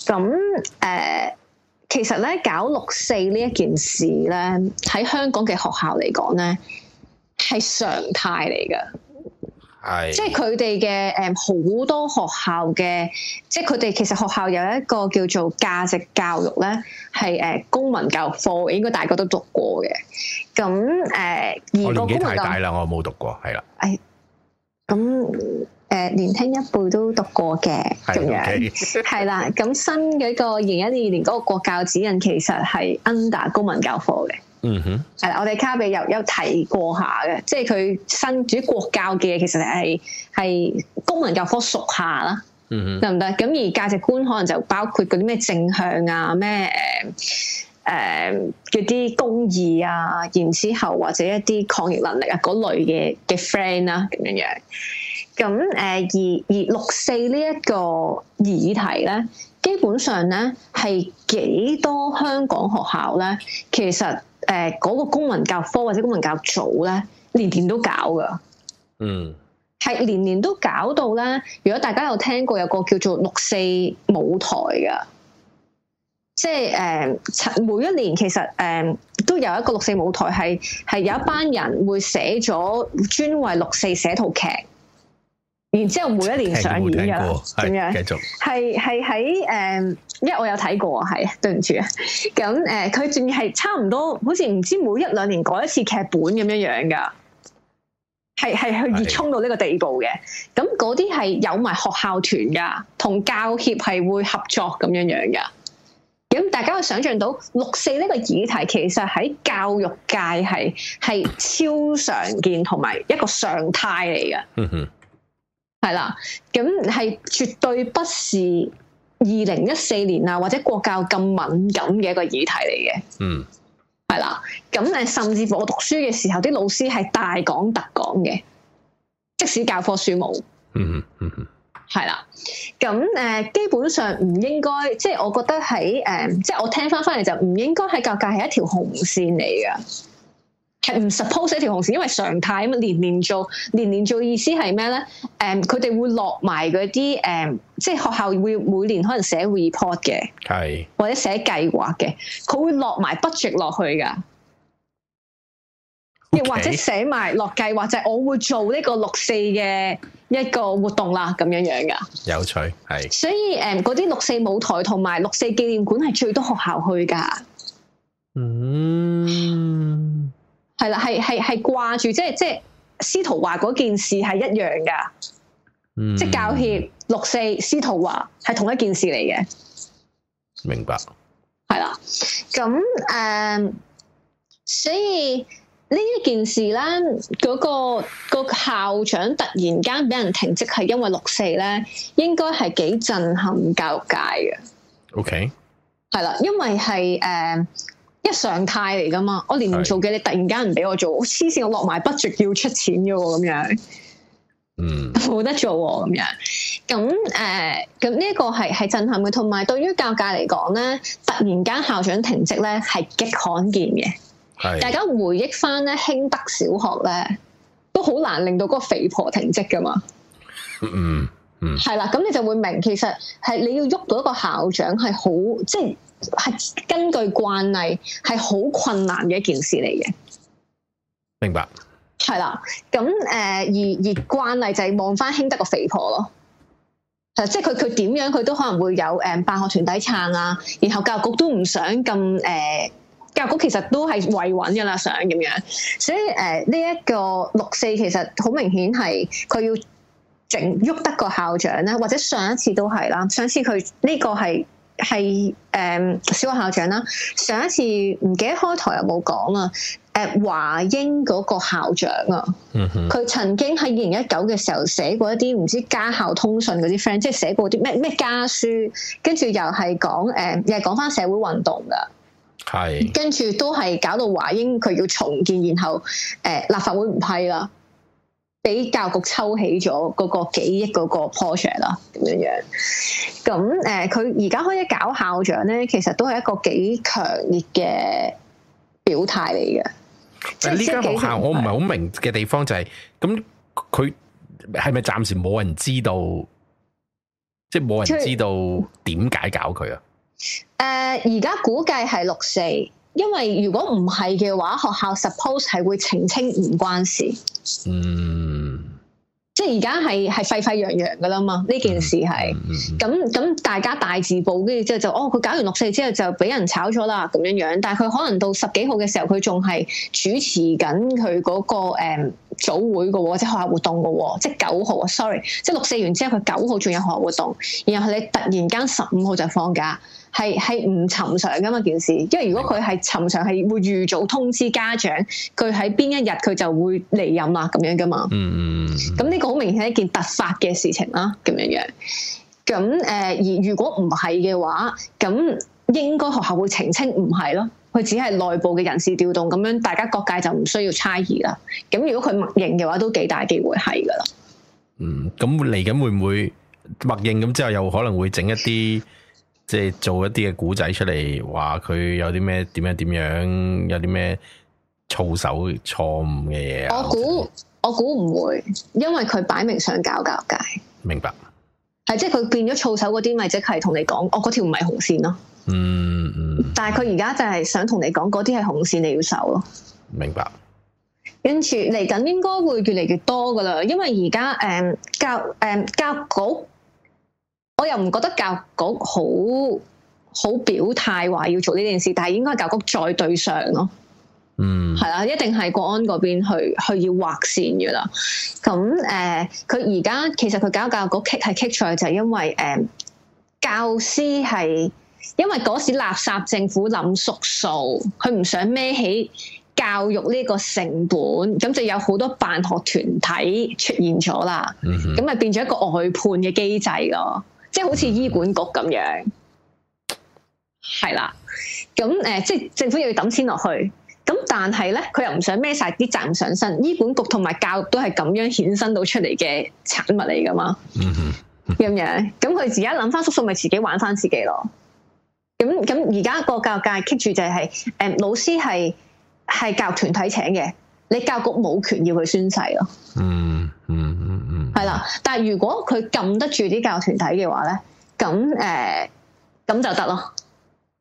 咁誒，其實咧搞六四呢一件事咧，喺香港嘅學校嚟講咧係常態嚟㗎。即係佢哋嘅誒好多學校嘅，即係佢哋其實學校有一個叫做價值教育咧，係誒、呃、公民教育課，應該大家都讀過嘅。咁誒，呃、我年紀太大啦，我冇讀過，係啦。誒、哎，咁誒年輕一輩都讀過嘅咁樣，係啦。咁新嘅一個二零一二年嗰個國教指引其實係 under 公民教育課嘅。嗯哼，係啦，我哋卡比又有，有提過下嘅，即係佢身主國教嘅，其實係係公民教科屬下啦，得唔得？咁而價值觀可能就包括嗰啲咩正向啊，咩誒誒啲公義啊，然之後或者一啲抗逆能力啊嗰類嘅嘅 friend 啦、啊，咁樣樣。咁誒、呃，而而六四呢一個議題咧，基本上咧係。幾多香港學校咧？其實誒嗰、呃，那個公民教科或者公民教育組咧，年年都搞噶。嗯，係年年都搞到啦。如果大家有聽過有個叫做六四舞台嘅，即係誒、呃、每一年其實誒、呃、都有一個六四舞台，係係有一班人會寫咗專為六四寫套劇。然之後每一年上演噶咁樣係係喺誒，因為我有睇過，係對唔住啊。咁 誒，佢仲係差唔多，好似唔知每一兩年改一次劇本咁樣樣噶，係係去熱衷到呢個地步嘅。咁嗰啲係有埋學校團噶，同教協係會合作咁樣樣噶。咁大家可以想象到六四呢個議題，其實喺教育界係係超常見同埋一個常態嚟嘅。嗯哼。係啦，咁係絕對不是二零一四年啊，或者國教咁敏感嘅一個議題嚟嘅。嗯，係啦，咁誒，甚至乎我讀書嘅時候，啲老師係大講特講嘅，即使教科書冇、嗯。嗯嗯嗯，係啦，咁誒，基本上唔應該，即、就、係、是、我覺得喺誒，即、嗯、係、就是、我聽翻翻嚟，就唔、是、應該喺教界係一條紅線嚟嘅。其實唔 suppose 一條紅線，因為常態啊嘛，年年做，年年做意思係咩咧？誒，um，佢哋會落埋嗰啲誒，即係學校會每年可能寫 report 嘅，係，或者寫計劃嘅，佢會落埋 budget 落去噶，亦 Okay? 或者寫埋落計劃就係我會做呢個六四嘅一個活動啦，咁樣樣噶。有趣係，所以誒嗰啲六四舞台同埋六四紀念館係最多學校去噶。嗯。係啦，係係係掛住，即係即係司徒華嗰件事係一樣噶，嗯、即係教協六四司徒華係同一件事嚟嘅。明白。係啦，咁誒、嗯，所以呢一件事咧，嗰、嗰個、嗰個校長突然間俾人停職，係因為六四咧，應該係幾震撼教界嘅。O K。係啦，因為係誒。嗯一常態嚟噶嘛？我年年做嘅，你突然間唔俾我做，我黐線，我落埋 budget 要出錢嘅喎，咁樣，嗯，冇得做喎、啊，咁樣。咁誒，咁呢一個係係震撼嘅，同埋對於教界嚟講咧，突然間校長停職咧係極罕見嘅。係是，大家回憶翻咧，興德小學咧都好難令到嗰個肥婆停職噶嘛。嗯嗯，係、嗯、啦，咁你就會明，其實係你要喐到一個校長係好，即係。係根據慣例，係好困難嘅一件事嚟嘅。明白。係啦，咁誒、呃、而而慣例就係望翻興德個肥婆咯，誒，即係佢佢點樣佢都可能會有誒辦、嗯、學團體撐啊，然後教育局都唔想咁誒、呃，教育局其實都係維穩噶啦，想咁樣，所以誒呢一個六四其實好明顯係佢要整喐得個校長咧，或者上一次都係啦，上次佢呢個係。係誒小學校長啦，上一次唔記得開台有冇講啊？誒華英嗰個校長啊，嗯哼，佢曾經喺二零一九嘅時候寫過一啲唔知家校通訊嗰啲 friend，即係寫過啲咩咩家書，跟住又係講誒，又係講返社會運動㗎，係是，跟住都係搞到華英佢要重建，然後誒、啊、立法會唔批啦。俾教育局抽起咗嗰個幾億嗰個 project 啦，咁樣樣。咁誒，佢而家開始搞校長咧其實都係一個幾強烈嘅表態嚟嘅。呢間、啊、是學校我唔係好明嘅地方就係、是，咁佢係咪暫時冇人知道？即係冇人知道點解以搞佢啊？誒、呃，而家估計係六四，因為如果唔係嘅話，學校 suppose 係會澄清唔關事。嗯。即係而家係係沸沸揚揚嘅啦嘛，呢件事係，咁咁、嗯嗯嗯、大家大字報，跟住之後就哦，佢搞完六四之後就俾人炒咗啦，咁樣樣。但係佢可能到十幾號嘅時候，佢仲係主持緊佢嗰個誒組、嗯、會嘅喎，即係學校活動嘅喎，即係九號啊，sorry，即係六四完之後佢九號仲有學校活動，然後你突然間十五號就放假。係係唔尋常噶嘛件事，因為如果佢係尋常係會預早通知家長，佢喺邊一日佢就會離任啦，咁樣噶嘛。嗯嗯，咁呢個好明顯係一件突發嘅事情啦，咁樣樣。咁誒、呃，而如果唔係嘅話，咁應該學校會澄清唔係咯，佢只係內部嘅人事調動，咁樣大家各界就唔需要猜疑啦。咁如果佢默認嘅話，都幾大機會係噶啦。嗯，咁嚟緊會唔會默認？咁之後又可能會整一啲。即係做一啲嘅古仔出嚟，話佢有啲咩點樣點樣，有啲咩操守錯誤嘅嘢啊？我估我估唔會，因為佢擺明想搞搞界。明白。係即係佢變咗操守嗰啲，咪即係同你講，我嗰條唔係紅線咯，嗯。嗯嗯。但係佢而家就係想同你講，嗰啲係紅線，你要守咯。明白。跟住嚟緊應該會越嚟越多噶啦，因為而家誒教誒教局。我又唔覺得教育局好好表態話要做呢件事，但係應該教育局再對上咯、嗯，嗯，係、呃、啦，一定係國安嗰邊去去要劃線噶啦。咁誒，佢而家其實佢搞教育局 kick 係 kick 就係因為誒、呃，教師係因為嗰時垃圾政府諗縮數，佢唔想孭起教育呢個成本，咁就有好多辦學團體出現咗啦，咁咪、嗯、哼變咗一個外判嘅機制咯。即係好似醫管局咁樣，係啦。咁誒，即係政府又要抌錢落去。咁但係咧，佢又唔想孭晒啲責任上身。醫管局同埋教育都係咁樣衍生到出嚟嘅產物嚟噶嘛。咁樣， 咁佢而家諗翻，叔叔咪自己玩翻自己咯。咁咁而家個教育界 keep 住就係、是，誒、嗯、老師係係教育團體請嘅，你教育局冇權要佢宣誓咯。嗯嗯嗯。係啦，但係如果佢撳得住啲教育團體嘅話咧，咁誒咁就得咯。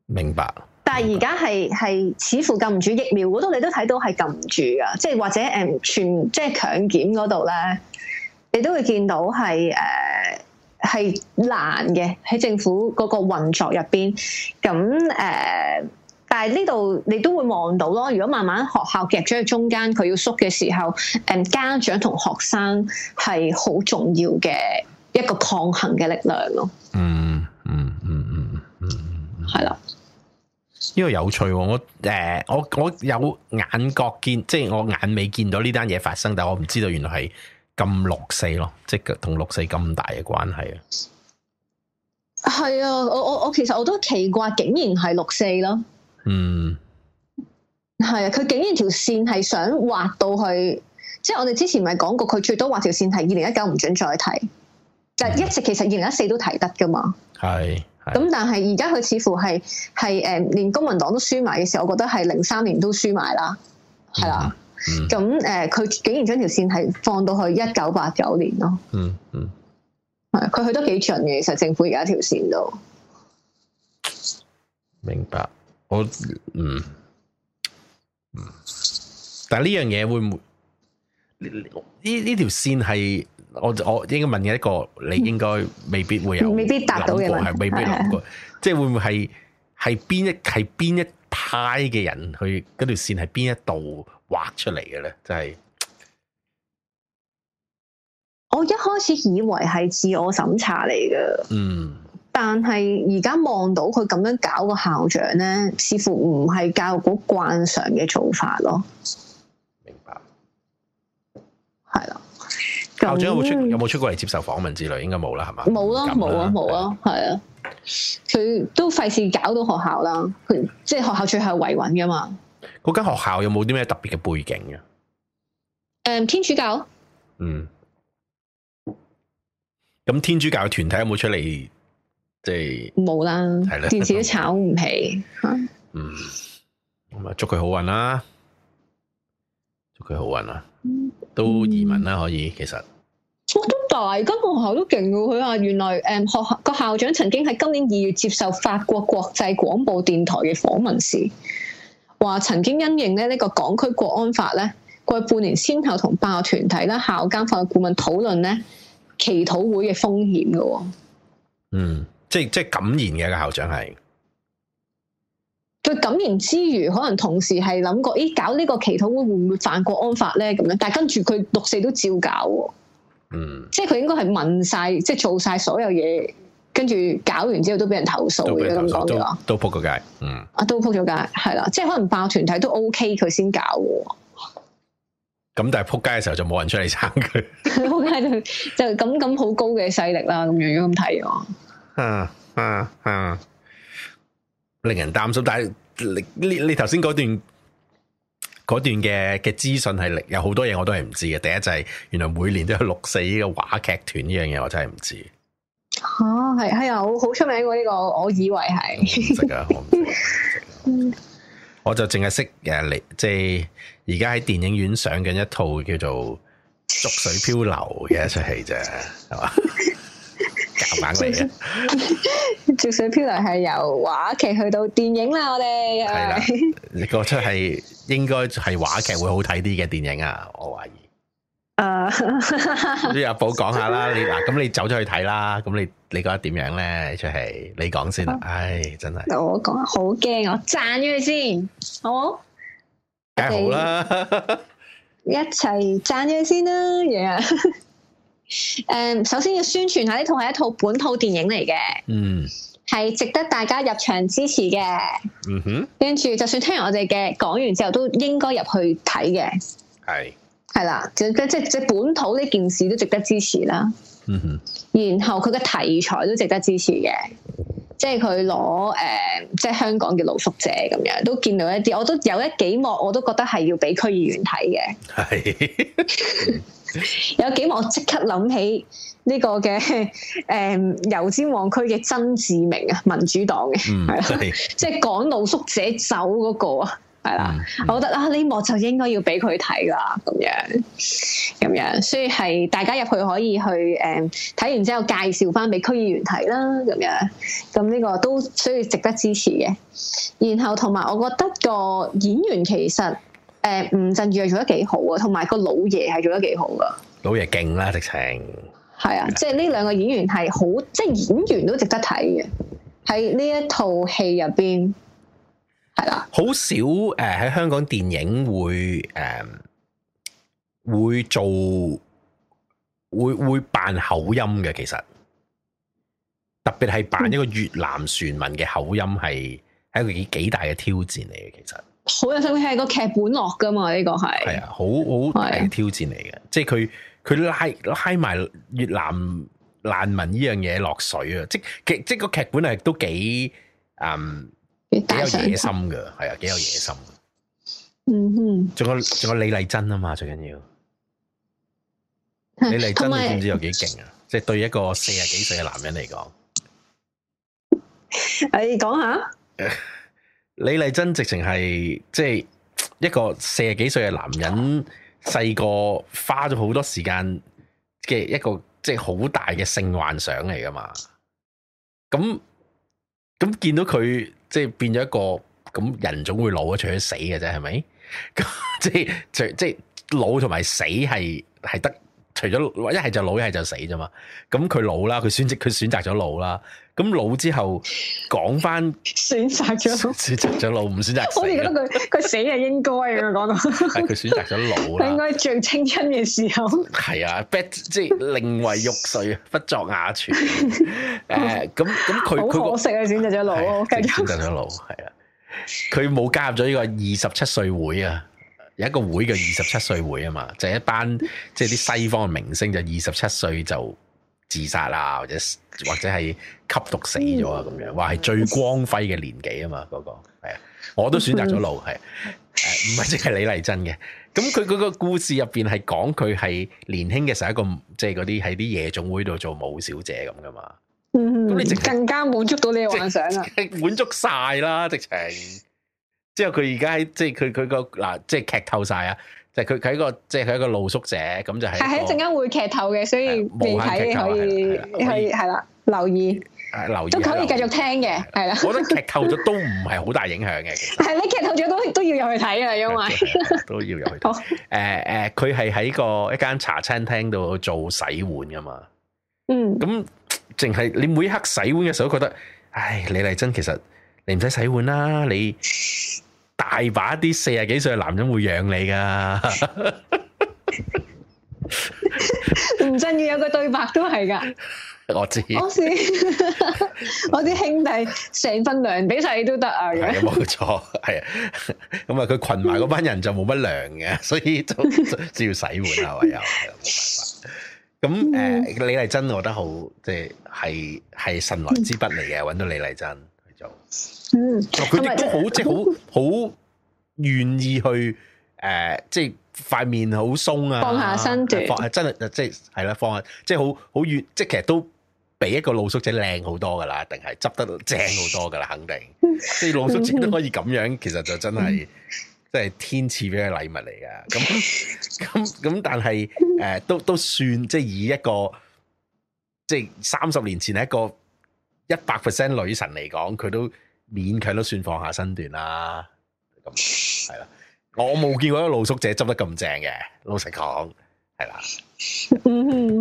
明白。但係而家係係似乎撳唔住疫苗嗰度，你都睇到係撳唔住噶，即係或者誒、呃、全即係強檢嗰度咧，你都會見到係誒係難嘅喺政府嗰個運作入邊，咁誒。呃但係呢度你都會望到咯。如果慢慢學校夾咗喺中間，佢要縮嘅時候，誒，家長同學生係好重要嘅一個抗衡嘅力量咯。嗯嗯嗯嗯嗯嗯，係啦。呢個有趣，我誒，我我有眼角見，即係我眼尾見到呢單嘢發生，但係我唔知道原來係咁六四咯，即係同六四咁大嘅關係啊。係啊，我我我其實我都奇怪，竟然係六四咯。嗯，係啊，佢竟然條線係想劃到去，即係我哋之前咪講過，佢最多劃條線係二零一九唔准再提，就係一直其實二零一四都提得噶嘛。係，咁但係而家佢似乎係係誒，連公民黨都輸埋嘅時候，我覺得係零三年都輸埋啦，係啦。咁誒，佢竟然將條線係放到去一九八九年咯，嗯。嗯嗯，係，佢去得幾盡嘅，其實政府而家條線都明白。我嗯嗯，但係呢樣嘢會唔會呢呢呢條線係我我應該問嘅一個，你應該未必會有，未必達到嘅係過未必諗過，是的 即係會唔會係係邊一係邊一派嘅人去嗰條線係邊一度畫出嚟嘅咧？就係、是、我一開始以為係自我審查嚟嘅。嗯。但係而家望到佢咁樣搞個校長咧，似乎唔係教育局慣常嘅做法咯。明白。係啦的。那校長有冇出、嗯、有冇出過嚟接受訪問之類？應該冇啦，係嘛？冇啦，冇啦，冇啦，係啊的。佢都費事搞到學校啦。即係學校最後維穩噶嘛？嗰間學校有冇啲咩特別嘅背景呀？誒、嗯，天主教。嗯。咁天主教團體有冇出嚟？即係冇啦，係啦，電視都炒唔起。 嗯，咁啊，祝佢好運啦！祝佢好運啦！嗯、都移民啦，可以其實我都大，金鳳校都勁喎佢啊！原來誒，學校個校長曾經喺今年二月接受法國國際廣播電台嘅訪問時，話曾經因應咧、這、呢個港區國安法咧，過去半年先後同辦學團體啦、校監法律顧問討論咧祈禱會嘅風險嘅。嗯。即係即係敢言嘅個校長係，佢敢言之餘，可能同時係諗過，咦？搞呢個祈禱會會唔會犯國安法咧？咁樣，但係跟住佢六四都照搞，嗯，即係佢應該係問晒，即係做晒所有嘢，跟住搞完之後都俾人投訴嘅咁講嘅，都扑個街，嗯，啊，都扑咗街，係啦，即係可能爆團體都 OK，佢先搞嘅，咁、嗯、但係扑街嘅時候就冇人出嚟撐佢，扑街 就就咁咁好高嘅勢力啦、啊，咁樣咁睇嗯嗯嗯，令人擔心。但係你你你頭先嗰段段嘅嘅資訊係，有好多嘢我都係唔知嘅。第一就係原來每年都有六四嘅話劇團呢樣嘢，我真係唔知。哦、啊，係係啊，好出名嘅呢、這個，我以為係。 唔識啊，我唔識。我就淨係識誒，你即係而家喺電影院上緊一套叫做《濁水漂流》嘅一齣戲啫，係嘛？夾硬嚟嘅《濁水漂流》係由話劇去到電影啦， 我哋係啦。你覺得係應該係話劇會好睇啲嘅電影啊？我懷疑。啊，阿寶講下啦，你嗱，咁你走咗去睇啦，咁你你覺得點樣咧？呢齣戲你講先啦，唉，真係我講好驚，我讚咗佢先，好梗係好啦一讚 Ocean Ocean、yeah，一齊讚咗佢先啦，嘢啊！誒，um, 首先要宣傳下呢套係一套本土電影嚟嘅，嗯，係值得大家入場支持嘅，嗯哼，跟住就算聽完我哋嘅講完之後，都應該入去睇嘅，係是，係啦，即即即，即本土呢件事都值得支持啦，嗯哼，然後佢嘅題材都值得支持嘅，即係佢攞誒，即係香港嘅露宿者咁樣，都見到一啲，我都有一幾幕，我都覺得係要俾區議員睇嘅，係是。 有幾幕即刻諗起呢個嘅誒、油、嗯、尖旺區嘅曾志明啊，民主黨嘅，係即係趕露宿者走嗰、嗰個啊，係啦，嗯、我覺得啊呢幕就應該要俾佢睇啦，咁樣，咁樣，所以係大家入去可以去誒，睇完之後介紹翻俾區議員睇啦，咁樣，咁呢個都需要值得支持嘅，然後同埋我覺得個演員其實。誒、呃、吳鎮宇係做得幾好啊，同埋個老爺係做得幾好噶。老爺勁啦，直情係啊，即係呢兩個演員係好，即係演員都值得睇嘅喺呢一套戲入邊係啦。好、啊、少誒喺、呃、香港電影會誒、呃、會做會會扮口音嘅，其實特別係扮一個越南船民嘅口音係、嗯、一個幾幾大嘅挑戰嚟嘅，其實。好有心機，係個劇本落噶嘛？呢個係係啊，好好大嘅挑戰嚟嘅，啊，即係佢佢拉拉埋越南難民呢樣嘢落水啊！即係即係個劇本係都幾嗯，幾有野心噶，係啊，幾有野心。嗯哼，仲有仲有李麗珍啊嘛，最緊要。李麗珍有你知唔知有幾勁啊？即係有對一個四十幾歲嘅男人嚟講，誒，講下。李麗珍直情係即係一個四十幾歲嘅男人，細個花咗好多時間嘅一個即係好大嘅性幻想嚟噶嘛？咁咁見到佢即係變咗一個咁人，總會老啊，除咗死嘅啫，係咪？即 係除即係、就是、老同埋死係係得。除咗一係就老，一係就死啫嘛。咁佢老啦，佢選擇佢選擇咗老啦。咁老之後講翻選擇咗老，選擇咗老唔選擇我哋覺得佢個死係應該嘅講到。係佢選擇咗老啦。應該最青春嘅時候。係啊，but 即係寧為玉碎，不作瓦全。誒、哎，咁咁佢佢可惜啊，選擇咗老咯。選擇咗老係啊，佢冇加入咗呢個二十七歲會啊。有一個會嘅二十七歲會啊嘛，就是、一班即係啲西方嘅明星就二十七歲就自殺啊，或者或者係吸毒死咗啊咁樣，話係最光輝嘅年紀啊嘛，嗰、嗰個係啊，我都選擇咗路係，唔係淨係李麗珍嘅，咁佢嗰個故事入邊係講佢係年輕嘅時候一個，即係嗰啲喺啲夜總會度做舞小姐咁噶嘛，咁你就更加滿足到你嘅幻想啊，滿足晒啦，直情。之後佢而家即係佢佢個嗱即係劇透晒啊！就佢佢一個即係佢一個露宿者咁，就係係一陣間會劇透嘅，所以未睇可以去係啦，留意，都可以繼續聽嘅，係啦。我覺得劇透咗都唔係好大影響嘅。係你劇透咗都都要入去睇啊，因為都要入去睇。誒誒，佢係喺個一間茶餐廳度做洗碗噶嘛。嗯，咁淨係你每一刻洗碗嘅時候都覺得，唉，李麗珍其實你唔使洗碗啦，你。大把啲四十幾歲嘅男人會養你噶，吳鎮宇有個對白都係噶，我知， 我知，我啲兄弟成分糧俾晒你都得啊，係冇錯，係啊，咁啊佢群埋嗰班人就冇乜糧嘅，所以就只要洗碗唯有啊，係啊，冇辦法。咁誒、呃，李麗珍我覺得好，即係係係神來之筆嚟嘅，揾到李麗珍去做。嗯，佢啲都好即係好好願意去誒、呃，即係塊面好鬆啊，放下身段，放係真係即係係啦，放下，即係好好願，即係其實都比一個露宿者靚好多噶啦，定係執得正好多噶啦，肯定。 即係露宿者都可以咁樣，其實就真係即係天賜俾嘅禮物嚟噶。咁咁咁，但係誒、呃，都都算即係以一個即係三十年前一個一百 percent 女神嚟講，佢都。勉強都算放下身段啦，咁係啦，我冇見過一個露宿者執得咁正嘅，老實講，係啦、嗯。嗯，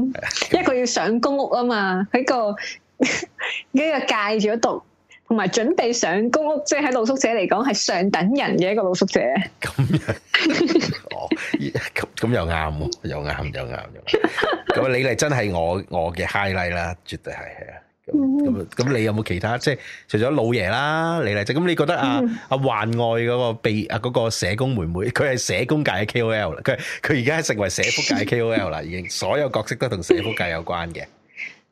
因為佢的要上公屋啊嘛，喺個喺 個戒住嗰度，同埋準備上公屋，即係喺露宿者嚟講係上等人嘅一個露宿者。咁咁咁又啱喎，又啱又啱咁 你係真係我我嘅 highlight 啦，絕對係啊！咁咁，嗯嗯、你有冇其他？即係除咗老爺啦，嚟嚟，就咁你覺得啊？阿幻愛嗰個秘啊，嗰個社工妹妹，佢係社工界嘅 K O L 啦，佢佢而家成為社福界 K O L 啦，已經 所有角色都同社福界有關嘅。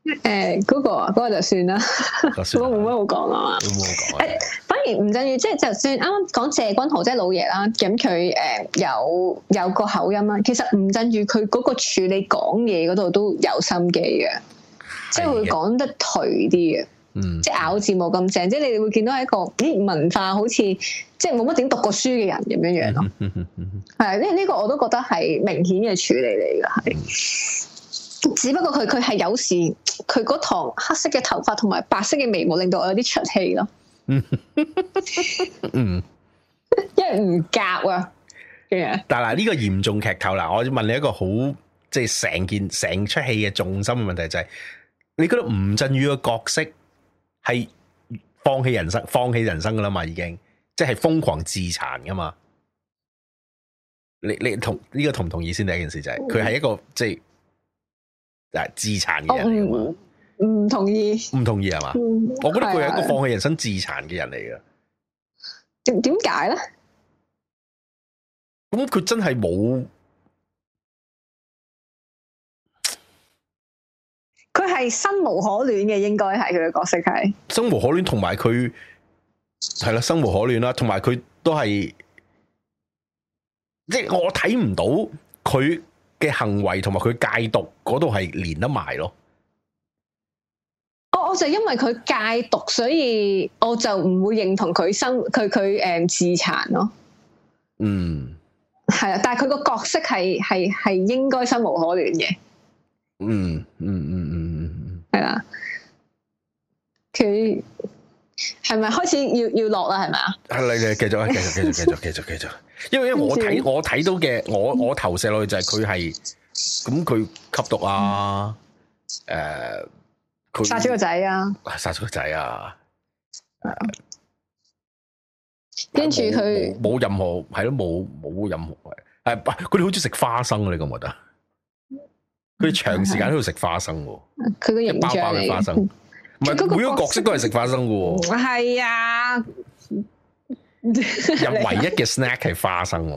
誒、呃，嗰、嗰個嗰、嗰個就算啦，冇乜 好講啊嘛。誒，反而吳鎮宇，即係就算啱啱講謝君豪，即、就、係、是、老爺啦，咁佢誒有有個口音啊。其實吳鎮宇佢嗰個處理講嘢嗰度都有心機嘅。即係會講得頹啲嘅，的即係咬字冇咁正，嗯、即係你哋會見到係一個，咦、嗯、文化好似即係冇乜點讀過書嘅人咁樣樣咯。係呢呢個我都覺得係明顯嘅處理嚟㗎，係。嗯、只不過佢佢係有時佢嗰堂黑色嘅頭髮同埋白色嘅眉毛，令到我有啲出戲咯。嗯， 嗯 因為唔夾啊嘅。但係呢個嚴重劇透啦！我問你一個好即係成件成出戲嘅重心嘅問題就係、是。你覺得吳鎮宇嘅角色係放棄人生，放棄人生噶啦嘛？已經即係瘋狂自殘噶嘛？你你同呢、這個同唔同意先？第一件事就係佢係一個即係、就是、自殘嘅人唔、嗯、同意，唔同意係嘛？嗯、我覺得佢係一個放棄人生自殘人，自殘嘅人嚟嘅。點點解咧？咁佢真係冇。係生無可戀嘅，應該係佢嘅角色係生無可戀，同埋佢係啦，生無可戀啦，同埋佢都係即係我睇唔到佢嘅行為，同埋佢戒毒嗰度係連得埋咯。我、哦、我就因為佢戒毒，所以我就唔會認同佢生佢佢誒自殘咯。嗯，係啊、嗯，但係佢個角色係係係應該生無可戀嘅、嗯。嗯嗯嗯。係啦，佢係咪開始要要落啦？係咪啊？係，你你繼續啊，繼續繼續繼續繼續繼續，因為因為我睇我睇到嘅，我我，我投射落去就係佢係咁，佢吸毒啊，誒、嗯，佢殺咗個仔啊，殺咗個仔啊，跟住佢冇任何係咯，冇冇任何誒，佢哋好鍾意食花生啊，你覺唔覺得？佢長時間喺度食花生，佢個形象，一包包嘅花生，唔係是每一個角色都係食花生嘅。係是啊， 唯一嘅 snack 係花生，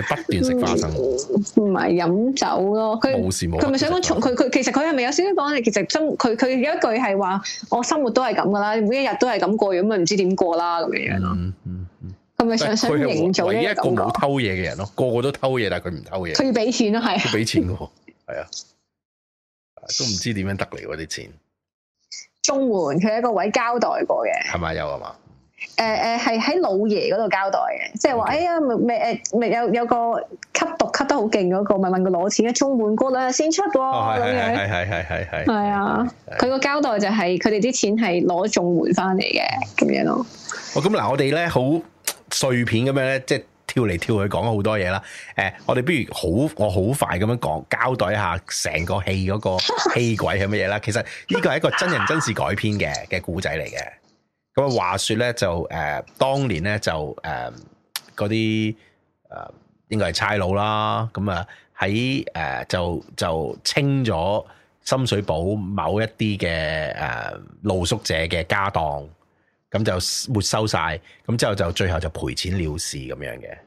係不斷食花生，唔係飲酒咯。佢冇事冇，佢咪想講從佢佢其實佢係咪有少少講？你其實生佢佢有一句係話，我生活都係咁噶啦，每一日都係咁過，咁咪唔知點過啦咁樣樣咯。咁咪、嗯嗯、想想營造呢一個冇偷嘢嘅人咯，個個都偷嘢，但係佢唔偷嘢，佢要俾錢咯，係，俾 錢。係啊，都唔知點樣得嚟嗰啲錢。綜援佢一個位交代過嘅，係咪有啊嘛？誒誒，係喺老爺嗰度交代嘅，即係話，哎呀，未誒未有有個吸毒吸得好勁嗰個，咪問佢攞錢？綜援過兩日先出喎，係係係係係係啊！佢個交代就係佢哋啲錢係攞綜援翻嚟嘅咁樣咯。哦，咁嗱，我哋咧好碎片咁樣咧，即係。跳嚟跳去講好多嘢啦，誒、呃，我哋不如好，我好快咁樣講交代一下成個戲嗰個戲鬼係乜嘢啦。其實呢個係一個真人真事改編嘅嘅故仔嚟嘅。咁、嗯、話說咧，就誒、呃、當年咧就誒嗰啲誒應該係差佬啦。咁啊，喺誒就就清咗深水埗某一啲嘅誒露宿者嘅家當。咁就沒收晒，咁之後就最後就賠錢了事咁樣嘅。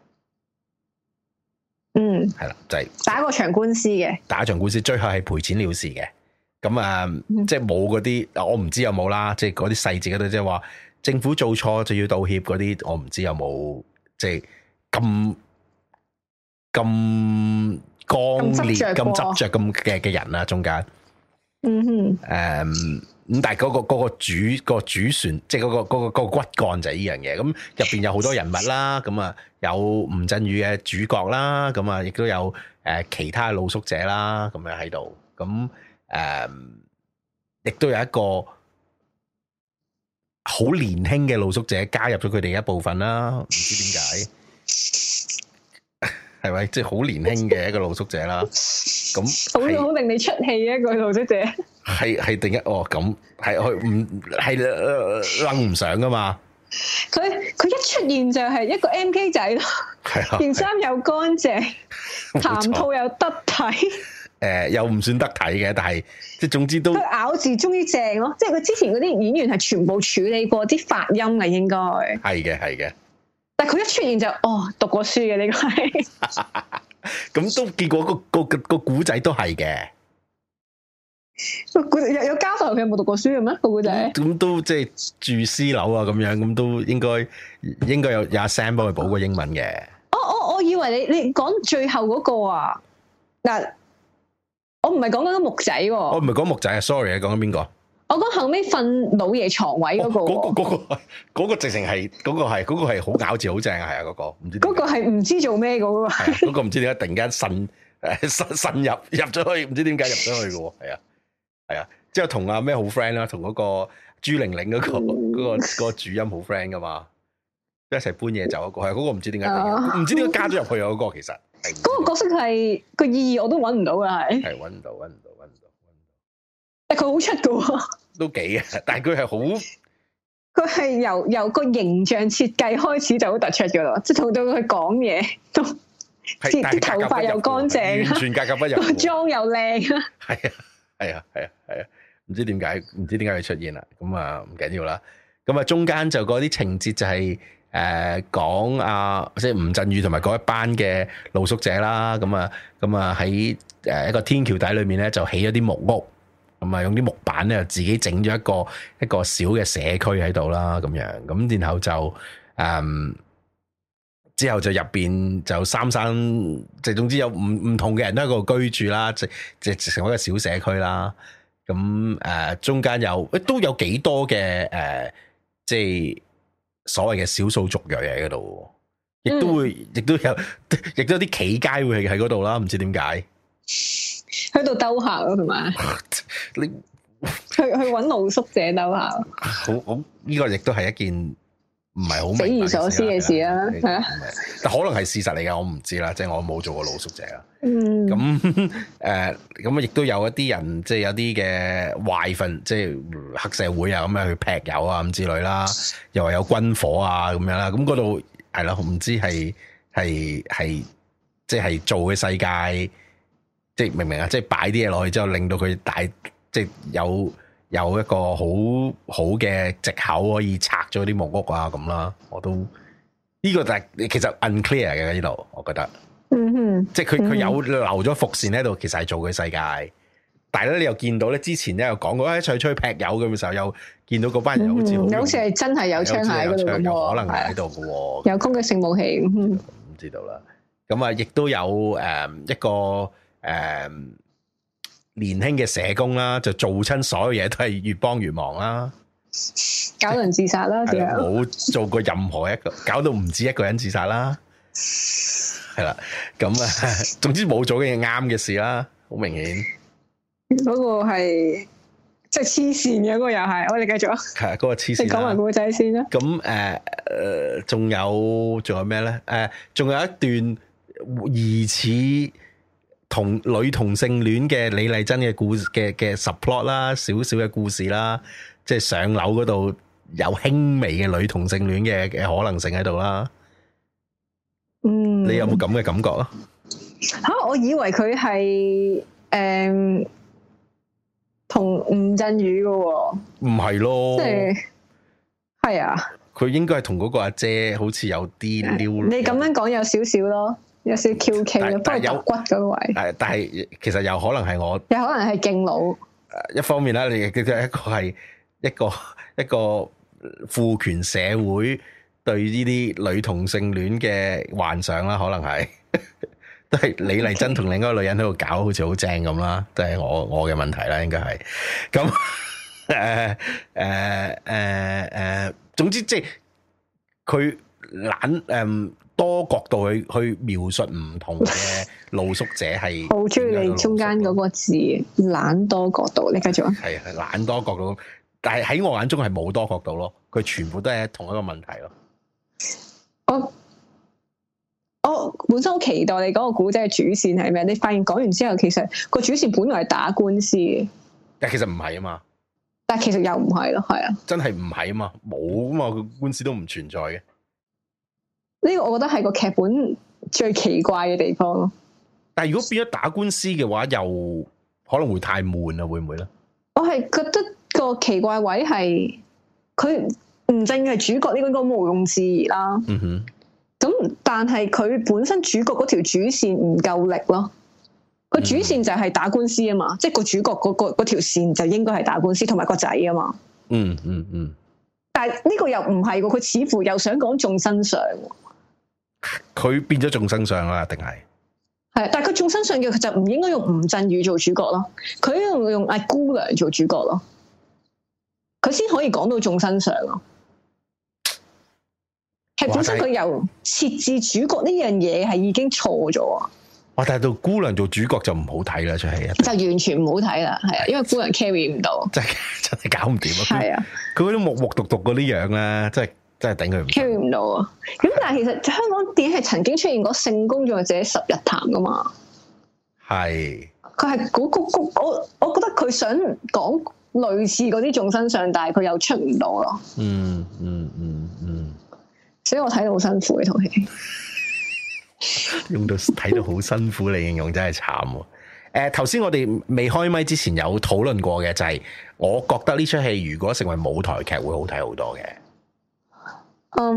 嗯，係啦，就係、打一個場官司嘅，打一場官司，最後係賠錢了事嘅。咁啊、嗯嗯，即係冇嗰啲，我唔知有冇啦。即係嗰啲細節嗰度，即係話政府做錯就要道歉嗰啲，我唔知有冇即係咁咁剛烈、咁執着咁嘅嘅人啦，中間。嗯哼。誒。Um, 咁但係嗰、那個、那個主、那個主船，即係嗰、那個個、那個骨幹就係呢樣嘢。咁入邊有好多人物啦，咁啊有吳鎮宇嘅主角啦，咁啊亦都有誒、呃、其他露宿者啦，咁樣喺度。咁誒，亦、呃、都有一個好年輕嘅露宿者加入咗佢哋一部分啦。唔知點解，係咪即係好年輕嘅一個露宿者啦？咁好，好令你出氣啊！嗰度啫，係係定一哦，咁係佢唔係楞唔上噶嘛？佢佢一出現就係一個 MK 仔咯，件衫的又乾淨，談錯吐又得體。誒、呃，又唔算得體嘅，但係即係總之都咬字終於正咯。即係佢之前嗰啲演員係全部處理過啲發音嘅，應該係嘅係嘅。但係佢一出現就哦，讀過書嘅呢個係。 咁都結果個個個古仔都係嘅，古有有家教佢有冇讀過書嘅咩？個古仔咁都即係住私樓啊，咁樣咁都應該應該有有阿 Sam 幫佢補過英文嘅，哦。我我我以為你你講最後嗰個啊嗱，我唔係講緊木仔，我唔係講木仔啊，木仔啊，sorry，講緊邊個？我講後尾瞓老爺床位嗰、那個，個個個直情係嗰個係個係好咬字好正係啊嗰個，唔知嗰個係唔知做咩嗰個，嗰、那個唔、那個那個那個那個、知點解突然間滲誒滲入入咗去，唔知點解入咗去嘅，係啊係啊，之後同阿咩好 friend 啦、啊，同嗰個朱玲玲嗰、那個嗰、那個、那個主音好 friend 噶嘛， 一齊搬嘢走一、那個係嗰、啊那個唔知點解唔知點解加咗入去嗰、那個其實，嗰個角色係個意義我都搵唔到嘅，係，係搵唔到搵唔到搵唔到。但佢好出噶，都幾啊！但佢係好，佢係由由個形象設計開始就好突出噶啦，即係同到佢講嘢都，而且頭髮又乾淨，全格格不入，個妝又靚啊！係啊，係啊，係啊，係啊！唔知點解，唔知點解佢出現啦？咁啊，唔緊要啦。咁啊，中間就嗰啲情節就係誒講阿即係吳鎮宇同埋嗰一班嘅露宿者啦。咁啊，咁啊喺誒一個天橋底裏面咧就起咗啲木屋。咁啊，用啲木板咧，自己整咗一個一個小嘅社區喺度啦，咁樣，咁然後就誒、嗯，之後就入邊就三生，即係總之有唔唔同嘅人都喺嗰度居住啦，即即成為一個小社區啦。咁誒、呃，中間有誒都有幾多嘅誒、呃，即係所謂嘅少數族裔喺嗰度，亦都會，亦都有，亦都有啲企街會喺嗰度啦，唔知點解。喺度兜客咯，係咪？ 你 去去揾露宿者兜客？ 好，好，呢個亦都係一件唔係好匪夷所思嘅事啦，吓， 但可能係事實嚟嘅，我唔知啦，即係我冇做過露宿者啦。嗯，咁誒、 嗯，咁亦都有一啲人，即係有啲嘅壞份，即係黑社會啊，咁樣去劈友啊，咁之類啦，又話有軍火啊，咁樣啦，咁嗰度係咯，唔知係係係，即係做嘅世界。即明唔明啊？即係擺啲嘢落去之後，令到佢大，即係有有一個好好嘅藉口可以拆咗啲木屋啊，咁啦，我都呢、這個就其實 unclear 嘅呢度，我覺得，嗯哼，即係佢佢有留咗伏線喺度，其實係做佢世界，但係咧你又見到咧之前咧又講過出去出去劈友咁嘅時候，又見到嗰班人好似好似係真係有槍械、嗯、樣可能喺度嘅，有攻擊性武器，唔、嗯、知道啦。咁、嗯、啊，亦都有誒一個。嗯誒，um, 年輕嘅社工啦，就做親所有嘢都係越幫越忙啦，搞人自殺啦，點啊的？冇這樣 做過任何一個， 搞到唔止一個人自殺啦，係啦， 咁、那、啊、個，總之冇做嘅啱嘅事啦，好明顯。嗰個係即係黐線嘅，嗰個又係，我哋繼續啊。嗰、那個黐線。 你講埋故仔先啦。咁誒，誒、呃，仲、呃、有仲有咩咧？誒、呃，仲有一段疑似。同女同性戀嘅李麗珍嘅故嘅嘅 support 啦，少少嘅故事啦，即係上樓嗰度有輕微嘅女同性戀嘅嘅可能性喺度啦。嗯，你有冇咁嘅感覺咯？吓、啊，我以為佢係誒同吳鎮宇噶，唔係咯，係啊，佢應該係同嗰個阿姐，姐好似有啲撩。你咁樣講有少少咯。有少翹起，有不如打骨嗰位。誒，但係其實又可能係我，有可能係勁老。一方面啦，你佢一個係一個一個父權社會對呢啲女同性戀嘅幻想啦，可能係 都係李麗珍同另一個女人喺度搞好似好正咁啦，都係我我嘅問題啦，應該係咁誒誒誒誒，總之即係佢懶誒。多角度去去描述唔同嘅露宿者係，好中意你中間嗰個字懶多角度。你繼續啊，係啊，懶多角度，但係喺我眼中係冇多角度咯，佢全部都係同一個問題咯。我我本身好期待你講個古仔嘅主線係咩？你發現講完之後，其實個主線本來係打官司嘅，但其實唔係啊嘛，但其實又唔係咯，係啊，真係唔係啊嘛，冇啊嘛，個官司都唔存在嘅。呢個我覺得係個劇本最奇怪嘅地方咯。但係如果變咗打官司嘅話，又可能會太悶啊？會唔會咧？我係覺得個奇怪位係佢唔正係主角呢、這個都毋庸置疑啦。嗯、哼。咁但係佢本身主角嗰條主線唔夠力咯。個、嗯、哼主線就係打官司啊嘛，嗯、哼即係個主角嗰個嗰條線就應該係打官司，同埋個仔啊嘛。嗯嗯哼嗯。但係呢個又唔係噶，佢似乎又想講眾生相。佢變咗眾生相啦，定係係，但係佢眾生相嘅，佢就唔應該用吳鎮宇做主角咯，佢用用阿姑娘做主角咯，佢先可以講到眾生相咯。嘩其實本身佢由設置主角呢樣嘢，係已經錯咗，哇！但係到姑娘做主角就唔好睇啦，出戲就完全唔好睇啦，係啊，因為姑娘 carry 唔到，真係真係搞唔掂啊！係啊，佢嗰啲木木獨獨嗰啲樣咧，真係。的真係頂佢唔 carry 唔到啊！咁但係其實香港電影係曾經出現過《性工作者十日談》噶嘛？係佢係谷谷谷我，我覺得佢想講類似嗰啲眾生相，但係佢又出唔到咯。嗯嗯嗯嗯，嗯所以我睇到好辛苦呢套戲， 用到睇到好辛苦嚟形容真係慘、啊。誒、呃，頭先我哋未開咪之前有討論過嘅就係、是，我覺得呢出戲如果成為舞台劇會好睇好多嘅。嗯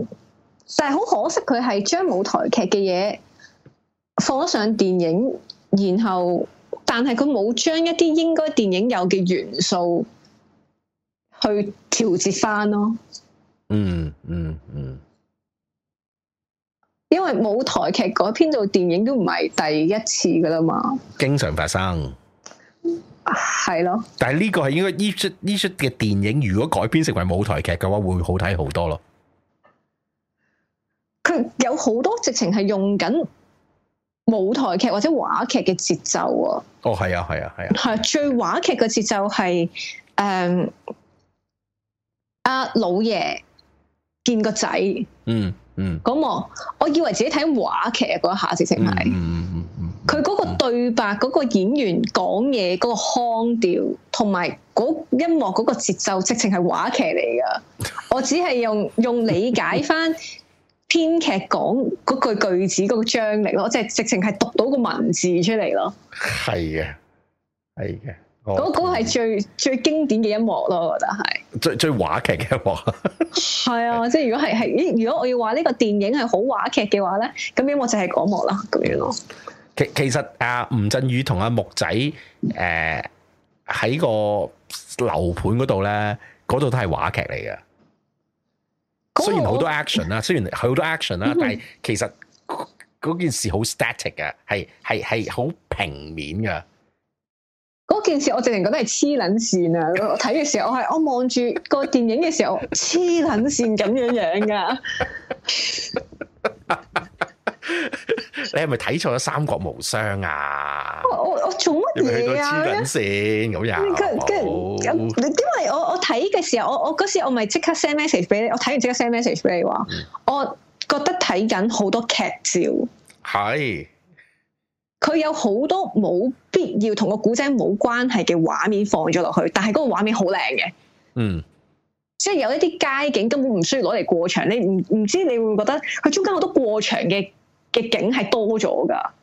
，um，但係好可惜，佢係將舞台劇嘅嘢放咗上電影，然後但係佢冇將一啲應該電影有嘅元素去調節翻咯。嗯嗯嗯，嗯嗯因為舞台劇改編做電影都唔係第一次噶啦嘛，經常發生，係 咯。但係呢個係應該呢出呢出嘅電影，如果改編成為舞台劇嘅話，會好睇好多咯。佢有好多直情係用緊舞台劇或者話劇嘅節奏啊！哦，係啊，係啊，係啊，係、啊、最話劇嘅節奏係誒阿老爺見個仔，嗯、啊、嗯，咁、嗯嗰個、我以為自己睇話劇嘅嗰下直情係，佢嗰、嗯嗯嗯嗯、個對白、嗰、嗯、個演員講嘢、嗰、嗰個腔調，同埋音樂嗰個節奏，直情係話劇嚟㗎。 我只係用用理解返。編劇講嗰句句子嗰、那個張力咯，即係直情係讀到個文字出嚟咯。係嘅，係嘅。嗰嗰個係最最經典嘅一幕咯，我覺得係最最話劇嘅一幕。係 啊， 即係如果係係，如果我要話呢個電影係好話劇嘅話咧，咁呢我就係嗰幕啦，咁樣咯。其其實阿吳、啊、鎮宇同阿、啊、木仔，誒、呃、喺個樓盤嗰度咧，嗰度都係話劇嚟嘅。雖然好多 action 啦，雖然好多 action 啦，但係其實嗰件事好 static 嘅，係係係好平面噶。嗰件事我直情覺得係黐捻線啊！ 我睇嘅時候，我係我望住個電影嘅時候，黐捻線咁樣樣噶。 你係咪睇錯咗《三國無雙》啊？我我，我做乜嘢啊？黐緊線咁又，跟住一 因為我我睇嘅時候，我我嗰時我咪即刻 send message 俾你，我睇完即刻 send message 俾你話，我覺得睇緊好多劇照。係的，佢有好多冇必要同個古仔冇關係嘅畫面放咗落去，但係嗰個畫面好靚嘅。嗯，即係有一啲街景根本唔需要攞嚟過場，你唔唔知你會唔會覺得佢中間好多過場嘅。嘅景係多咗噶。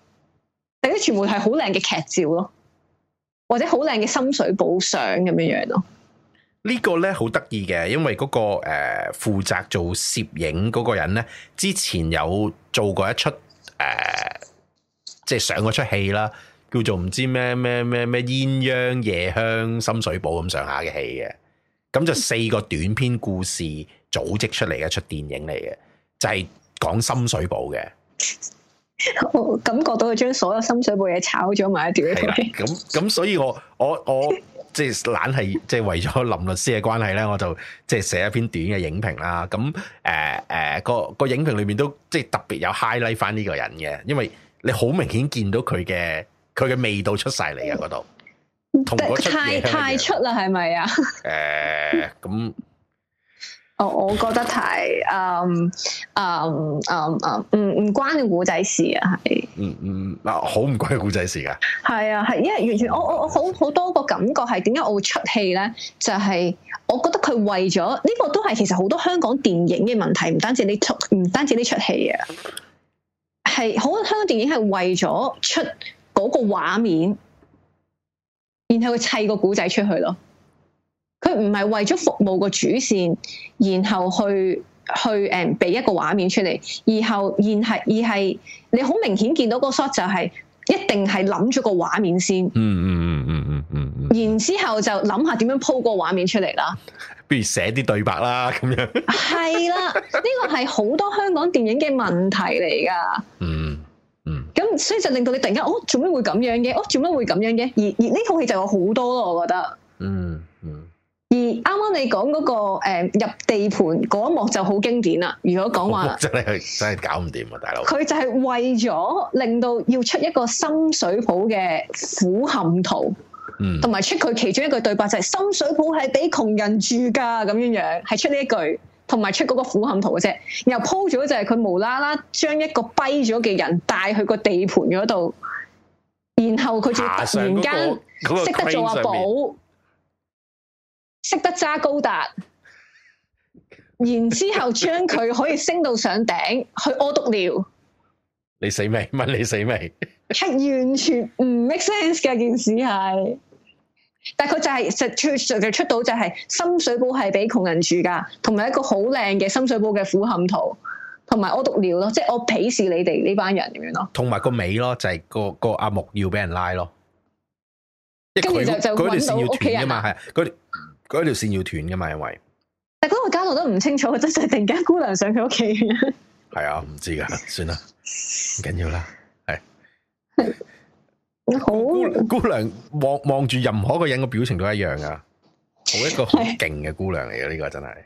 第一全部係好靚嘅劇照咯，或者好靚嘅深水埗相咁樣樣咯。個呢個咧好得意嘅。因為嗰、那個誒、呃、負責做攝影嗰個人咧，之前有做過一出誒、呃，即係上嗰出戲啦，叫做唔知咩咩咩咩鴛鴦夜香深水埗咁上下嘅戲嘅，咁 就四個短篇故事組織出嚟嘅一出電影嚟嘅，就係、是、講深水埗嘅。 我感覺到佢將所有深水埗嘢炒咗埋一碟。咁咁的， 所以我我我即係懶係，即係為咗林律師嘅關係咧，我就即係寫一篇短嘅影評啦。咁誒誒，個個影評裏面都即係特別有 highlight 翻呢個人嘅，因為你好明顯見到佢嘅佢嘅味道出晒嚟啊！嗰度同嗰太太出啦，係咪啊？誒，咁。我我覺得係、um, um, um, um, 嗯，嗯嗯嗯嗯，唔唔關個古仔事啊，係，嗯嗯，嗱，好唔關個古仔事噶，係啊，係，因為完全，我我我好好多個感覺係，點解我會出戲咧？就係、是、我覺得佢為咗呢、這個都係其實好多香港電影嘅問題，唔單止你出，唔單止呢出戲啊，係好多香港電影係為咗出嗰個畫面，然後佢砌個古仔出去咯。佢唔係為咗服務個主線，然後去去誒，俾、嗯、一個畫面出嚟，然後然係而係你好明顯見到個 shot 就係一定係諗咗個畫面先。嗯嗯嗯嗯嗯嗯。然之後就諗下點樣鋪個畫面出嚟啦。不如寫啲對白啦，咁樣。係 啦、啊，呢、這個係好多香港電影嘅問題嚟噶、嗯。嗯嗯。咁所以就令到你突然間，哦，做咩會咁樣嘅？哦，做咩會咁樣嘅？而而呢套戲就有好多咯、啊，我覺得。嗯。 而啱啱你講嗰個誒入地盤嗰一幕就好經典啦。如果講話真係搞唔掂啊，大佬！佢就係為咗令到要出一個深水埗嘅苦冚圖，同埋出佢其中一個對白就係深水埗係俾窮人住㗎咁樣樣，係出呢一句，同埋出嗰個苦冚圖嘅啫。然後鋪咗就係佢無啦啦將一個跛咗嘅人帶去個地盤嗰度，然後佢就突然間識得做阿寶。識得揸高達，然之後將佢可以升到上頂去屙篤尿。你死未？問？你死未？係完全唔 make sense 嘅件事係。但係佢就係實出實就出到就係深水埗係俾窮人住噶，同埋一個好靚嘅深水埗嘅俯瞰圖，同埋屙篤尿咯，即係我鄙視你哋呢班人咁樣咯。同埋個尾咯，就係、是、個個阿木要俾人拉咯。咁就要就搵到屋企人嘛，係佢。嗰條線要斷噶嘛，因為但嗰個交代都唔清楚，真、就、係、是、突然間姑娘上佢屋企，係啊，唔知噶，算啦，唔緊要啦，係。你 好 姑，姑娘望望住任何一個人嘅表情都一樣噶，好一個好勁嘅姑娘嚟嘅，呢個真係。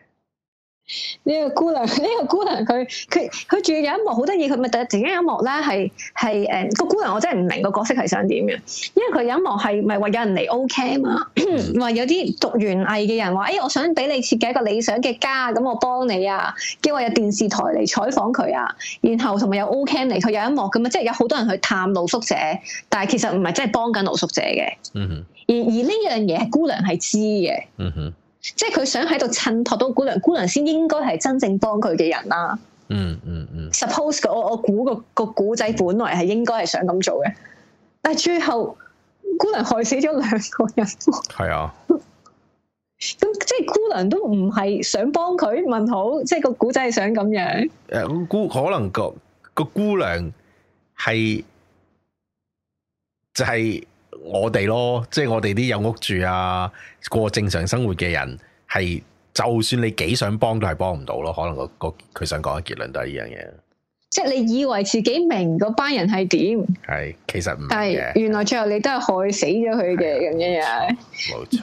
呢個姑娘，呢、呢個姑娘，佢佢佢仲要有一幕好得意，佢咪突然間有一幕咧，係係誒個姑娘，我真係唔明個角色係想點嘅，因為佢有一幕係咪話有人嚟 O Cam 嘛？話有啲讀園藝嘅人話，誒、哎，我想俾你設計一個理想嘅家，咁我幫你啊，叫有電視台嚟採訪佢啊，然後同埋有 O Cam 嚟，佢有一幕咁啊，即係有好多人去探露宿者，但係其實唔係真係幫緊露宿者嘅、嗯哼，而而呢樣嘢姑娘係知嘅，嗯即係佢想喺度襯托到姑娘，姑娘先應該係真正幫佢嘅人啦、啊嗯。嗯嗯嗯。suppose 我我估、個個古仔本來係應該係想咁做嘅，但係最後姑娘害死咗兩個人 係啊。咁 即係姑娘都唔係想幫佢問好，即係個古仔係想咁樣。誒、呃，姑可能個個姑娘係就係、是。我哋咯，即係我哋啲有屋住啊，過正常生活嘅人係，就算你幾想幫都係幫唔到咯。可能個佢想講嘅結論都係呢樣嘢，即係你以為自己明嗰班人係點，係其實唔係，原來最後你都係害死咗佢嘅咁嘅嘢。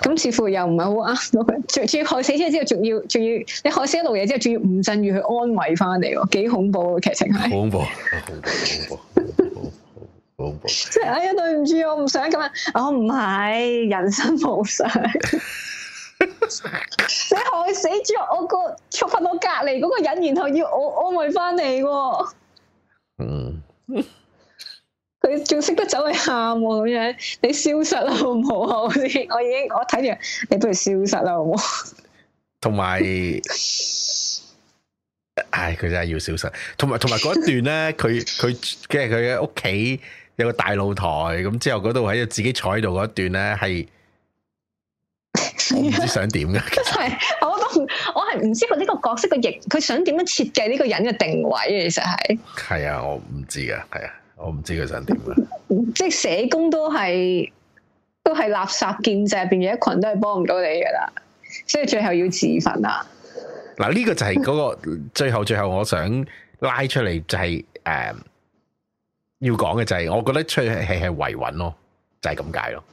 咁似乎又唔係好啱到佢，仲要害死咗之後，仲要仲要你害死一路嘢之後，仲要吳鎮宇去安慰翻你，幾恐怖嘅劇情係。即係哎呀，對唔住，我唔想咁啊！我唔係人生無常， 你害死咗我，那個，觸發到隔籬嗰個人，然後要我安慰翻你，哦。嗯，佢仲識得走去喊喎，哦，咁樣你消失啦，好唔好啊！我已，我已經我睇住你，不如消失啦，好唔好？同 埋，唉，佢真係要消失。同埋，同埋嗰一段咧，佢佢即係佢嘅屋企。有個大露台，咁之後嗰度喺自己坐喺度嗰一段咧，係唔 知想點嘅。係我都我係唔知佢呢個角色嘅型，佢想點樣設計呢個人嘅定位，其實係係啊，我唔知嘅，係啊，我唔知佢想點嘅。即係 社工都係都係垃圾建制入邊嘅一群，都係幫唔到你噶啦，所以最後要自焚啊！嗱，呢個就係嗰個最後最後，我想拉出嚟就係、是、誒。Um, 要講嘅就係，我覺得出去係維穩咯，就係咁解咯。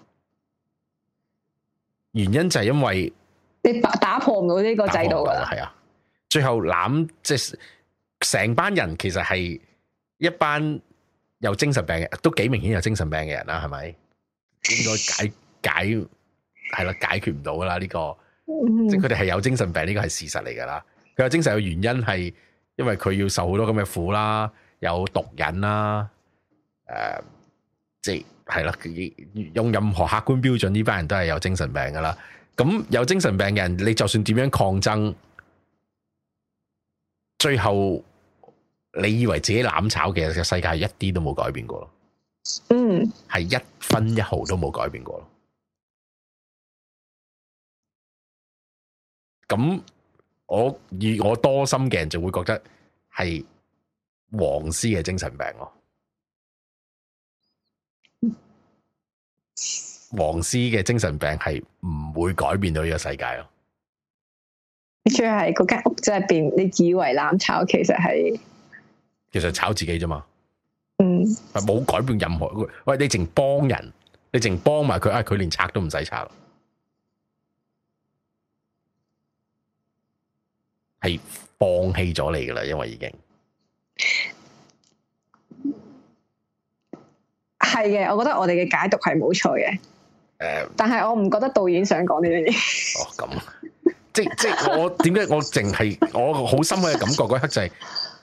原因就係因為你打，打破唔到呢個制度啦，係啊。最後攬即係成班人其實係一班有精神病嘅，都幾明顯有精神病嘅人啦，係咪？應該解解係啦，解決唔到噶啦呢個，即係佢哋係有精神病呢個係事實嚟噶啦。佢有精神嘅原因係因為佢要受好多咁嘅苦啦，有毒癮啦。誒，即係啦，用任何客觀標準，呢班人都係有精神病噶啦。咁有精神病嘅人，你就算點樣抗爭，最後你以為自己攬炒嘅世界一啲都冇改變過咯。嗯，係一分一毫都冇改變過咯。咁我以我多心嘅人就會覺得係黃絲嘅精神病咯。黃絲嘅精神病係唔會改變到呢個世界咯。你最係嗰間屋仔入邊，你以為攬炒，其實係其實炒自己啫嘛。嗯，係冇改變任何。喂，你淨幫人，你淨幫埋佢啊！佢連拆都唔使拆，係放棄咗你噶啦，因為已經。係嘅，我覺得我哋嘅解讀係冇錯嘅。誒、呃，但係我唔覺得導演想講呢樣嘢。哦，咁、啊、 即即我點解我淨係我好深刻嘅感覺嗰 刻就係、是、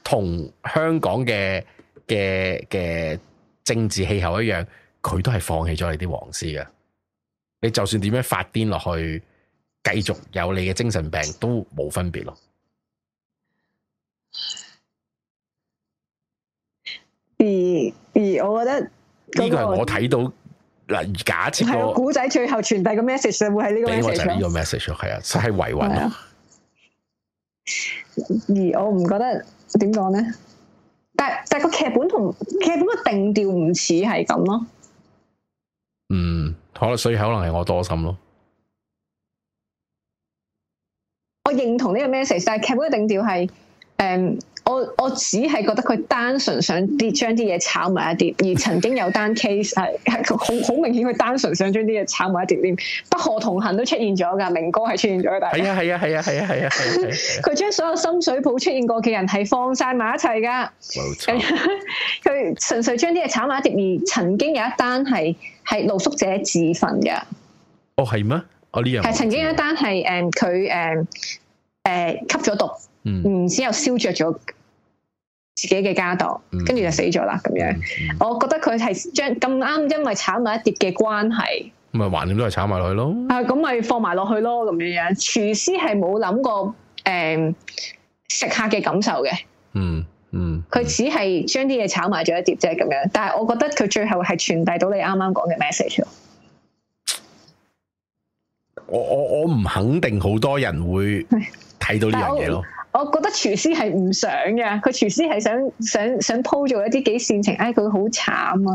同香港嘅嘅嘅政治氣候一樣，佢都係放棄咗你啲黃絲嘅。你就算點樣發癲落去，繼續有你嘅精神病都冇分別咯。B，B，我覺得。呢個係我睇到嗱，假設個古仔最後傳遞個 message 會喺呢個地方俾我就呢個 message 咯，係啊，係維穩啊。而我唔覺得點講咧，但但個劇本同劇本嘅定調唔似係咁咯。嗯，可能所以可能係我多心咯。我認同呢個 message，但係劇本嘅定調係誒。嗯我我只係覺得佢單純想啲將啲嘢炒埋一碟，而曾經有單 case 係好好明顯，佢單純想將啲嘢炒埋一碟。連北河同行都出現咗噶，明哥係出現咗。大家係啊係啊係啊係啊係啊！佢將、啊啊啊啊啊啊、 所有深水埗出現過嘅人係放晒埋一齊噶，冇錯。佢純粹將啲嘢炒埋一碟，而曾經有一單係係露宿者自焚嘅。哦，係咩？哦，呢樣係曾經有一單係誒佢誒誒吸咗毒，嗯，之、嗯呃嗯、後燒着咗。自己嘅家當，跟住、嗯、就死咗啦咁樣。嗯嗯、我覺得佢係將咁啱，因為炒埋一碟嘅關係，咪橫掂都係炒埋落去咯。啊，咁咪放埋落去咯咁樣樣。廚師係冇諗過誒、呃、食客嘅感受嘅、嗯。嗯嗯，佢只係將啲嘢炒埋咗一碟啫咁樣。但係我覺得佢最後係傳遞到你啱啱講嘅 message 咯。我我我唔肯定好多人會睇到呢樣嘢咯。 我覺得廚師係唔想嘅，佢廚師係想想想鋪做一啲幾煽情，誒佢好慘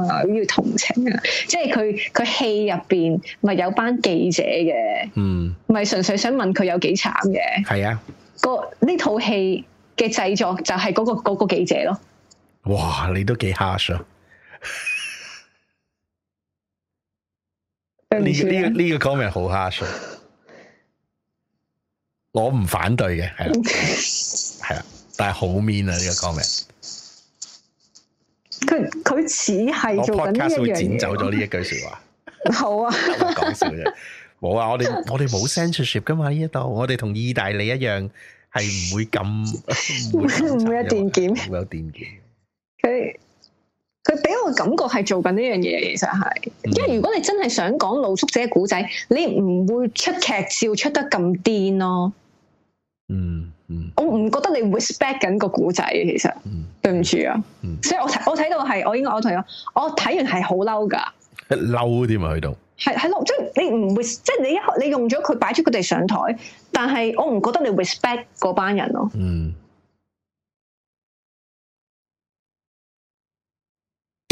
啊，要同情啊，即係佢佢戲入邊咪有班記者嘅，咪、嗯、純粹想問佢有幾慘嘅。係啊，個呢套戲嘅製作就係嗰、那個嗰、那個、記者咯。哇，你都幾 hush 啊！呢 呢、這個呢、這個 comment 好 hush。我唔反對嘅，係啦，係啦，但係好 mean 啊呢、這個 comment。佢佢似係做緊一樣嘢，剪走咗呢一句說話。 好啊， 講笑啫，冇啊，我哋我哋冇 censorship 噶嘛呢一度，我哋同意大利一樣係唔會咁唔 有，有電檢，會有電檢。佢佢俾我感覺係做緊呢樣嘢，其實係，嗯、因為如果你真係想講露宿者古仔，你唔會出劇照出得咁癲咯。嗯嗯，嗯我唔覺得你 respect 緊個古仔其實，嗯、對唔住啊，所以我我睇到係，我應該我同你講，我睇完係好嬲噶，嬲啲咪去到係係咯，即係你唔會，即係你一你用咗佢擺出佢哋上台，但係我唔覺得你 respect 嗰班人咯，嗯，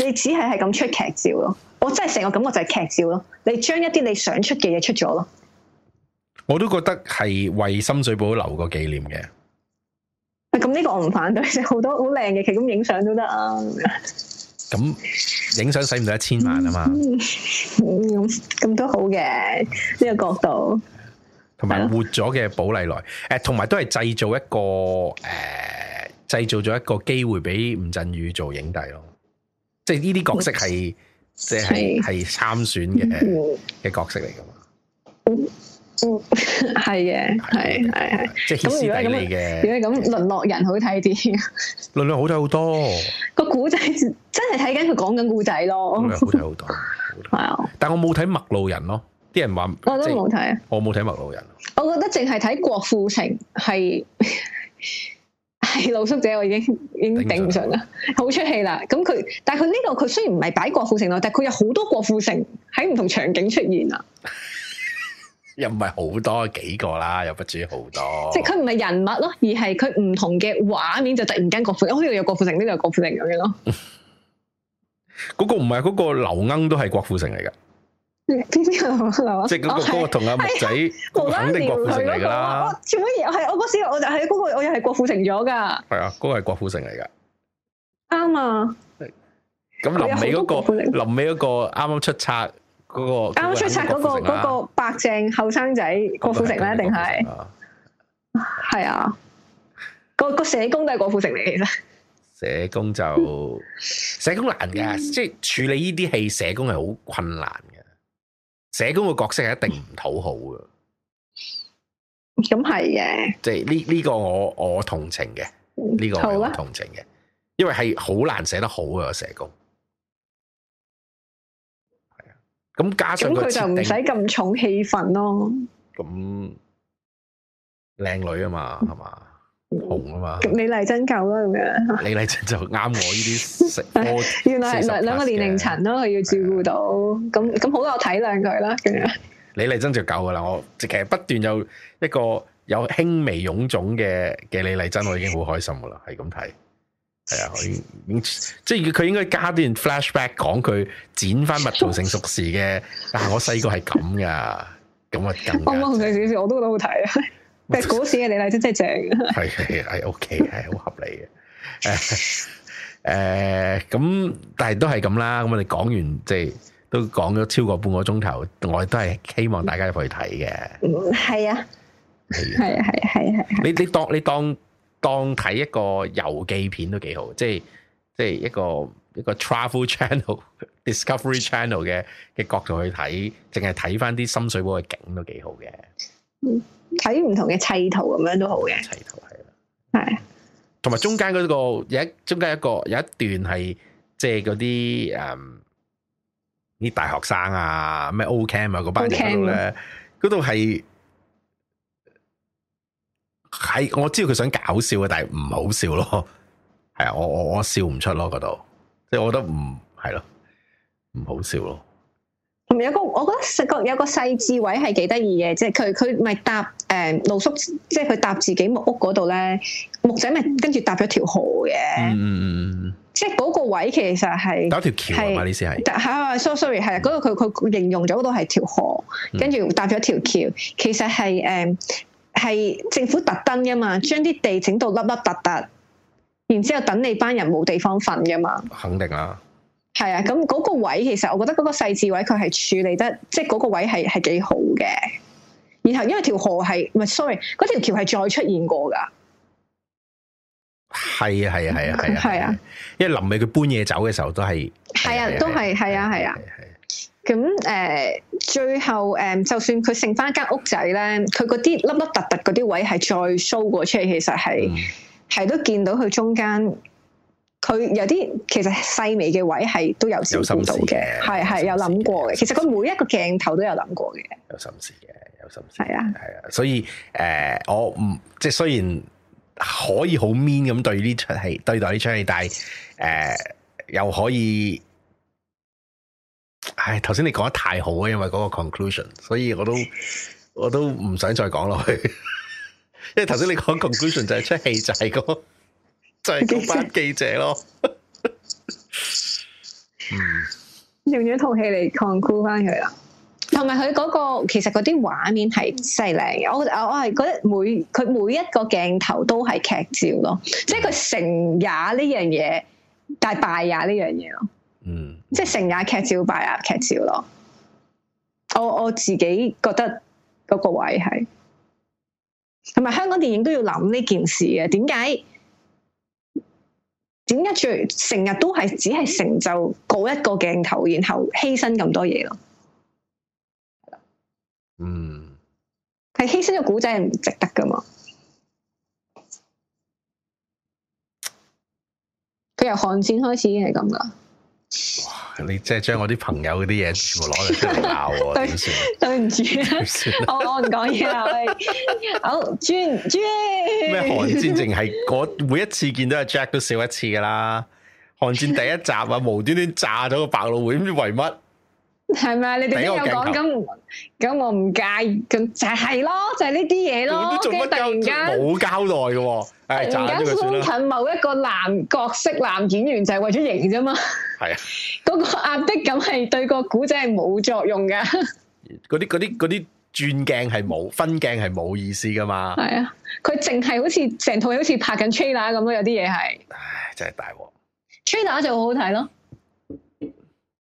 你只係係咁出劇照咯，我真係成個感覺就係劇照咯，你將一啲你想出嘅嘢出咗咯。我都覺得係為深水埗留個紀念嘅。咁呢、嗯這個我唔反對，即好多好靚嘅，其實影相都得啊。咁影相使唔到一千萬啊嘛。咁都好嘅呢個角度。同埋、嗯、活咗嘅寶麗來，誒、呃，同埋都係製造一個誒，製、呃、造咗一個機會俾吳鎮宇做影帝咯。即係呢啲角色係、嗯、即係係參選嘅嘅、嗯嗯、角色嚟㗎嘛。嗯，係嘅，係係係，即係黐線俾你嘅。如果咁，《淪落人》好睇啲，《淪落人》好睇好多。個古仔真係睇緊佢講緊古仔咯，《淪落人》好睇好多，係啊。但我冇睇《麥路人》咯，啲人話我都冇睇，我冇睇《麥路人》。我覺得淨係睇郭富城係係露宿者，我已經已經頂唔順啦，好出戲啦。咁佢但係佢呢個佢雖然唔係擺郭富城咯，但係佢有好多郭富城喺唔同場景出現啊。又唔係好多幾個啦，又不止好多。即係佢唔係人物咯，而係佢唔同嘅畫面就突然間郭富城，好似又有郭富城，呢度又郭富城咁樣咯。嗰 個唔係嗰個劉鏗都係郭富城嚟噶。劉 即係嗰個個同阿木仔是肯定郭富城嚟噶啦。全部係我嗰時，我就係個，我又係郭富城咗噶。係啊、嗯，嗰、嗰個係郭富城嚟噶。啱啊、嗯。咁臨尾嗰個，臨尾嗰個啱啱出冊。啱、那個，出冊嗰個嗰個白淨後生仔郭富城咧，定係係啊？個個社工都係郭富城嚟、啊，其實社工就社工難嘅，嗯、即係處理呢啲戲，社工係好困難嘅。社工個角色係一定唔討好嘅。咁係嘅，即係呢呢個我我同情嘅，呢、呢個我同情嘅，的因為係好難寫得好嘅社工。咁加上佢，就唔使咁重氣氛咯。咁靚女啊嘛，係嘛、嗯、，紅啊嘛。李麗珍夠啦咁樣。李麗珍就啱我呢啲食。原來係兩兩個年齡層咯，要照顧到。咁咁好有體諒佢啦咁樣。李麗珍就夠噶啦，我其實不斷有一個有輕微臃腫嘅嘅李麗珍，我已經好開心噶啦，係咁睇。係啊，即係佢應該加啲 flashback 講佢剪翻蜜桃成熟時嘅，但係我細個係咁噶，咁啊咁。我唔想少少，我都覺得好睇啊！但係嗰時嘅李麗珍真係正，係係 OK，係好合理嘅。誒，咁但係都係咁啦。咁我哋講完，即係都講咗超過半個鐘頭，我哋都係希望大家入去睇嘅。係啊，係啊，係係係。你你當你當。當睇一個遊記片都幾好，即係即係一個一個 travel channel、 discovery channel 嘅嘅角度去睇，淨係睇翻啲深水埗嘅景都幾好嘅。嗯，睇唔同嘅砌圖咁樣都好嘅。砌圖係啦，係。同埋的中間嗰個有一中間一個有一段係即係嗰啲誒，啲嗯、大學生啊，咩 Ocam 啊嗰班人嗰度咧，嗰度係。係我知道佢想搞笑嘅，但係唔好笑咯。係啊，我我我笑唔出咯嗰度，即係我覺得唔係咯，唔好笑咯。同埋有個，我覺得細個有個細緻位係幾得意嘅，即係佢佢咪搭誒露、嗯、宿，即係佢搭自己木屋嗰度咧，木仔咪跟住搭咗條河嘅。嗯嗯嗯即係嗰個位其實係搭條橋啊嘛，你先係。吓，sorry sorry，係嗰度佢佢形容咗嗰度係條河，嗯、跟住搭咗條橋，其實係誒。嗯係政府特登噶嘛，將啲地整到凹凹凸凸，然之後等你班人冇地方瞓噶嘛。肯定啊，係啊，咁嗰個位其實我覺得嗰個細致位佢係處理得，即係嗰個位係係幾好嘅。然後因為條河係，唔係，sorry，嗰條橋係再出現過噶。係啊係啊係啊係啊，因為臨尾佢搬嘢走嘅時候都係，係啊都係係啊係啊。咁誒、呃，最後誒、呃，就算佢剩翻一間屋仔咧，佢嗰啲凹凹凸凸嗰啲位係再 show 過出嚟，其實係係、嗯、都見到佢中間，佢有啲其實細微嘅位係都有小心到嘅，係係有諗過嘅。其實佢每一個鏡頭都有諗過嘅，有心思嘅，啊、有心思。係啊，係啊，所以誒、呃，我唔即係雖然可以好 mean 咁對呢出戲，對待呢出戲，但係誒、呃、又可以。唉，頭先你講得太好啊，因為嗰個 conclusion，所以我都我都唔想再講落去，因為頭先你講 conclusion 就係出戲仔，就係嗰個，就係、是、嗰班記者咯。嗯、用咗套戲嚟 conclude 翻佢啊，同埋佢嗰個其實嗰啲畫面係犀利，我我我係覺得每佢每一個鏡頭都係劇照咯，即係佢成也呢樣嘢，但係敗也呢樣嘢咯。嗯，即係成日劇照擺啊，劇照咯。我我自己覺得嗰個位係，同埋香港電影都要諗呢件事嘅。點解？點解最成日都係只係成就嗰一個鏡頭，然後犧牲咁多嘢咯？嗯，係犧牲個古仔係唔值得噶嘛？佢由寒戰開始已經係咁啦。哇！你真係將我啲朋友嗰啲嘢全部攞嚟出嚟鬧我，點算 對？對唔住、 哦，我我唔講嘢啊！ 好轉轉咩？寒戰淨係每一次見到阿 Jack 都笑一次噶啦。寒戰第一集啊，無端端炸咗個白老會，唔知為乜。 係咪啊？你哋又講咁咁，我唔介意咁就係咯，就係呢啲嘢咯。咁突然間冇交代嘅，突然間靠近某一個男角色、男演員就係為咗型啫嘛。係啊，嗰個壓迫感係對個古仔係冇作用嘅。嗰啲嗰啲嗰啲轉鏡係冇分鏡，係冇意思噶嘛。係啊，佢淨係好似成套好似拍緊 trailer 咁樣，有啲嘢係。唉，真係大鑊。Trailer 就好好睇咯。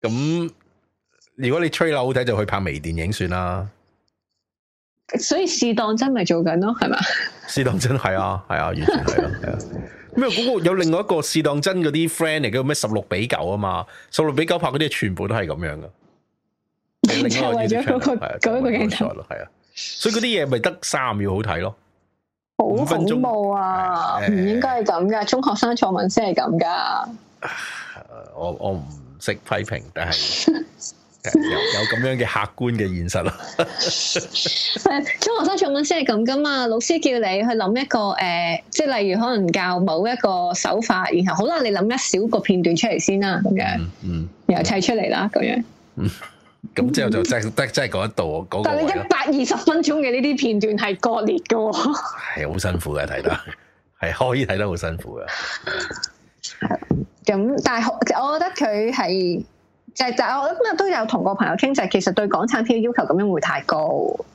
咁。如果你 trailer 好睇，就去拍微電影算啦。所以試當真咪做緊咯，係嘛？試當真係啊，係 啊，完全係啊。咩嗰、啊那個有另外一個試當真嗰啲 friend 嚟嘅咩，十六比九啊嘛，十六比九拍嗰啲全部都係咁樣嘅。為咗、那個，嗰一、啊、個鏡頭係啊。所以嗰啲嘢咪得三秒好睇咯。好恐怖啊！唔、欸、應該係咁噶，中學生作文先係咁噶。我我唔識批評，但係。 有咁樣嘅客觀嘅現實咯。 中學生作文先係咁噶嘛？老師叫你去諗一個誒、呃，即係例如可能教某一個手法，然後好啦，你諗一小一個片段出嚟，先啦、啊，咁樣嗯，嗯，然後砌出嚟啦，咁、嗯、樣。嗯，咁之後就即即即係講得到但係一百二十分鐘嘅呢啲片段係割裂嘅、哦，係 好辛苦嘅睇得，係可以睇得好辛苦嘅。咁， 但係我覺得佢係。就就我今日都有同個朋友傾，就係、其實對港產片嘅要求咁樣會太高，都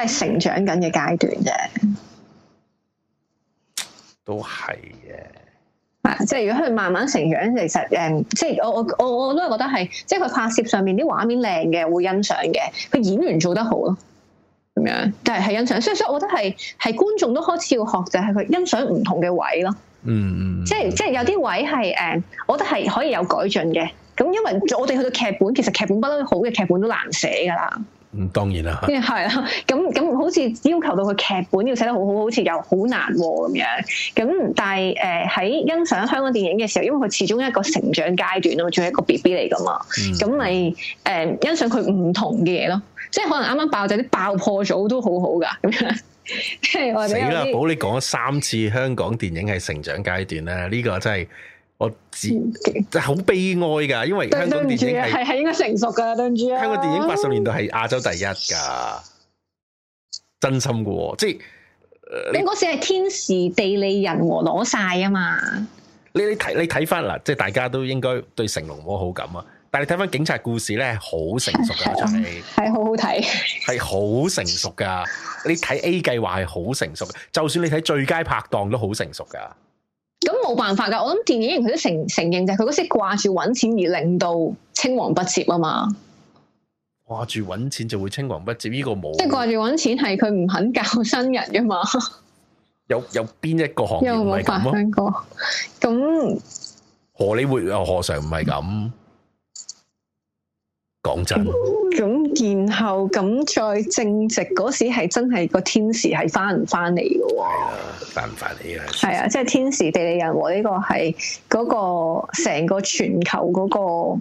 係成長緊嘅階段啫。都係嘅。啊，即係如果佢慢慢成長，其實誒、嗯，即係我我我我都係覺得係，即係佢拍攝上面啲畫面靚嘅會欣賞嘅，佢演員做得好咯，咁樣都係係欣賞。所以所以，我覺得係係觀眾都開始要學就係、係、佢欣賞唔同嘅位咯。嗯嗯。嗯即係即係有啲位係誒、嗯，我覺得係可以有改進嘅。咁因為我哋去到劇本，其實劇本不嬲好嘅劇本都難寫噶啦。嗯，當然啦。係啦，咁咁好似要求到佢劇本要寫得好好，好似又好難咁、啊、樣。咁但係誒，喺、呃、欣賞香港電影嘅時候，因為佢始終一個成長階段咯，仲係一個 B B 嚟噶嘛。咁咪誒欣賞佢唔同嘅嘢咯。即係可能啱啱爆就啲爆破組都好好噶咁樣。即係或者。死啦！寶，你講咗三次香港電影係成長階段咧，呢、呢個真係。我自好悲哀噶，因為香港電影係係係應該成熟噶，啊、香港電影八十年代係亞洲第一噶，真心噶，即係你嗰時係天時地利人和攞晒啊嘛！你你睇你睇翻嗱，即係大家都應該對成龍冇好感啊，但係睇翻《警察故事》呢咧，好成熟嘅就係係好好睇，係 好成熟噶，你睇 A 計劃係好成熟，就算你睇最佳拍檔都好成熟噶。咁冇辦法噶，我諗電影人佢都承承認就係佢嗰識掛住揾錢而令到青黃不接啊嘛，掛住揾錢就會青黃不接，呢、這個冇即係掛住揾錢係佢唔肯教新人噶嘛，有有邊一個、啊、有冇發生過咁？咁 那荷里活又何嘗唔係咁？講真，咁然後咁再正值嗰時係真係個天時係翻唔翻嚟嘅喎，係啊，翻唔翻嚟啊，係啊，即係天時地利人和呢個係嗰個成個全球嗰、嗰個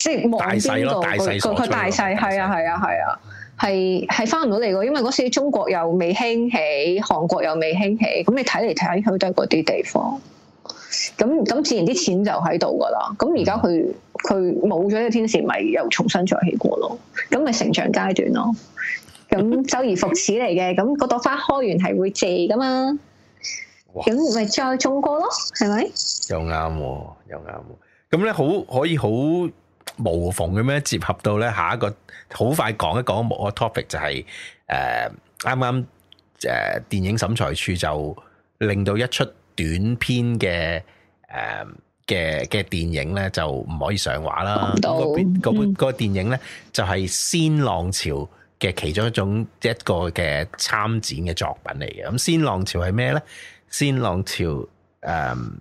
即係冇邊個、嗰個佢大細係啊係啊係啊係係翻唔到嚟嘅，因為嗰時中國又未興起，韓國又未興起，咁你睇嚟睇去都係嗰啲地方。咁咁自然啲錢就喺度噶啦，咁而家佢佢冇咗呢個天使咪又重新再起過咯，咁咪成長階段咯。咁周而復始嚟嘅，咁嗰朵花開完係會謝噶嘛，咁咪再種過咯，係咪哇、啊？又啱喎，啊，又啱喎。咁咧好可以好無縫咁樣結合到咧，下一個好快講一講目個 topic 就係誒啱啱誒電影審裁處就令到一出。短片嘅誒嘅嘅電影咧就唔可以上畫啦。嗰邊、嗯那個那個電影咧就係、是、鮮浪潮嘅其中一種一個嘅參展嘅作品嚟嘅。咁鮮浪潮係咩咧？鮮浪潮誒、嗯，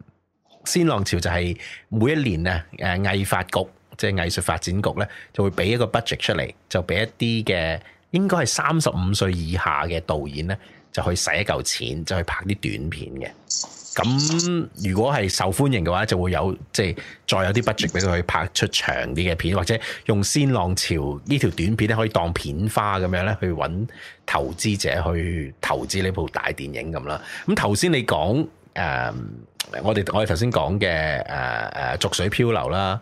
鮮浪潮就係每一年啊誒，藝發局即係藝術發展局咧就會俾一個 budget 出嚟，就俾一啲嘅應該係三十五歲以下嘅導演咧就去使一嚿錢，就去拍啲短片嘅。咁如果係受歡迎嘅話，就會有即係再有啲 budget 俾佢去拍出長啲嘅片，或者用《鮮浪潮》呢條短片咧，可以當片花咁樣咧，去揾投資者去投資呢部大電影咁啦。咁頭先你講誒、呃，我哋我哋頭先講嘅誒誒《濁水漂流》啦，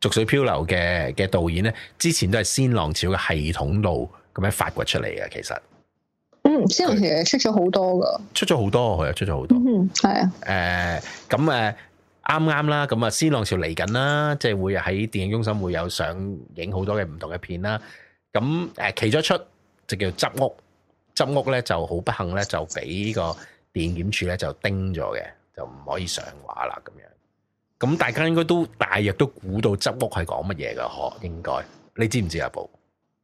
《濁水漂流》嘅嘅導演呢，之前都係《鮮浪潮》嘅系統度咁樣發掘出嚟嘅，其實。 嗯，新、uh, uh, 浪潮出咗好多噶，出咗好多，係啊，出咗好多，嗯，係啊。誒，咁誒，啱啱啦，咁啊，新浪潮嚟緊啦，即係會喺電影中心會有上映好多嘅唔同嘅片啦。咁誒，期、呃、咗出就叫執屋、um, um，執屋咧就好不幸咧，就俾個電檢處咧就叮咗嘅，就唔可以上畫啦。咁樣，咁大家應該都大約都估到執屋係講乜嘢噶？嗬，應該，你知唔知阿寶？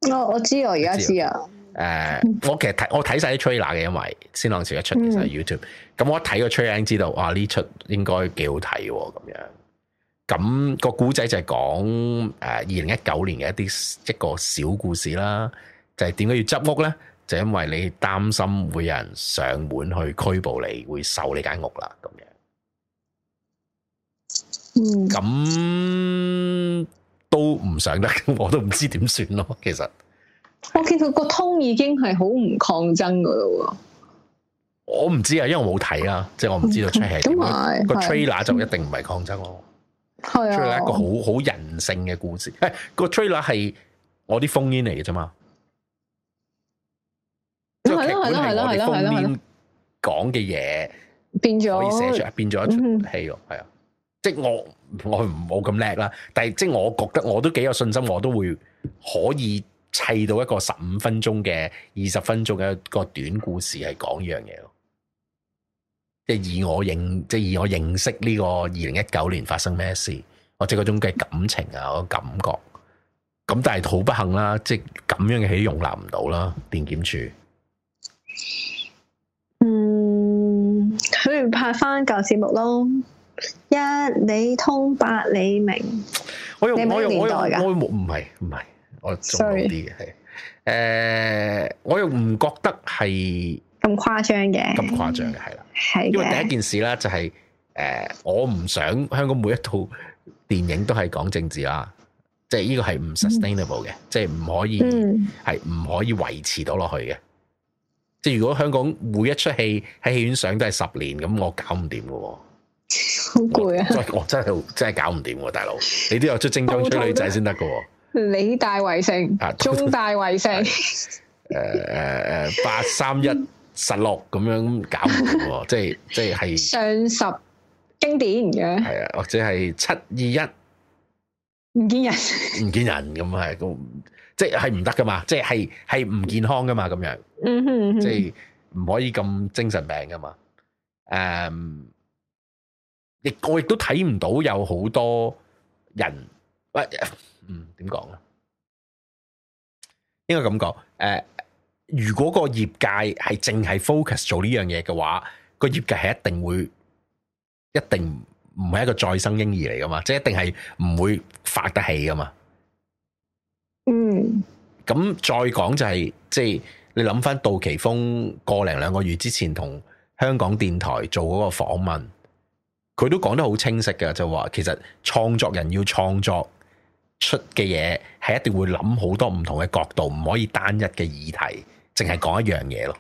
我我知，我而家知啊。誒，uh, 我其實睇我睇曬啲 trailer 嘅，因為先浪潮一出其實係 YouTube，咁、嗯、我一睇個 trailer 知道，哇呢出應該幾好睇喎咁樣。咁、個古仔就係講誒二零一九年嘅一啲一個小故事啦，就係點解要執屋咧？嗯、就因為你擔心會有人上門去拘捕你，會收你間屋啦咁樣。咁、嗯、都唔想得，我都唔知點算咯，其實。我見佢個通已經係好唔抗爭噶咯，我唔知啊，因為我冇睇啊，即係我唔知道出戲。咁係、嗯就是、個 trailer 就一定唔係抗爭咯，係、嗯、啊，trailer 係一個好好人性嘅故事。誒、哎，個 trailer 係我啲烽煙嚟嘅啫嘛，嗯、即係劇本係我哋烽煙講嘅嘢，變咗可以寫出變咗一出戲咯，係啊，嗯、即係我我唔冇咁叻啦，但係即係我覺得我都幾有信心，我都會可以。砌到一個十五分鐘嘅二十分鐘嘅個短故事，係講一樣嘢，即係以我認，即係以我認識呢個二零一九年發生咩事，或者嗰種嘅感情啊，嗰個感覺。咁但係好不幸啦，即係咁樣嘅起容納唔到啦。電檢處，嗯，佢唔拍翻舊節目咯，一理通百理明。我用我用我用，我唔係唔係。我仲好啲嘅，係，誒 Sorry.、嗯，我又唔覺得係咁誇張嘅，咁誇張嘅係啦，係，因為第一件事啦，就是，就係，誒，我唔想香港每一套電影都係講政治啦，即係呢個係唔 sustainable 嘅，即係唔可以係唔、嗯、可以維持到落去嘅。即係如果香港每一出戲喺戲院上都係十年，咁我搞唔掂嘅，好攰啊！我，我真係真係搞唔掂嘅，大佬，你都有出精裝追女仔先得嘅。嗯李大為成，中大為成，誒誒誒，八三一十六咁樣搞 即，即係即係係上十經典嘅，係啊，或者係七二一唔見人，唔 見人咁係，咁即係唔得噶嘛，即係係唔健康噶嘛，咁樣，即係唔 可以咁精神病噶嘛，誒，你我亦都睇唔到有好多人，喂、啊。嗯，點講咧？應該咁講，誒、呃，如果個業界係淨係 focus 做呢樣嘢嘅話，個業界係一定會一定唔係一個再生嬰兒嚟噶嘛，即係一定係唔會發得起噶嘛。嗯，咁再講就係即係你諗翻杜琪峰個零兩個月之前同香港電台做嗰個訪問，佢都講得好清晰噶，就話其實創作人要創作。出嘅嘢係一定會諗好多唔同嘅角度，唔可以單一嘅議題，淨係講一樣嘢咯。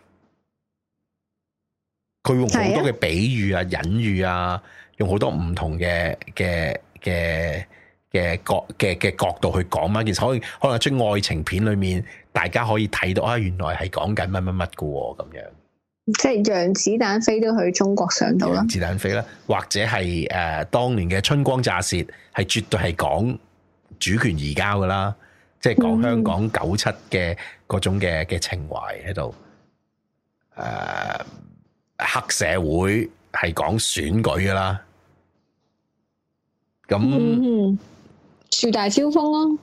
佢用好多嘅比喻啊、隱喻啊，用好多唔同嘅嘅嘅嘅角嘅嘅角度去講。其實可以可能出愛情片裏面，大家可以睇到啊、哎，原來係講緊乜乜乜嘅咁樣。即係讓子彈飛都去中國上到啦，子彈飛啦，或者係誒、呃、當年嘅春光乍泄，係絕對係講。主權移交噶啦，即係講香港九七嘅各種嘅嘅情懷喺度。誒、呃，黑社會係講選舉噶啦。咁樹、嗯、大招風咯，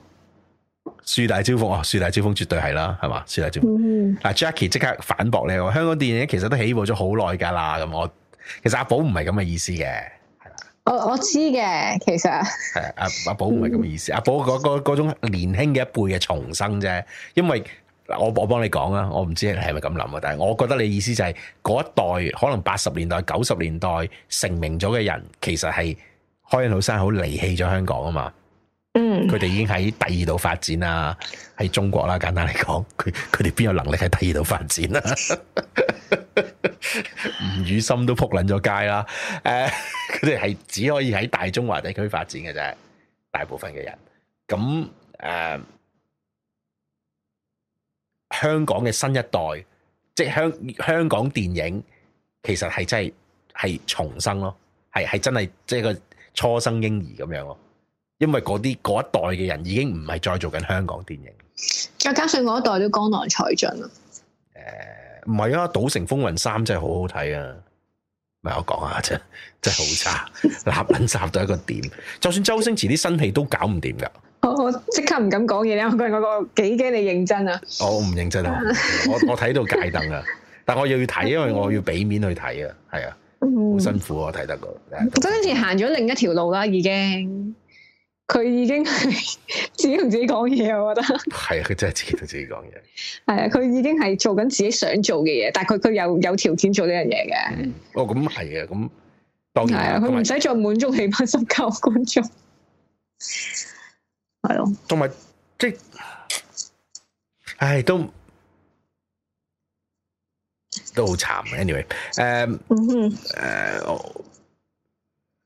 樹大招風哦，樹大招風絕對係啦，係嘛，樹大招風。嗱、嗯、Jackie 即刻反駁你，香港電影其實都起步咗好耐噶啦。咁我其實阿寶唔係咁嘅意思嘅。我，我知嘅，其實係阿阿寶唔係咁意思，阿寶嗰嗰種年輕嘅一輩嘅重生啫。因為我我幫你講啊，我唔知你係咪咁諗啊，但係我覺得你意思就係、是、嗰一代可能八十年代九十年代成名咗嘅人，其實係開老山好離棄咗香港啊嘛。嗯，佢哋已經喺第二度發展啦，喺中國啦，簡單嚟講，佢佢哋邊有能力喺第二度發展啦？吳 宇森都撲捻咗街啦，誒、呃，佢哋係只可以喺大中華地區發展嘅啫，大部分嘅人。咁誒、呃，香港嘅新一代，即香香港電影，其實係真係係重生咯，係係真係即、就是、個初生嬰兒咁樣咯。因為嗰啲嗰一代嘅人已經唔係再做緊香港電影，再加上嗰一代都江郎才盡啦。誒，唔係啊，《賭城風雲三》啊真係好好睇啊！唔係我講下啫，真係好差， 立垃圾到一個點。就算周星馳啲新戲都搞唔掂噶。我我即刻唔敢講嘢咧，我我我幾驚你認真啊！我唔、oh, 認真啊， 我我睇到戒凳啊，但我又要睇，因為我要俾面去睇啊，係啊，好辛苦我睇得過。得周星馳行咗另一條路啦，已經。佢已經係自己同自己講嘢，我覺得係啊，佢真係自己同自己講嘢。係 啊，佢已經係做緊自己想做嘅嘢，但係佢佢有有條件做呢樣嘢嘅。哦，咁係啊，咁當然係啊，佢唔使再滿足起班十九觀眾，係咯。同埋即係，唉，都都好慘。Anyway，嗯，誒。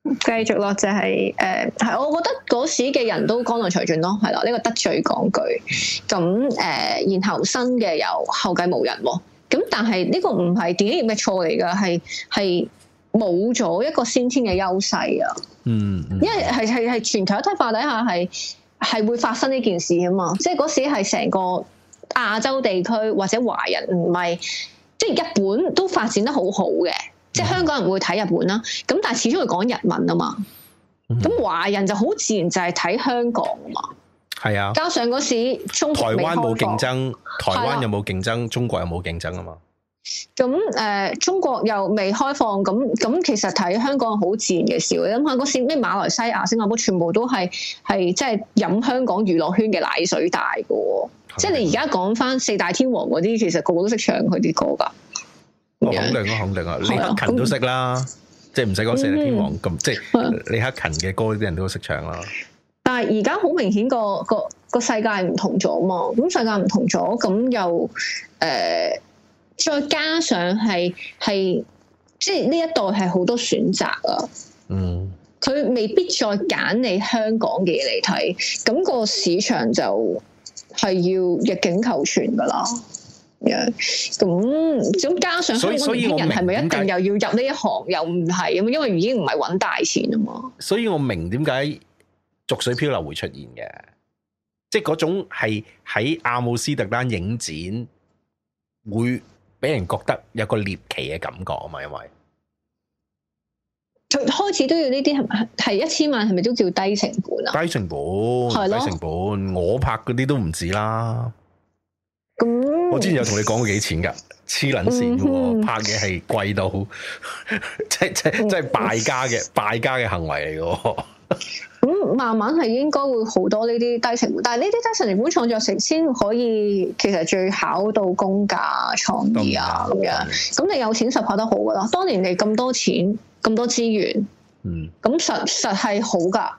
繼續咯，就係、是、誒，係、呃、我覺得嗰時嘅人都江郎才盡咯，係咯，呢、這個得罪講句，咁誒、呃，然後新嘅又後繼無人、哦，咁但係呢個唔係電影業嘅錯嚟噶，係係冇咗一個先天嘅優勢啊，嗯，嗯因為係係係全球一體化底下係係會發生呢件事啊嘛，即係嗰時係成個亞洲地區或者華人唔係，即係日本都發展得好好嘅。即係香港人會睇日本啦，咁、嗯、但係始終佢講日文啊嘛，咁華、嗯、哼人就好自然就係睇香港啊嘛，係啊、嗯哼，加上嗰時中台灣冇競爭，台灣有冇競爭，中國有冇競爭啊嘛，咁誒、嗯呃，中國又未開放，咁咁其實睇香港好自然嘅事，你諗下嗰時咩馬來西亞、新加坡全部都係係即係飲香港娛樂圈嘅奶水大噶，嗯、哼即係你而家講翻四大天王嗰啲，其實個個都識唱佢啲歌噶。肯定啊，肯定啊！李克勤都識啦，的即係唔使講《四大天王》咁，嗯，即係李克勤嘅歌啲人都識唱啦。但係而家好明顯個個個世界唔同咗嘛，咁世界唔同咗，咁又誒、呃，再加上係係即係呢一代係好多選擇啊。嗯，佢未必再揀你香港嘅嘢嚟睇，咁，那個市場就係要逆境求存㗎喇。咁咁、yeah. 加上香港啲人係咪一定又要入呢一行？又唔係咁，因為已經唔係搵大錢啊嘛。所以我明點解濁水漂流會出現嘅，即係嗰種係喺阿姆斯特丹影展會俾人覺得有個獵奇嘅感覺啊嘛。因為佢開始都要呢啲係係一千萬，係咪都叫低成本啊？低成本的低成本我拍嗰啲都唔止啦。嗯、我之前有同你講過幾錢噶，黐撚線喎，嗯、拍嘅係貴到，即係即係即係敗家嘅敗家嘅行為嚟嘅。咁、 嗯、慢慢係應該會好多呢啲低成本，但係呢啲低成本創作成先可以，其實最考到工價、創意啊咁樣。咁你有錢實拍得好噶啦，當年你咁多錢、咁多資源，嗯，咁、嗯、實實係好噶，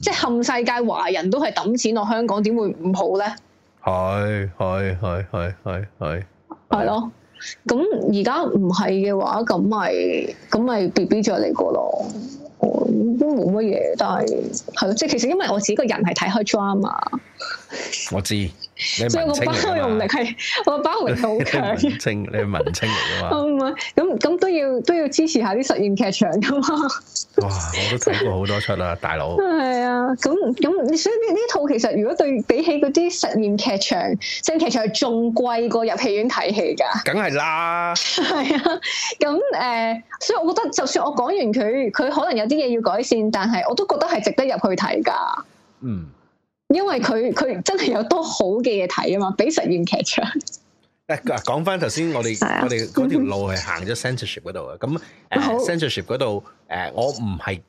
即係冚世界華人都係抌錢落香港，點會唔好咧？係係係係係係係咯，咁而家唔係嘅話，咁咪咁咪 BB 再嚟過咯，都冇乜嘢。但係係咯，即係其實因為我自己個人係睇開 drama。我知。所以我包容力係，我包容力好強嘅。你係文青嚟嘅嘛？唔係、 嗯，咁咁都要都要支持下啲實驗劇場噶嘛？ 哇！我都睇過好多出啦，大佬。係 啊，咁咁，所以呢呢套其實如果對比起嗰啲實驗劇場，實驗劇場係仲貴過入戲院睇戲噶。梗係啦。係 啊，咁誒、呃，所以我覺得就算我講完佢，佢可能有啲嘢要改善，但係我都覺得係值得入去睇噶。嗯。因為佢佢真係有多好嘅嘢睇啊嘛，比實驗劇場。誒，講翻頭先， uh, uh, 我哋我哋嗰條路係行咗 censorship 嗰度嘅，咁 censorship 嗰度誒，我唔係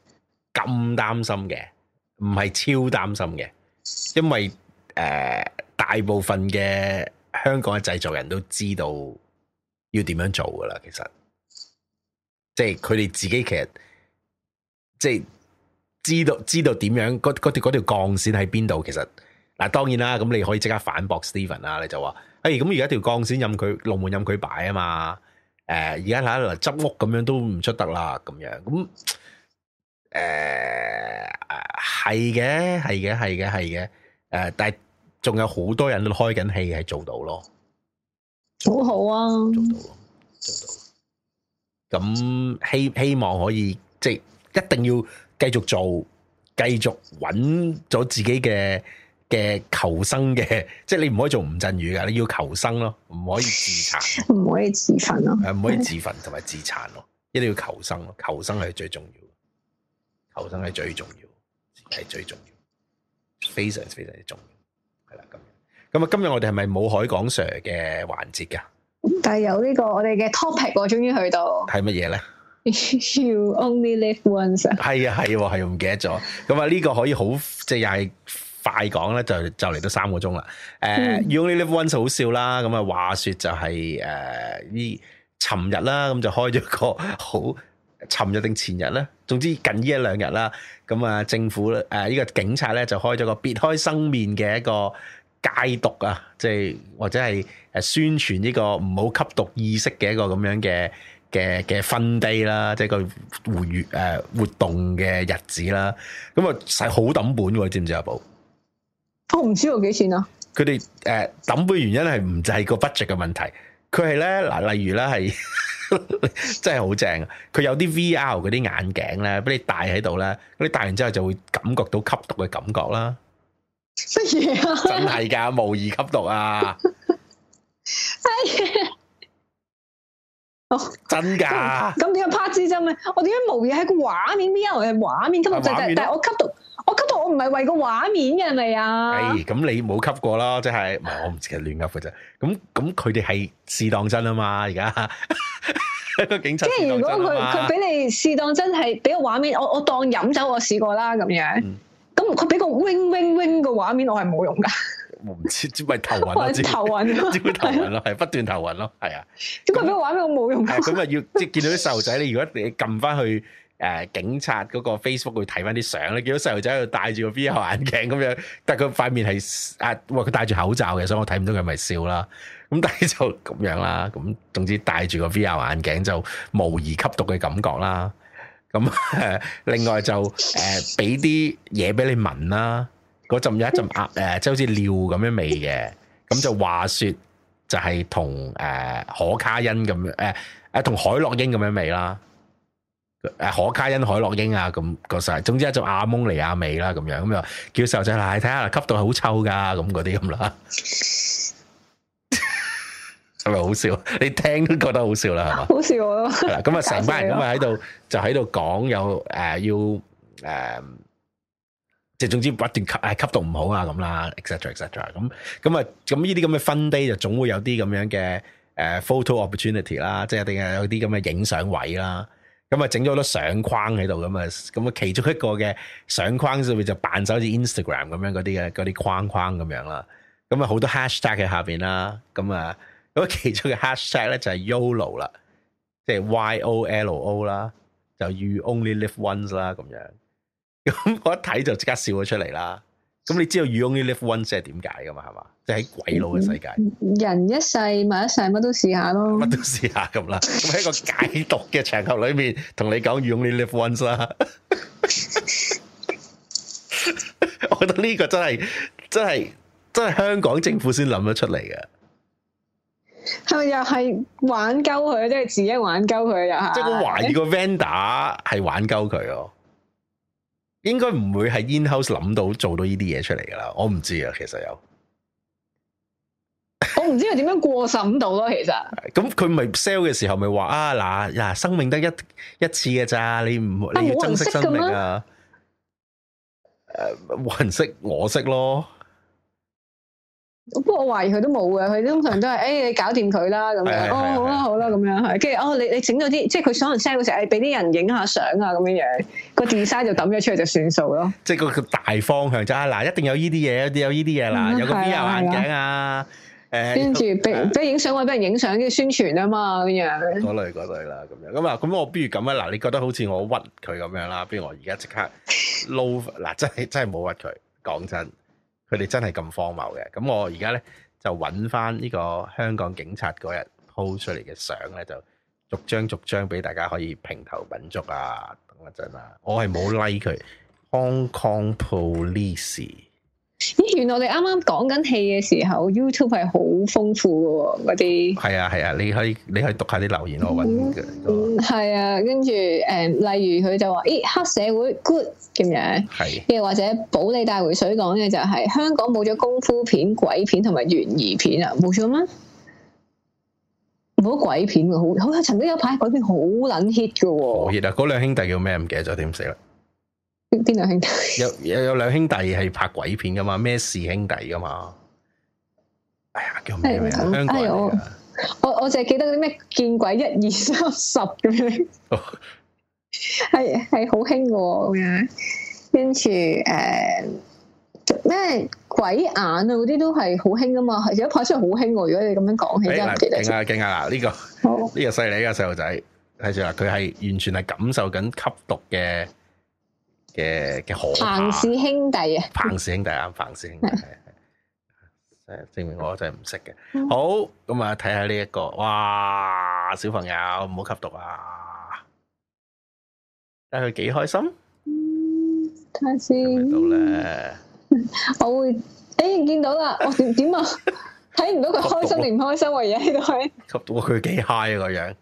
咁擔心嘅，唔係超擔心嘅，因為誒、uh, 大部分嘅香港嘅製作人都知道要點樣做噶啦，其實，即係佢哋自己其實即係。就是知道知道點樣嗰嗰條嗰條鋼線喺邊度？其實嗱、啊，當然啦，咁你可以即刻反駁 Steven 啦！你就話：誒、欸，咁而家條鋼線任佢龍門任佢擺啊嘛！誒、呃，而家喺度嚟執屋咁樣都唔出得啦，咁樣咁誒，係、呃、嘅，係嘅，係嘅，係嘅，誒、呃，但係仲有好多人都開緊戲係做到咯，好好啊，做到咯，做到。咁希希望可以即係一定要。繼續做，繼續搵咗自己嘅嘅求生嘅，即係你唔可以做吳鎮宇噶，你要求生咯，唔可以自殘，唔 可以自焚咯，係唔可以自焚同埋自殘咯，一定要求生咯，求生係最重要，求生係最重要，係最重要，非常非常之重要，係啦咁。咁啊，今日我哋係咪冇海港 Sir 嘅環節噶？咁但係有呢、這個我哋嘅 topic，我終於去到，係乜嘢咧？ You only live once、 啊。係啊係喎係唔記得咗。咁啊呢個可以好即係又係快講咧就就嚟到三個鐘啦。誒、uh, ，You only live once 好笑啦。咁啊話說就係誒呢尋日啦，咁就開咗個好尋日定前日咧，總之近呢一兩日啦。咁啊政府誒呢、呃呢個警察咧就開咗個別開生面嘅一個戒毒啊，即、就、係、是、或者係誒宣傳呢個唔好吸毒意識嘅一個咁樣嘅。嘅嘅分 day 啦，即係個活月誒活動嘅日子啦，咁啊使好抌本嘅，知唔知阿寶？我唔知道幾錢啊！佢哋誒抌本原因係唔就係個 budget 嘅問題，佢係咧嗱，例如咧係真係好正啊！佢有啲 VR 嗰啲眼鏡咧，俾你戴喺度咧，你戴完之後就會感覺到吸毒嘅感覺啦，乜嘢啊？真係噶，模擬吸毒啊！係。真噶、啊？咁點樣拍支針咩？我點解模擬喺個畫面邊啊？畫面吸毒劑，就是、但係我吸毒，我吸毒、欸，我唔係為個畫面嘅係咪啊？係咁你冇吸過啦，即係唔係我唔知佢亂噏嘅啫。咁咁佢哋係試當真啊嘛？而家 警察即係如果佢佢俾你試當真係俾個畫面，我我當飲酒我試過啦，咁樣咁佢俾個 wing wing wing 嘅畫面我，我係冇用噶。我唔知，只咪頭暈咯，只頭暈咯，係 不斷頭暈咯，係啊。點解俾我玩咩？我冇用，啊。佢咪要，即係見到啲細路仔。你如果你撳翻去誒，警察嗰個 Facebook 去睇翻啲相咧，見到細路仔喺度戴住個 VR 眼鏡咁樣，但係佢塊面係啊，哇！佢戴住口罩嘅，所以我睇唔到佢咪笑啦。咁但係就咁樣啦。咁總之戴住個 VR 眼鏡就模擬吸毒嘅感覺啦。咁，啊啊、另外就誒俾啲嘢俾你聞啦。啊嗰陣有一陣鴨誒，即係好似尿咁樣味嘅，咁就話說就係同誒可卡因咁樣，誒誒同海洛英咁樣味啦，誒可卡因、海洛英啊咁嗰晒，總之一種阿蒙尼亞味啦，咁樣咁又叫細路仔，嗱你睇下吸到係好臭噶，咁嗰啲咁啦，係咪 好笑？你聽都覺得好笑啦，係嘛？好笑我咯，咁啊成班人咁啊喺度就喺度講，有誒要誒。呃呃呃呃呃即係總之不斷吸係吸到唔好啊咁啦 etcetera 咁咁啊咁呢啲咁嘅 fun day 就總會有啲咁樣嘅誒 photo opportunity 啦，即係一定係有啲咁嘅影相位啦。咁啊整咗好多相框喺度，咁啊咁啊其中一個嘅相框上面就扮就好似 Instagram 咁樣嗰啲嘅啲框框咁樣啦。咁啊好多 hashtag 喺下邊啦。咁啊咁啊其中嘅 hashtag 咧就係 yolo 啦，即係 y o l o 啦，就，就 you only live once 啦咁樣。咁 我一睇就即刻笑咗出嚟啦！咁你知道 You Only Live Once 係點解噶嘛？係嘛？即係喺鬼佬嘅世界，人一世物一世，乜都試下咯，乜都試下咁啦。咁喺個解讀嘅場合裏面，同你講 You Only Live Once 啊， 我覺得呢個真係真係真係香港政府先諗得出嚟嘅，係咪又係玩鳩佢，即係自己玩鳩佢又係？即係 我懷疑個 Vanda 係玩鳩佢哦。應該唔會係 in-house 諗到做到呢啲嘢出嚟噶啦，我唔知啊，其實有， 我唔知佢點樣過審到咯，其實。咁佢咪 sell 嘅時候咪話啊嗱嗱，啊啊，生命得一一次嘅咋，你唔你要珍惜生命啊！誒、啊，冇、呃、人識，我識咯。不過我懷疑佢都冇嘅，佢通常都係誒，你搞掂佢啦咁樣，哦好啦好啦咁樣，係，跟住哦你你整咗啲，即係佢可能 send 嗰時，誒俾啲人影下相啊咁樣樣，個 design 就抌咗出去就算數咯。即係個大方向就係嗱，一定有呢啲嘢，一定有呢啲嘢啦，有個 VR 眼鏡啊，誒跟住俾俾影相，或者俾人影相啲宣傳啊嘛，咁樣嗰類嗰類啦，咁樣咁啊，咁我不如咁啊，嗱，你覺得好似我屈佢咁樣啦，不如我而家即刻撈嗱，真係真係冇屈佢，講真。佢哋真係咁荒謬嘅，咁我而家咧就揾翻呢個香港警察嗰日 po 出嚟嘅相咧，就逐張逐張俾大家可以評頭品足啊！等一陣啊，我係冇 like 佢，Hong Kong Police。咦，原來我哋啱啱講緊戲嘅時候，YouTube 係好豐富嘅喎、哦，嗰啲。係啊係啊，你可以你可以讀下啲留言、嗯、我揾嘅。係、嗯、啊，跟住誒、嗯，例如佢就話：，咦，黑社會 good 點樣？係是。又或者保你帶回水講嘅就係、是、香港冇咗功夫片、鬼片同埋懸疑片啊，冇錯咩？冇鬼片好好啊！曾經有排鬼片好撚 hit 嘅喎、哦。hit 啊！嗰兩兄弟叫咩？唔記得咗點寫啦。邊兩兄弟，有有有兩兄弟係拍鬼片噶嘛？咩事兄弟噶嘛？哎呀叫咩名的、哎？我我淨係記得啲咩見鬼一二三十咁樣，係係好興噶咁樣。跟住誒，咩 鬼眼啊嗰啲都係好興噶嘛？而家拍出嚟好興喎。如果你咁樣講起，勁啊勁啊！呢、呢個呢、呢個犀利啊，細路仔，睇住啊，佢係完全係感受緊吸毒嘅。嘅嘅好彭氏兄弟啊，彭氏兄弟啊，彭氏兄弟係係，誒，證明我真係唔識嘅。好，咁啊，睇下呢一個，哇，小朋友唔好吸毒啊！睇佢幾開心，睇下先到咧、 哎，我會誒見到啦，我點啊，睇 唔到佢開心定唔開心，啊，而家喺度喺，吸毒，佢幾 high 啊，g h 個樣，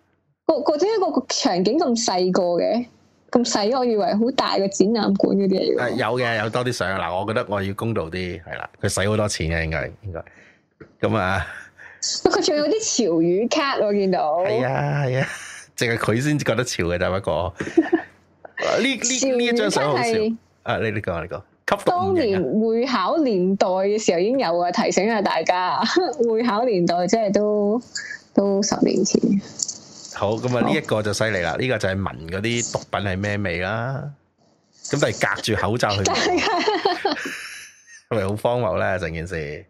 個嗰啲一個場景咁細個嘅。咁細，我以為好大嘅展覽館嗰啲嘢。有嘅，有多啲相。嗱，我覺得我要公道啲，係啦，佢使好多錢嘅，應該應該。咁啊，佢仲、啊、有啲潮語卡、啊，我見到。係啊係啊，淨係佢先至覺得潮嘅，只不過呢呢呢一張相真係。誒，你你講啊，你講。當年會考年代嘅時候已經有啊，提醒下大家。會考年代即係都都十年前。好咁啊！呢一個就犀利啦，呢好個就係聞嗰啲毒品係咩味啦。咁就係隔住口罩去聞，咁咪好 荒謬咧！成件事，誒、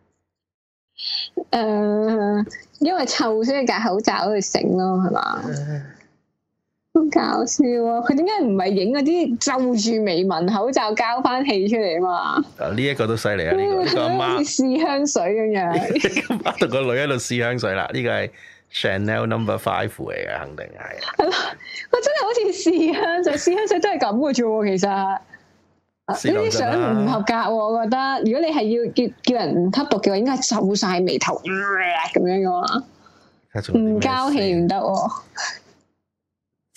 呃，因為臭所以隔口罩去醒咯，係嘛？好、呃、搞笑啊！佢點解唔係影嗰啲皺住眉聞口罩交，交翻氣出嚟嘛？啊，呢、這、一個都犀利啊！呢、這個媽試香水咁樣，個媽同個女喺度試香水啦，呢、這個係。Chanel Number Five 嚟啊，no. 5, 肯定係。係啦，佢真係好似試香水，試香水都係咁嘅啫喎。其實呢啲 相唔合格，我覺得。如果你係要叫叫人唔吸毒嘅話，應該皺晒眉頭咁、呃、樣嘅話。唔交氣唔得。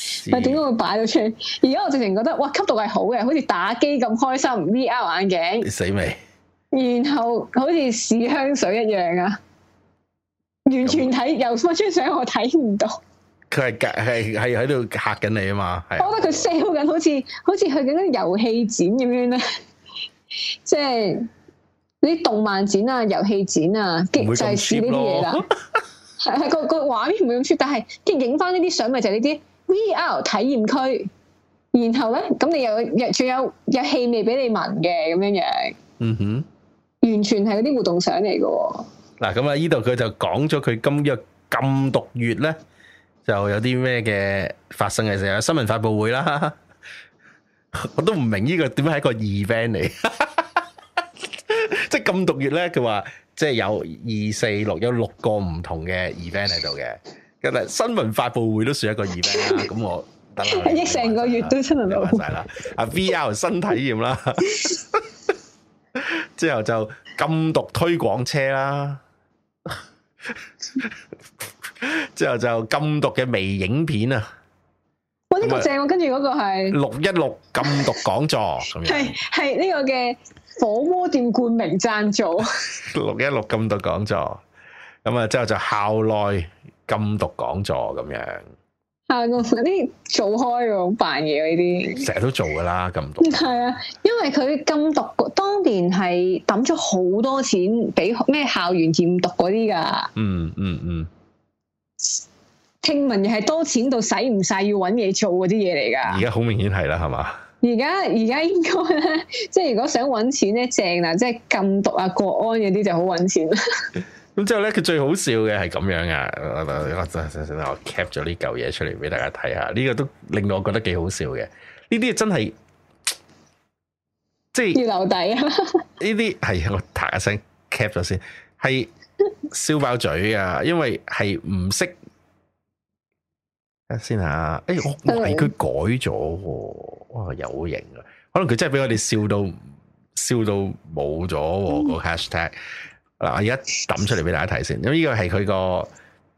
試但係點解會擺到出？而家我直情覺得，哇！吸毒係好嘅，好似打機咁開心。V R 眼鏡死未？然後好似試香水一樣啊！完全睇又乜張相我睇唔到，佢係係係喺度吓緊你啊嘛，係，我覺得佢 sell 緊好似好似去緊遊戲展咁樣咧，即係啲動漫展啊、遊戲展啊，即係就係呢啲嘢啦。係係 個個畫面唔會咁出，hea 但係跟影翻呢啲相咪就係呢啲 VR 體驗區，然後咧咁你又仲有有氣味俾你聞嘅，咁樣樣，嗯哼，完全係嗰啲活動相嚟噶。嗱咁啊！呢度佢就講咗佢今日禁毒月咧，就有啲咩嘅發生嘅時候，新聞發布會啦，我都唔明呢個點解係一個 event 嚟。 即係禁毒月咧，佢話即係有二四六有六個唔同嘅 event 喺度嘅，咁啊新聞發布會都算一個 event 啦。 咁我等下，一成個月都出嚟晒啦。啊 VR 新體驗啦， 之後就禁毒推廣車啦。 之後就禁毒嘅微影片啊，哇！呢、呢個正，我跟住嗰個係六一六禁毒講座咁 樣，係係呢個嘅火鍋店冠名贊助，六 一六禁毒講座，咁啊之後就校內禁毒講座咁樣。嗰啲、啊、做開嘅，扮嘢呢啲，成日都做噶啦，禁毒。係 啊，因為佢禁毒當年係抌咗好多錢俾咩校園驗毒嗰啲噶。嗯嗯嗯，聽聞又係多錢到使唔晒，要搵嘢做嗰啲嘢嚟噶。而家好明顯係啦，係嘛？而家而家應該咧，即係如果想搵錢咧正啦，即係禁毒啊、國安嗰啲就好搵錢。 咁之後咧，佢最好笑嘅係咁樣啊！我 cap 咗呢嚿嘢出嚟俾大家睇下，呢、這個都令到我覺得幾好笑嘅。呢啲真係即係要留底啊！呢啲係我打一聲 cap 咗先，係笑爆嘴啊！因為係唔識啊，先吓誒，我懷疑佢改咗喎，哇有型啊！可能佢真係俾我哋笑到笑到冇咗個 hashtag。嗱，我而家抌出嚟俾大家睇先，咁呢個係佢個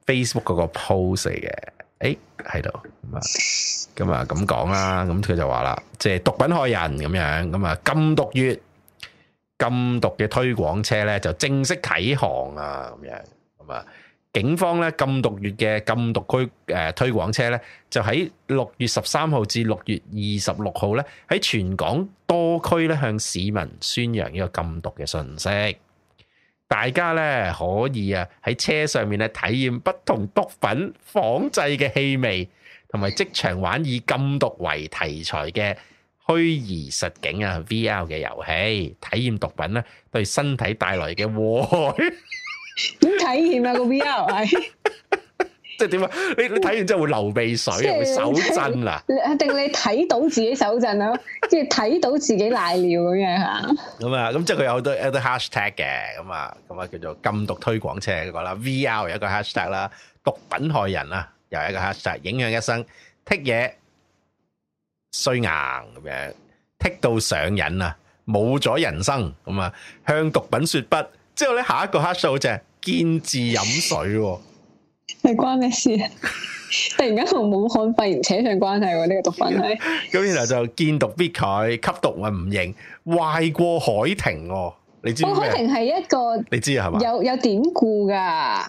Facebook 嗰個 post 嚟嘅，誒喺度咁啊，咁啊咁講啦，咁佢就話啦，即係毒品害人咁樣，咁啊禁毒月禁毒嘅推廣車咧就正式啟航啊，咁樣，咁啊警方咧禁毒月嘅禁毒區誒推廣車咧就喺六月十三號至六月二十六號咧喺全港多區咧向市民宣揚呢個禁毒嘅訊息。大家咧可以啊喺車上面咧體驗不同毒品仿製嘅氣味，同埋即場玩以禁毒為題材嘅虛擬實景啊 VR 嘅遊戲，體驗毒品咧對身體帶來嘅禍害。點體驗啊個 VR？即係點啊？你你睇完之後會流鼻水，會手震啦？定你睇到自己手震咯？ 即係睇到自己瀨尿咁樣吓？咁啊，咁即係佢有好多好多 hashtag 嘅，咁啊，咁啊叫做禁毒推廣車嗰、那個啦。VR 有一個 hashtag 啦，毒品害人啦、啊，又一個 hashtag 影響一生，剔嘢衰硬咁樣，剔到上癮啊，冇咗人生咁啊，向毒品說不。之後咧下一個 hashtag 就堅持飲水。係關咩事突然間同武漢肺炎扯上關係喎、啊，呢、這個讀法係咁，原 來 就見毒必佢，吸毒啊唔認，壞過海婷哦，你知、哦？海婷係一個，你知是是啊？係嘛？有有典故噶，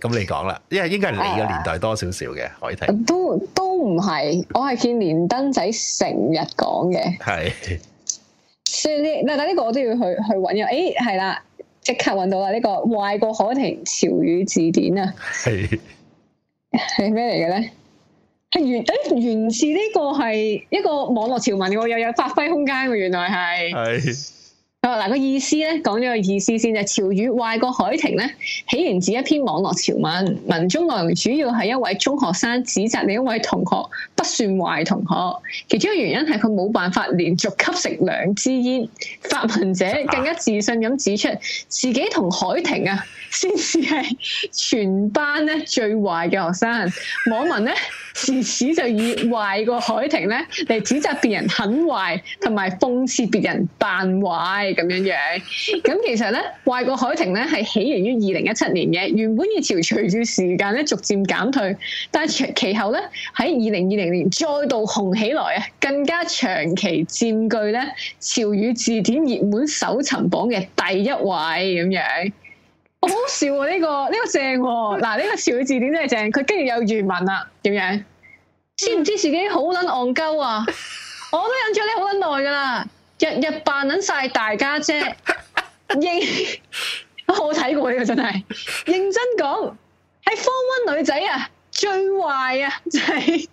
咁你講啦，因為應該係你個年代多少少嘅呀海婷霆。都都唔係，我係見連登仔成日講嘅，係是， 算以呢嗱，但呢個我都要去去揾嘅，誒、哎，係啦。即刻揾到啦！呢、呢個壞過可婷潮語字典啊，係係咩嚟嘅咧？係原誒，源自呢個，係一個網絡潮文，又有發揮空間喎， 原來係。 嗱嗱，個意思咧，講咗個意思先就，潮語壞過海婷咧，起源自一篇網絡潮文，文中內容主要係一位中學生指責另一位同學不算壞同學，其中一個原因係佢冇辦法連續吸食兩支煙。發文者更加自信咁指出自己同海婷啊，先至係全班咧最壞嘅學生。網民咧，自此就以壞過海婷咧嚟指責別人很壞，同埋諷刺別人扮壞。咁樣樣，咁其實咧，外國海豚咧係起源於二零一七年嘅，原本嘅潮隨住時間咧逐漸減退，但係其後咧喺二零二零年再度紅起來啊，更加長期佔據咧潮語字典熱門搜尋榜嘅第一位咁樣。好好笑啊，呢、這個呢、這個正、啊，嗱呢、這個潮語字典真係正，佢跟住有原文啦、啊，點樣？知唔知自己好捻戇鳩啊？我都忍咗你好捻耐噶啦。日日扮捻晒大家姐，認我睇過呢個真係認真講，喺方溫女仔啊，最壞啊就係、是、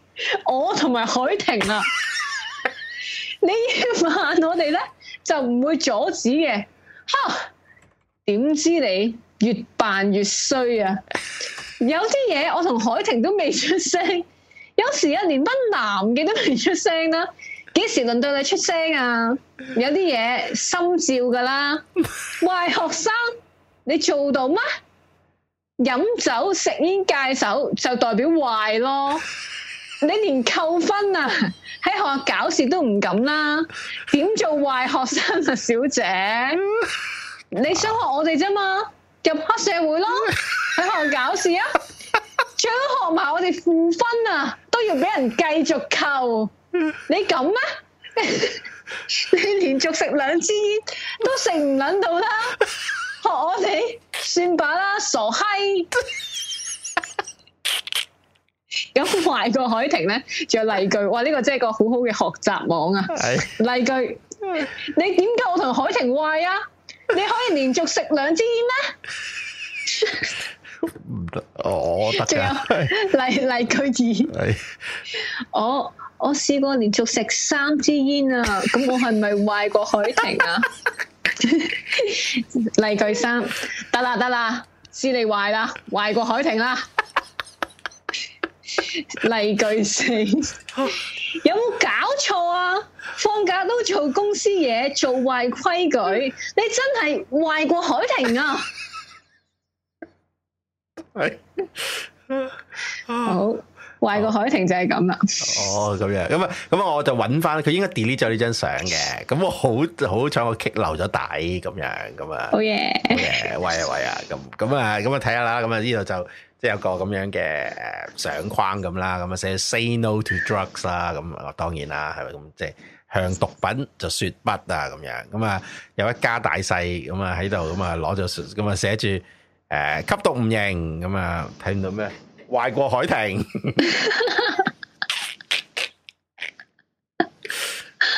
我同埋海婷啊，你要扮我哋咧就唔會阻止嘅，哈？點知你越扮越衰啊？有啲嘢我同海婷都未出聲，有時啊連班男嘅都未出聲啦、啊。幾時輪到你出聲啊？有啲嘢心照噶啦。壞學生，你做到咩？飲酒食煙戒手就代表壞咯。你連扣分啊，喺學校搞事都唔敢啦，點做壞學生啊，小姐？你想學我哋啫嘛？入黑社會咯，喺學校搞事啊，仲學埋我哋負分啊，都要俾人繼續扣。你咁啊？ 你連續食兩支煙都食唔捻到啦！學我哋算罷啦，傻閪！咁 壞過海婷咧，仲有例句。哇！呢、這個真係個好好嘅學習網啊！是例句，你點解我同海婷壞啊？你可以連續食兩支煙咩？ 唔得哦！仲有例例句二，哎、我我試過連續食三支煙啊！咁 我係咪壞過海婷啊？ 例句三，得啦得啦，知你壞啦，壞過海婷啦。 例句四 有冇搞錯啊？放假都做公司嘢，做壞規矩，你真係壞過海婷啊！係，好、這個，壞個海婷就係咁啦。哦，咁樣，咁啊，咁啊，我就搵翻佢應該 delete 咗呢張相嘅。咁我好，好彩我 keep 留咗底咁樣。咁啊，好嘢、喔，喂啊喂啊。咁、voilà，咁啊，咁啊，睇下啦。咁啊，呢度就即係有個咁樣嘅相框咁啦。咁啊，寫 Say No to Drugs 啦。咁啊，當然啦，係咪咁？即係向毒品就說不啊。咁樣，咁啊，有一家大細咁啊喺度，咁啊攞咗咁啊寫住。誒，吸毒唔認咁啊，睇唔到咩？壞過海婷，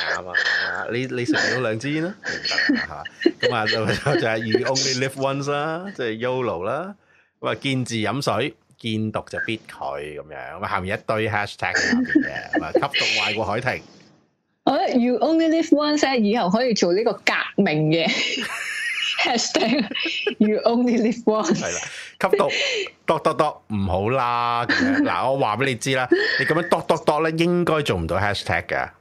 係嘛？你你食咗兩支啦，唔得啦吓。咁啊就就係 you only live once 啦，即係 YOLO 啦。咁啊見字飲水，見毒就 beat 佢咁樣。咁啊下面一堆 hashtag 喺下邊嘅，吸毒壞過海婷。誒，you only live once 以後可以做呢個革命嘅。Hashtag，you only live once。係啦，吸毒，篤篤篤，唔好啦。嗱，我話俾你知啦，你咁樣篤篤篤咧，應該做唔到 hashtag 噶。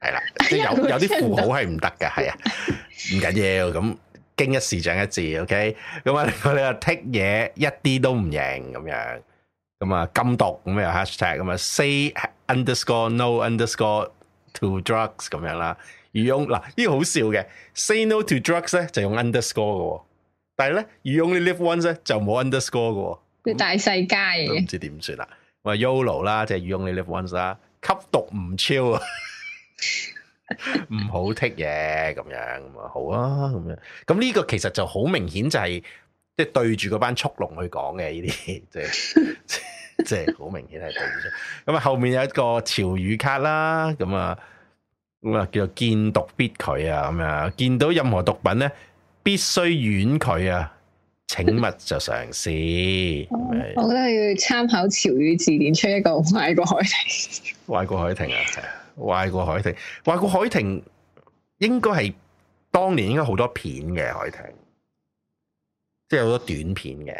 係啦，即係有有啲符號係唔得噶，係啊，唔緊要。咁經一事長一智，OK。咁啊，我哋又剔嘢，一啲都唔贏咁樣。咁啊，禁毒咁啊 hashtag 咁啊，say underscore no underscore to drugs 咁樣啦。語用嗱呢個好笑嘅，Say no to drugs 咧就用 underscore 嘅，但係咧 you only live once 咧就冇 underscore 嘅，大世界，都唔知點算啦。我話 Yolo 啦，即係 you only live once 啦，吸毒唔超 啊，唔好剔嘢咁樣，咁啊好啊，咁樣。咁呢個其實就好明顯就係即係對住嗰班速龍去講嘅呢啲，即係即係好明顯係對住。咁啊 後面有一個潮語卡啦，咁啊。咁啊，叫做見毒必拒啊，咁樣見到任何毒品咧，必須遠佢啊，請勿就嘗試。我 我覺得要參考潮語字典出一個壞過海婷，壞 過海婷啊，壞過海婷，壞過海婷應該係當年應該好多片嘅海婷，即係好多短片嘅，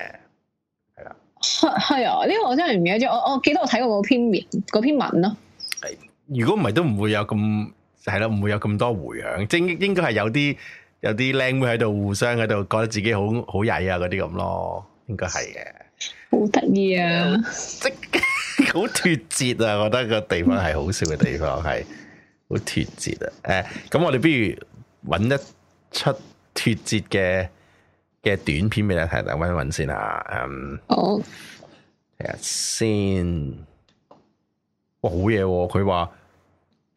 係啦。係 啊，呢、這個我真係唔記得咗。我我記得我睇過嗰篇篇篇文咯。係，如果唔係都唔會有咁。係咯，唔會有咁多回響，應應該係有啲有啲靚妹喺度互相喺度，覺得自己好好曳啊嗰啲咁咯，應該係嘅，好得意啊，即好脱節啊，我覺得個地方係好笑嘅地方係好脱節啊，誒， 咁我哋不如搵一出脱節嘅嘅短片俾你睇，等搵一搵先啊，嗯，哦，睇下先，啊 um, oh. 先，哇，好嘢，啊，佢話。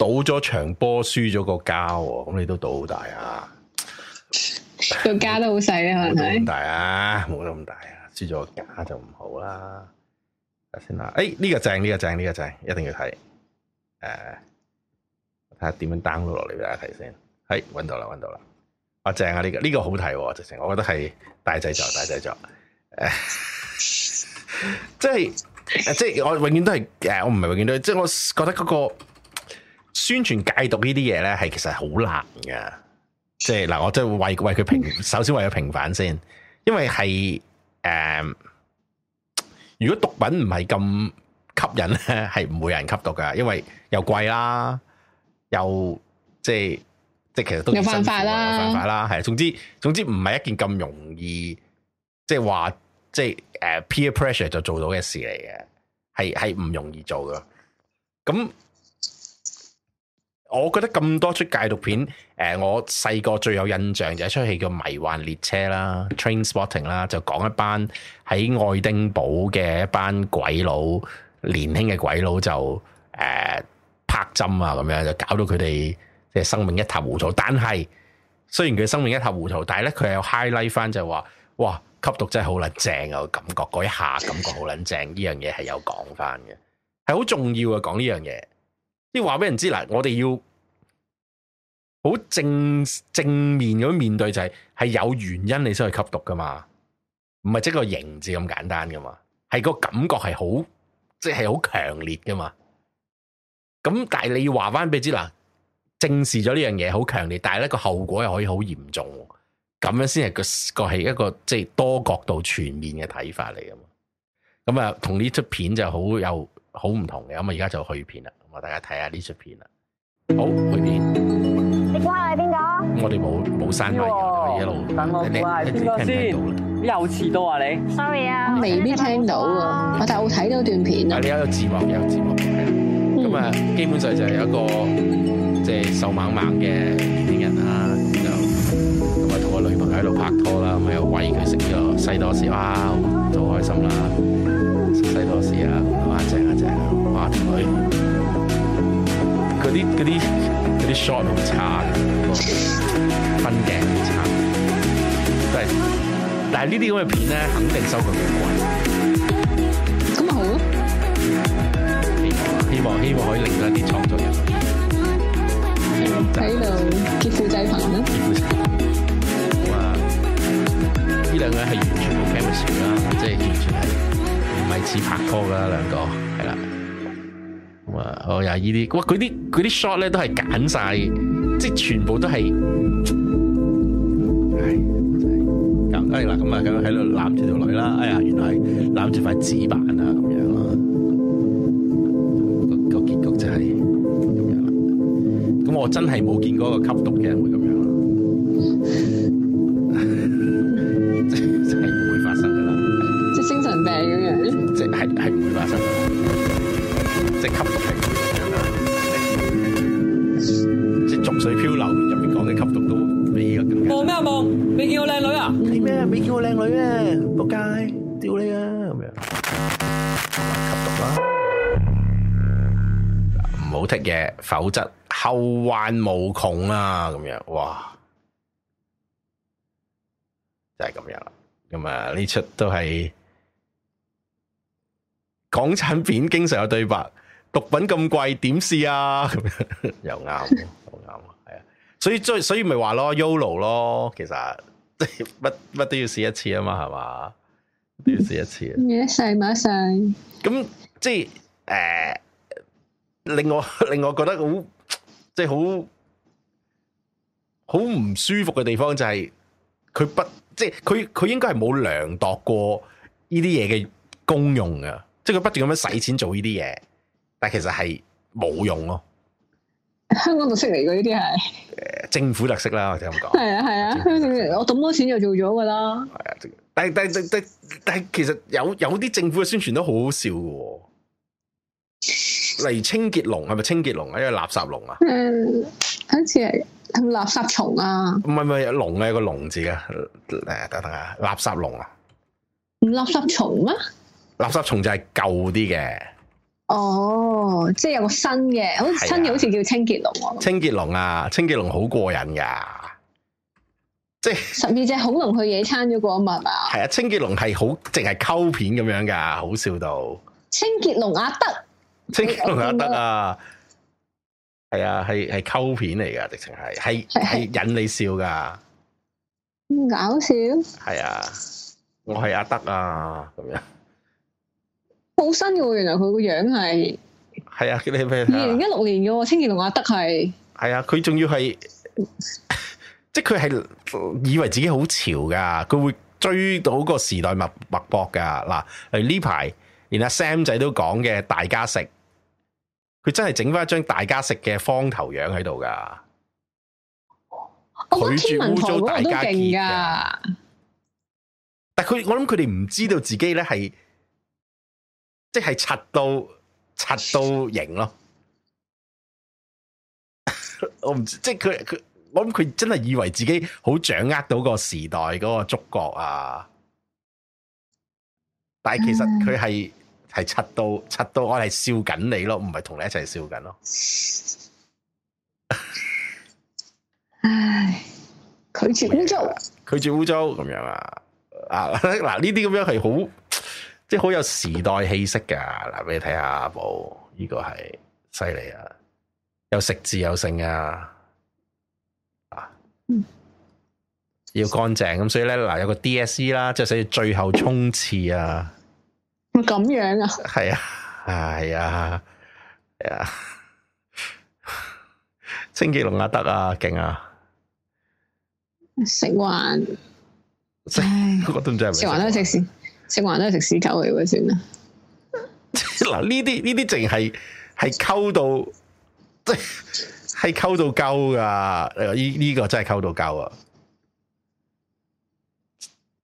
賭咗場波，輸咗個家，咁你都賭好大啊？個家、啊、 都好細咧，係咪？大啊，冇得咁大啊！輸咗個家就唔好啦。阿先啊，誒、欸，呢、這個正，呢、這個正，呢、這個正，一定要睇。誒、呃，睇下點樣 download 落嚟俾大家睇先。係、欸，搵到啦，搵到啦。啊，正啊，呢、這個呢、這個好睇、啊，直情我覺得係大製作，大製作。誒、呃， 即係，誒、呃，即係我永遠都係，誒，我唔係永遠都，即係我覺得嗰、那個。宣傳戒毒呢啲嘢咧，係其實好難噶。即係嗱，我真係為為佢平， 首先為咗平反先，因為係誒、呃，如果毒品唔係咁吸引咧，係唔會有人吸毒噶，因為又貴啦，又即係即係，其實都有犯法啦，有犯法啦。係，總之總之唔係一件咁容易，即係話即係誒、呃、peer pressure 就做到嘅事嚟嘅，係係唔容易做噶。咁我覺得咁多出戒毒片，誒、呃，我細個最有印象就一出戲叫《迷幻列車》啦，《Trainspotting》啦，就講一班喺愛丁堡嘅一班鬼佬年輕嘅鬼佬就誒，拍、呃、針啊咁樣，就搞到佢哋即係生命一塌糊塗。但係雖然佢生命一塌糊塗，但係咧佢有 highlight 翻就話，哇，吸毒真係好撚正啊，感覺嗰一下感覺好撚正，呢樣嘢係有講翻嘅，係好重要啊，講呢樣嘢。要話俾人知嗱，我哋要好正正面咁面對，就是，就係係有原因你先去吸毒噶嘛，唔係即個形字咁簡單噶嘛，係個感覺係好即係好強烈噶嘛。咁但係你要話翻俾人知嗱，正視咗呢樣嘢，好強烈，但係咧個後果又可以好嚴重，咁樣先係個個係一個即係多角度全面嘅睇法嚟噶嘛。咁、嗯、啊，同呢出片就好有好唔同嘅，咁啊而家就去片啦。我大家睇下呢出片啦，好去邊？你講話係邊個？我哋冇冇生嘅，一路等我講係邊個先？又遲到啊你！sorry 啊，我未必聽到啊，我但係我睇到段片啊。有字幕嘅，有字幕嘅。咁啊，基本上就係一個即係瘦蜢蜢嘅年輕人啦，就咁啊同個女朋友喺度拍拖啦，咁啊又喂佢食呢個西多士啊，好開心啦，食西多士啊，哇正啊正，哇條女！嗰啲嗰啲嗰啲 shot 好差，個分鏡差，都係。但係呢啲咁嘅片咧，肯定收佢好貴。咁啊好，希望希望希望可以令到啲創作人喺度劫富濟貧啦。哇！呢兩個係完全冇 chemistry 啦，即係完全唔係似拍拖噶啦兩個，係啦。哦，我呢啲，哇！佢啲佢啲 shot 咧都係揀晒，即係全部都係，係咁。哎嗱，咁啊，喺度攬住條女啦。哎呀，原來係攬住塊紙板啊，咁樣咯。個結局就係咁樣啦。咁我真係冇見過個吸毒嘅人會咁。否則後患無窮啊！咁樣，哇，就係、是、咁樣啦。咁啊，呢出都係港產片，經常有對白，毒品咁貴，點試啊？咁樣又啱，好啱啊，係啊。所以最所以咪話咯，YOLO 咯，其實乜乜都要試一次啊嘛，係嘛，都要試一次啊。唔使、yes,，馬上。咁即係誒。呃令我令我覺得好，即係好好唔舒服嘅地方就係佢不即係佢佢應該係冇量度過呢啲嘢嘅功用噶，即係佢不斷咁樣使錢做呢啲嘢，但係其實係冇用咯。香港特色嚟嘅呢啲係，誒政府特色啦，我就咁講，係啊係啊，我咁多錢就做咗噶啦。係啊，啊啊但係但係但係但係，其實有有啲政府嘅宣傳都好好笑噶。例如清潔龍係咪清潔龍啊？因為垃圾龍、嗯、啊？嗯，好似係垃圾蟲啊？唔係唔係龍啊，有，有個龍字啊。誒，等等啊，垃圾龍啊，唔垃圾蟲啊？垃圾蟲就係舊啲嘅哦，即係有個新嘅，新好似新嘅，好似叫清潔龍。啊、清潔龍啊，清潔龍好過癮噶，即係十二隻恐龍去野餐咗個啊嘛，係嘛？係啊，清潔龍係好淨係溝片咁樣噶，好笑到清潔龍啊得。清潔龍阿德啊，係啊，係係溝片嚟噶，直情係係係引你笑噶，咁搞笑。係啊，我係阿德啊，咁樣。好新噶喎、啊，原來佢個樣係係啊，佢哋咩？二零一六年噶喎，清潔龍阿德係。係啊，佢仲要係，即係佢係以為自己好潮噶，佢會追到個時代脈脈搏噶。嗱，嚟呢排連阿 Sam 仔都講嘅，大家食。佢真係整翻一張大家食嘅方頭樣喺度噶，佢住污糟大家勁噶，但佢我諗佢哋唔知道自己咧係即係拆到拆到型咯， 我唔知即係佢佢我諗佢真係以為自己好掌握到個時代嗰、嗰個觸角啊，但係其實佢係。嗯係七刀，七刀我係笑緊你咯，唔係同你一齊笑緊咯。唉、 哎，拒絕污糟，拒絕污糟咁樣啊？啊，嗱呢啲咁樣係好，即係好有時代氣息噶。嗱，俾你睇下阿寶，呢個係犀利啊，又、哎啊這個啊、食字有剩啊，啊，要乾淨咁，所以咧嗱有個 DSE 啦，即係所以最後衝刺啊。咁樣啊！係啊，係啊，啊，啊！清潔龍啊，得啊，勁啊！食環，食，我都唔知係咪。食環都係食屎，食環都係食屎狗嚟嘅算啦。嗱， 呢啲呢啲淨係係溝到，即係係溝到鳩噶。呢、呢、依個真係溝到鳩啊！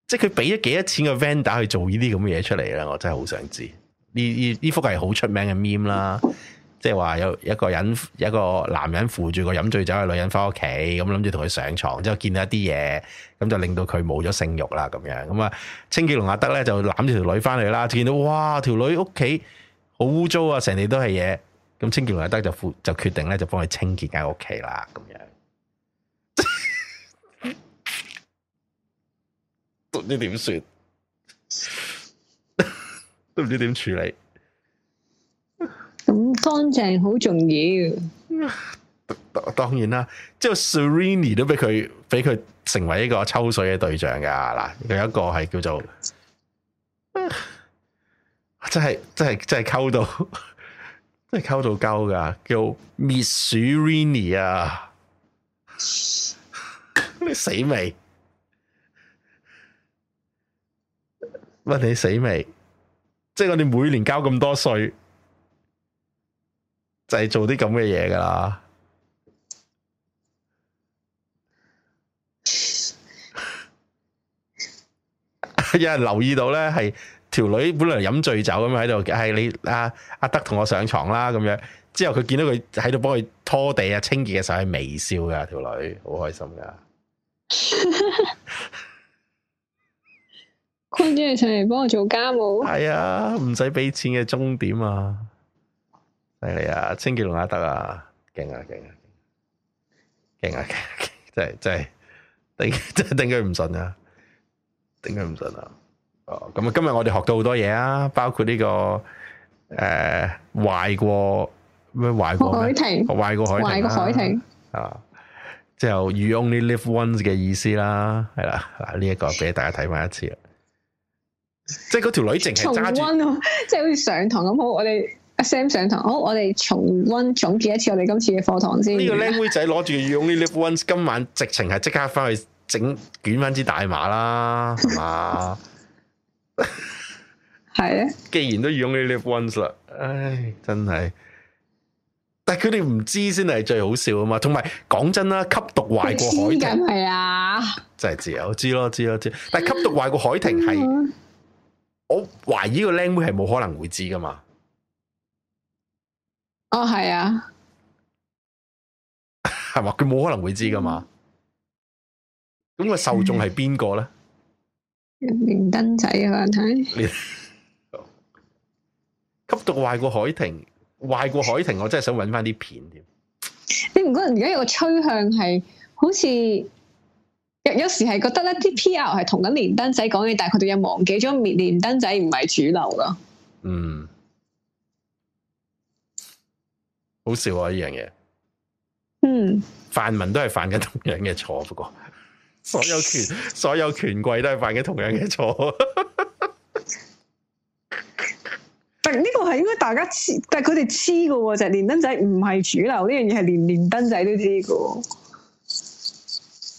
即係佢俾咗幾多錢嘅 vendor 去做呢啲咁嘅嘢出嚟咧？我真係好想知呢，呢呢幅係好出名嘅 meme 啦。即係話有一個人，一個男人扶住個飲醉酒嘅女人翻屋企，咁諗住同佢上床，之後見到一啲嘢，咁就令到佢冇咗性欲啦。咁樣咁啊，清潔龍阿德咧就攬住條女翻去啦，見到哇條女屋企好污糟啊，成地都係嘢。咁清潔龍阿德就就決定咧就幫佢清潔間屋企啦，咁樣。都唔知點算，都 唔知點處理。咁乾淨好重要。 當然啦，即係 Sireni 都俾佢俾佢成為一個抽水嘅對象噶嗱，有一個係叫做， 真係真係真係溝到， 真係溝到溝噶，叫 Miss Sireni 啊， 你死未？問你死未？即係我哋每年交咁多稅，就係、是、做啲咁嘅嘢噶啦。 有人留意到咧，係條女本來飲醉酒咁喺度，係你阿阿、啊、德同我上床啦咁樣。之後佢見到佢喺度幫佢拖地啊、清潔嘅時候，係微笑噶，條女好開心噶。 翻啲嘢上嚟幫我做家務。係啊、哎，唔使俾錢嘅終點啊！犀利啊，清潔龍阿德啊，勁啊勁啊勁啊勁、啊！真係真係，頂真頂佢唔順啊！頂佢唔順啊！哦，咁啊，今日我哋學到好多嘢啊，包括呢、這個誒壞、呃、過咩壞過咩？壞庭過海廷、啊，壞過海廷，壞過海廷啊！之後 you only live once 嘅意思啦、啊，係、嗯、啦，嗱呢一個俾大家睇翻一次啊！ 即係嗰條女淨係揸住，即係好似上堂咁好。我哋 Sam 上堂，好我哋重溫總結一次我哋今次嘅課堂先。呢個靚妹仔攞住用呢 live once，今晚直情係即刻翻去整捲翻支大馬啦，係嘛 吧？係啊，既然都用呢 live once 啦，唉，真係。但係佢哋唔知先係最好笑啊嘛。同埋講真啦，吸毒壞過海婷係啊，真係自由知咯知咯知，知，知。但係吸毒壞過海婷係。 我懷疑個靚妹係冇可能會知噶嘛？哦，係啊，係嘛？ 佢冇可能會知噶嘛？咁個受眾係邊個咧？明燈仔啊，睇 吸毒壞過海婷，壞過海婷，我真係想揾翻啲片添。你唔覺得而家有個趨向係好似？有時係覺得呢啲 P.R. 係同緊連登仔講嘢，但係佢哋又忘記咗連連登仔唔係主流咯。嗯，好笑啊！呢樣嘢，嗯，泛民都係犯緊同樣嘅錯，不過所有權 所有權貴都係犯緊同樣嘅錯 。但呢個係應該大家黐，但係佢哋黐嘅喎，就係、是、連登仔唔係主流呢樣嘢，係連連登仔都知嘅。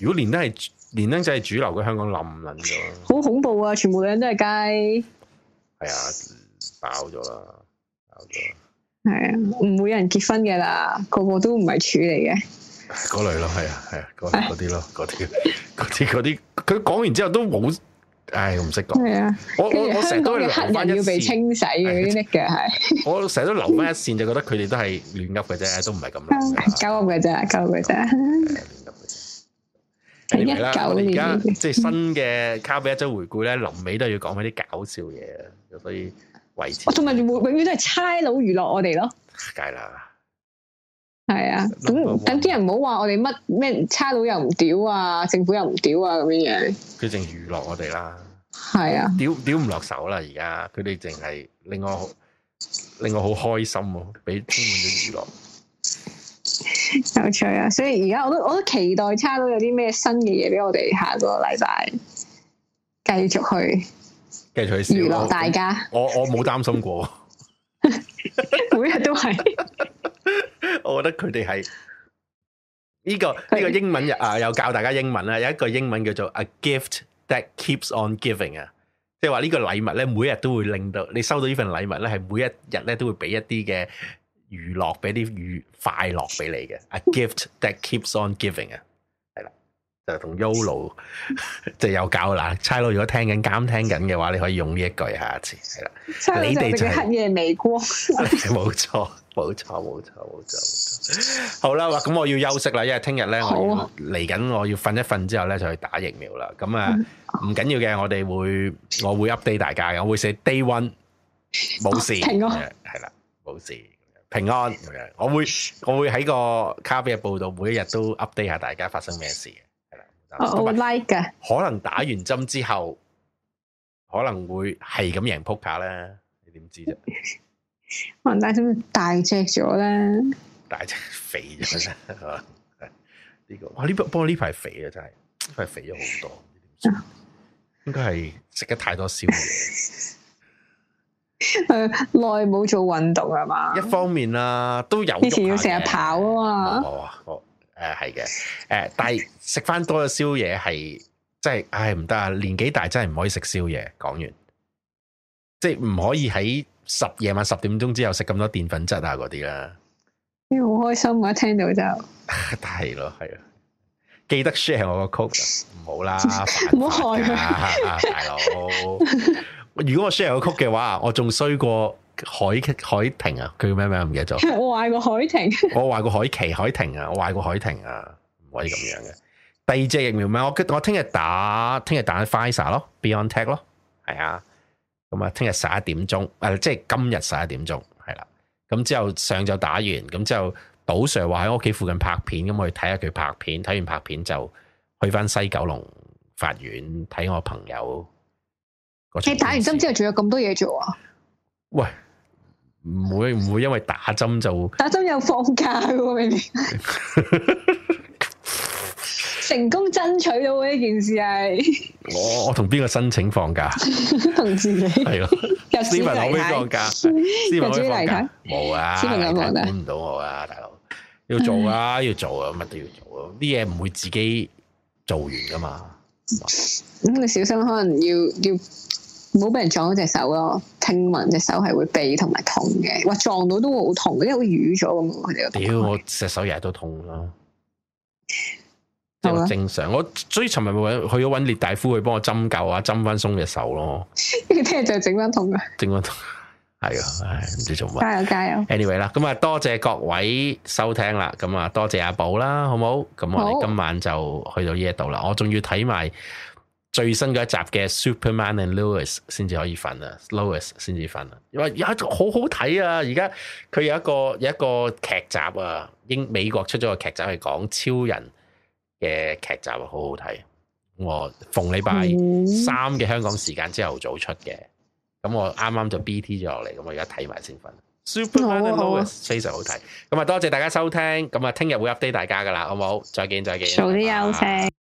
如果連登係主流。連登仔係主流嘅香港冧撚咗，好恐怖啊！全部女人都係雞，係啊，爆咗啦，爆咗，係啊，唔會有人結婚嘅啦，個個都唔係處理嘅，嗰類咯，係啊，係啊，嗰啲咯，嗰啲嗰啲啲，佢講完之後都冇，唉，我唔識講。係啊，我我香港嘅黑人要被清洗嗰啲咧嘅係，我成日都留翻一線就覺得佢哋都係亂噏嘅啫，都唔係咁鳩噏嘅啫，鳩噏嘅啫。而家 即係新嘅《卡比一周回顧》咧，臨尾都要講翻啲搞笑嘢，所以維持。我同埋永永遠都係差佬娛樂我哋咯。梗係啦。係啊，咁、嗯、等啲人唔好話我哋乜咩差佬又唔屌啊，政府又唔屌啊咁嘅嘢。佢淨娛樂我哋啦。係啊。屌屌唔落手啦！而家佢哋淨係令我令我好開心喎、啊，俾充滿咗娛樂。 有趣啊！所以而家我都我都期待差佬有啲咩新嘅嘢俾我哋下個禮拜繼續去繼續去娛樂大家。我 我冇擔心過， 每日都係。 我覺得佢哋係呢個呢、呢個英文 啊，又教大家英文啦。有一個英文叫做 A gift that keeps on giving 啊，即係話呢個禮物咧，每日都會令到你收到呢份禮物咧，係每一日咧都會俾一啲嘅。娛樂俾啲娛快樂俾你嘅，a gift that keeps on giving 啊，係啦，就同 Yolo 即係有搞啦，差佬如果聽緊監聽緊嘅話，你可以用呢一句下一次，係啦，差佬就趁夜美國，冇錯冇錯冇錯冇錯，好啦，咁我要休息啦，因為聽日咧我嚟緊，我要瞓一瞓之後咧就去打疫苗啦，咁啊唔緊要嘅，我哋會我會 update 大家嘅，我會寫 day one 冇事，係啦冇事。平安，我會我會喺個卡比嘅報道，每一日都 update 下大家發生咩事嘅。我 would like 嘅有，可能打完針之後， 可能會係咁贏撲克咧，你點知啫？可能打針大隻咗咧，大隻肥咗啦。呢個哇，呢波呢排肥啊，這個，肥真係真係肥咗好多。應該係食得太多宵夜。 耐冇做運動係嘛？一方面啦、啊，都有。以前要成日跑啊嘛。哦，哦，誒、呃，係嘅，誒、呃，但係食翻多咗宵夜係，即係，唉，唔得啊！年紀大真係唔可以食宵夜。講完，即係唔可以喺十夜晚十點鐘之後食咁多澱粉質啊，嗰啲啦。你好、欸、開心我一聽到就係咯，係啊， 記得 share 我個曲，唔好啦，唔好害佢， 大佬。如果我 share 個曲嘅話，我仲衰過海海婷啊？佢叫咩名？唔記得咗。我壞過海婷，我壞過海琪。海婷啊，壞過海婷啊，唔可以咁樣嘅。第二隻疫苗咪我我聽日打，聽日打 Pfizer 咯，BioNTech 咯，係啊。咁啊，聽日十一點鐘，誒，即係今日十一點鐘，係啦、啊。咁之後上晝打完，咁之後賭 sir 話喺屋企附近拍片，咁我去睇下佢拍片，睇完拍片就去翻西九龍法院睇我朋友。你打完針之後，仲有咁多嘢做啊？喂，唔會唔會因為打針就打針又放假喎，明明！成功爭取到呢件事係我我同邊個申請放假？同自己，有市民可唔可以放假？市民可以放假？冇啊，市民根本管唔到我啊，大佬！要做啊，要做啊，乜都要做啊！啲嘢唔會自己做完噶嘛。咁你小心，可能要要。唔好俾人撞到隻手咯，聽聞隻手係會痹同埋痛嘅，話撞到都會好痛，因為好瘀咗咁。佢哋個屌，我隻手日日都痛咯、啊，吧正常。我所以尋日去咗搵列大夫去幫我針灸針 啊，針翻鬆隻手咯。呢個聽日就整翻痛噶，整翻痛係啊，唉，唔知做乜。加油加油！Anyway 啦，咁啊多謝各位收聽啦，咁啊多謝阿寶啦，好冇？咁我哋今晚就去到呢一度啦，好我仲要睇埋。最新嗰一集嘅 Superman and Lois 先至可以瞓啊，Lois 先至瞓啊，因為有好好睇啊！而家佢有一個、啊、有一個劇集啊，英美國出咗個劇集係講超人嘅劇集啊，好好睇。我逢禮拜三嘅香港時間之後早出嘅，咁我啱啱就 BT 咗落嚟，咁我而家睇埋先瞓。嗯、Superman 好 and Lois 非常好睇，咁啊多謝大家收聽，咁啊聽日會 update 大家㗎喇，好唔好？再見，再見，早啲休息。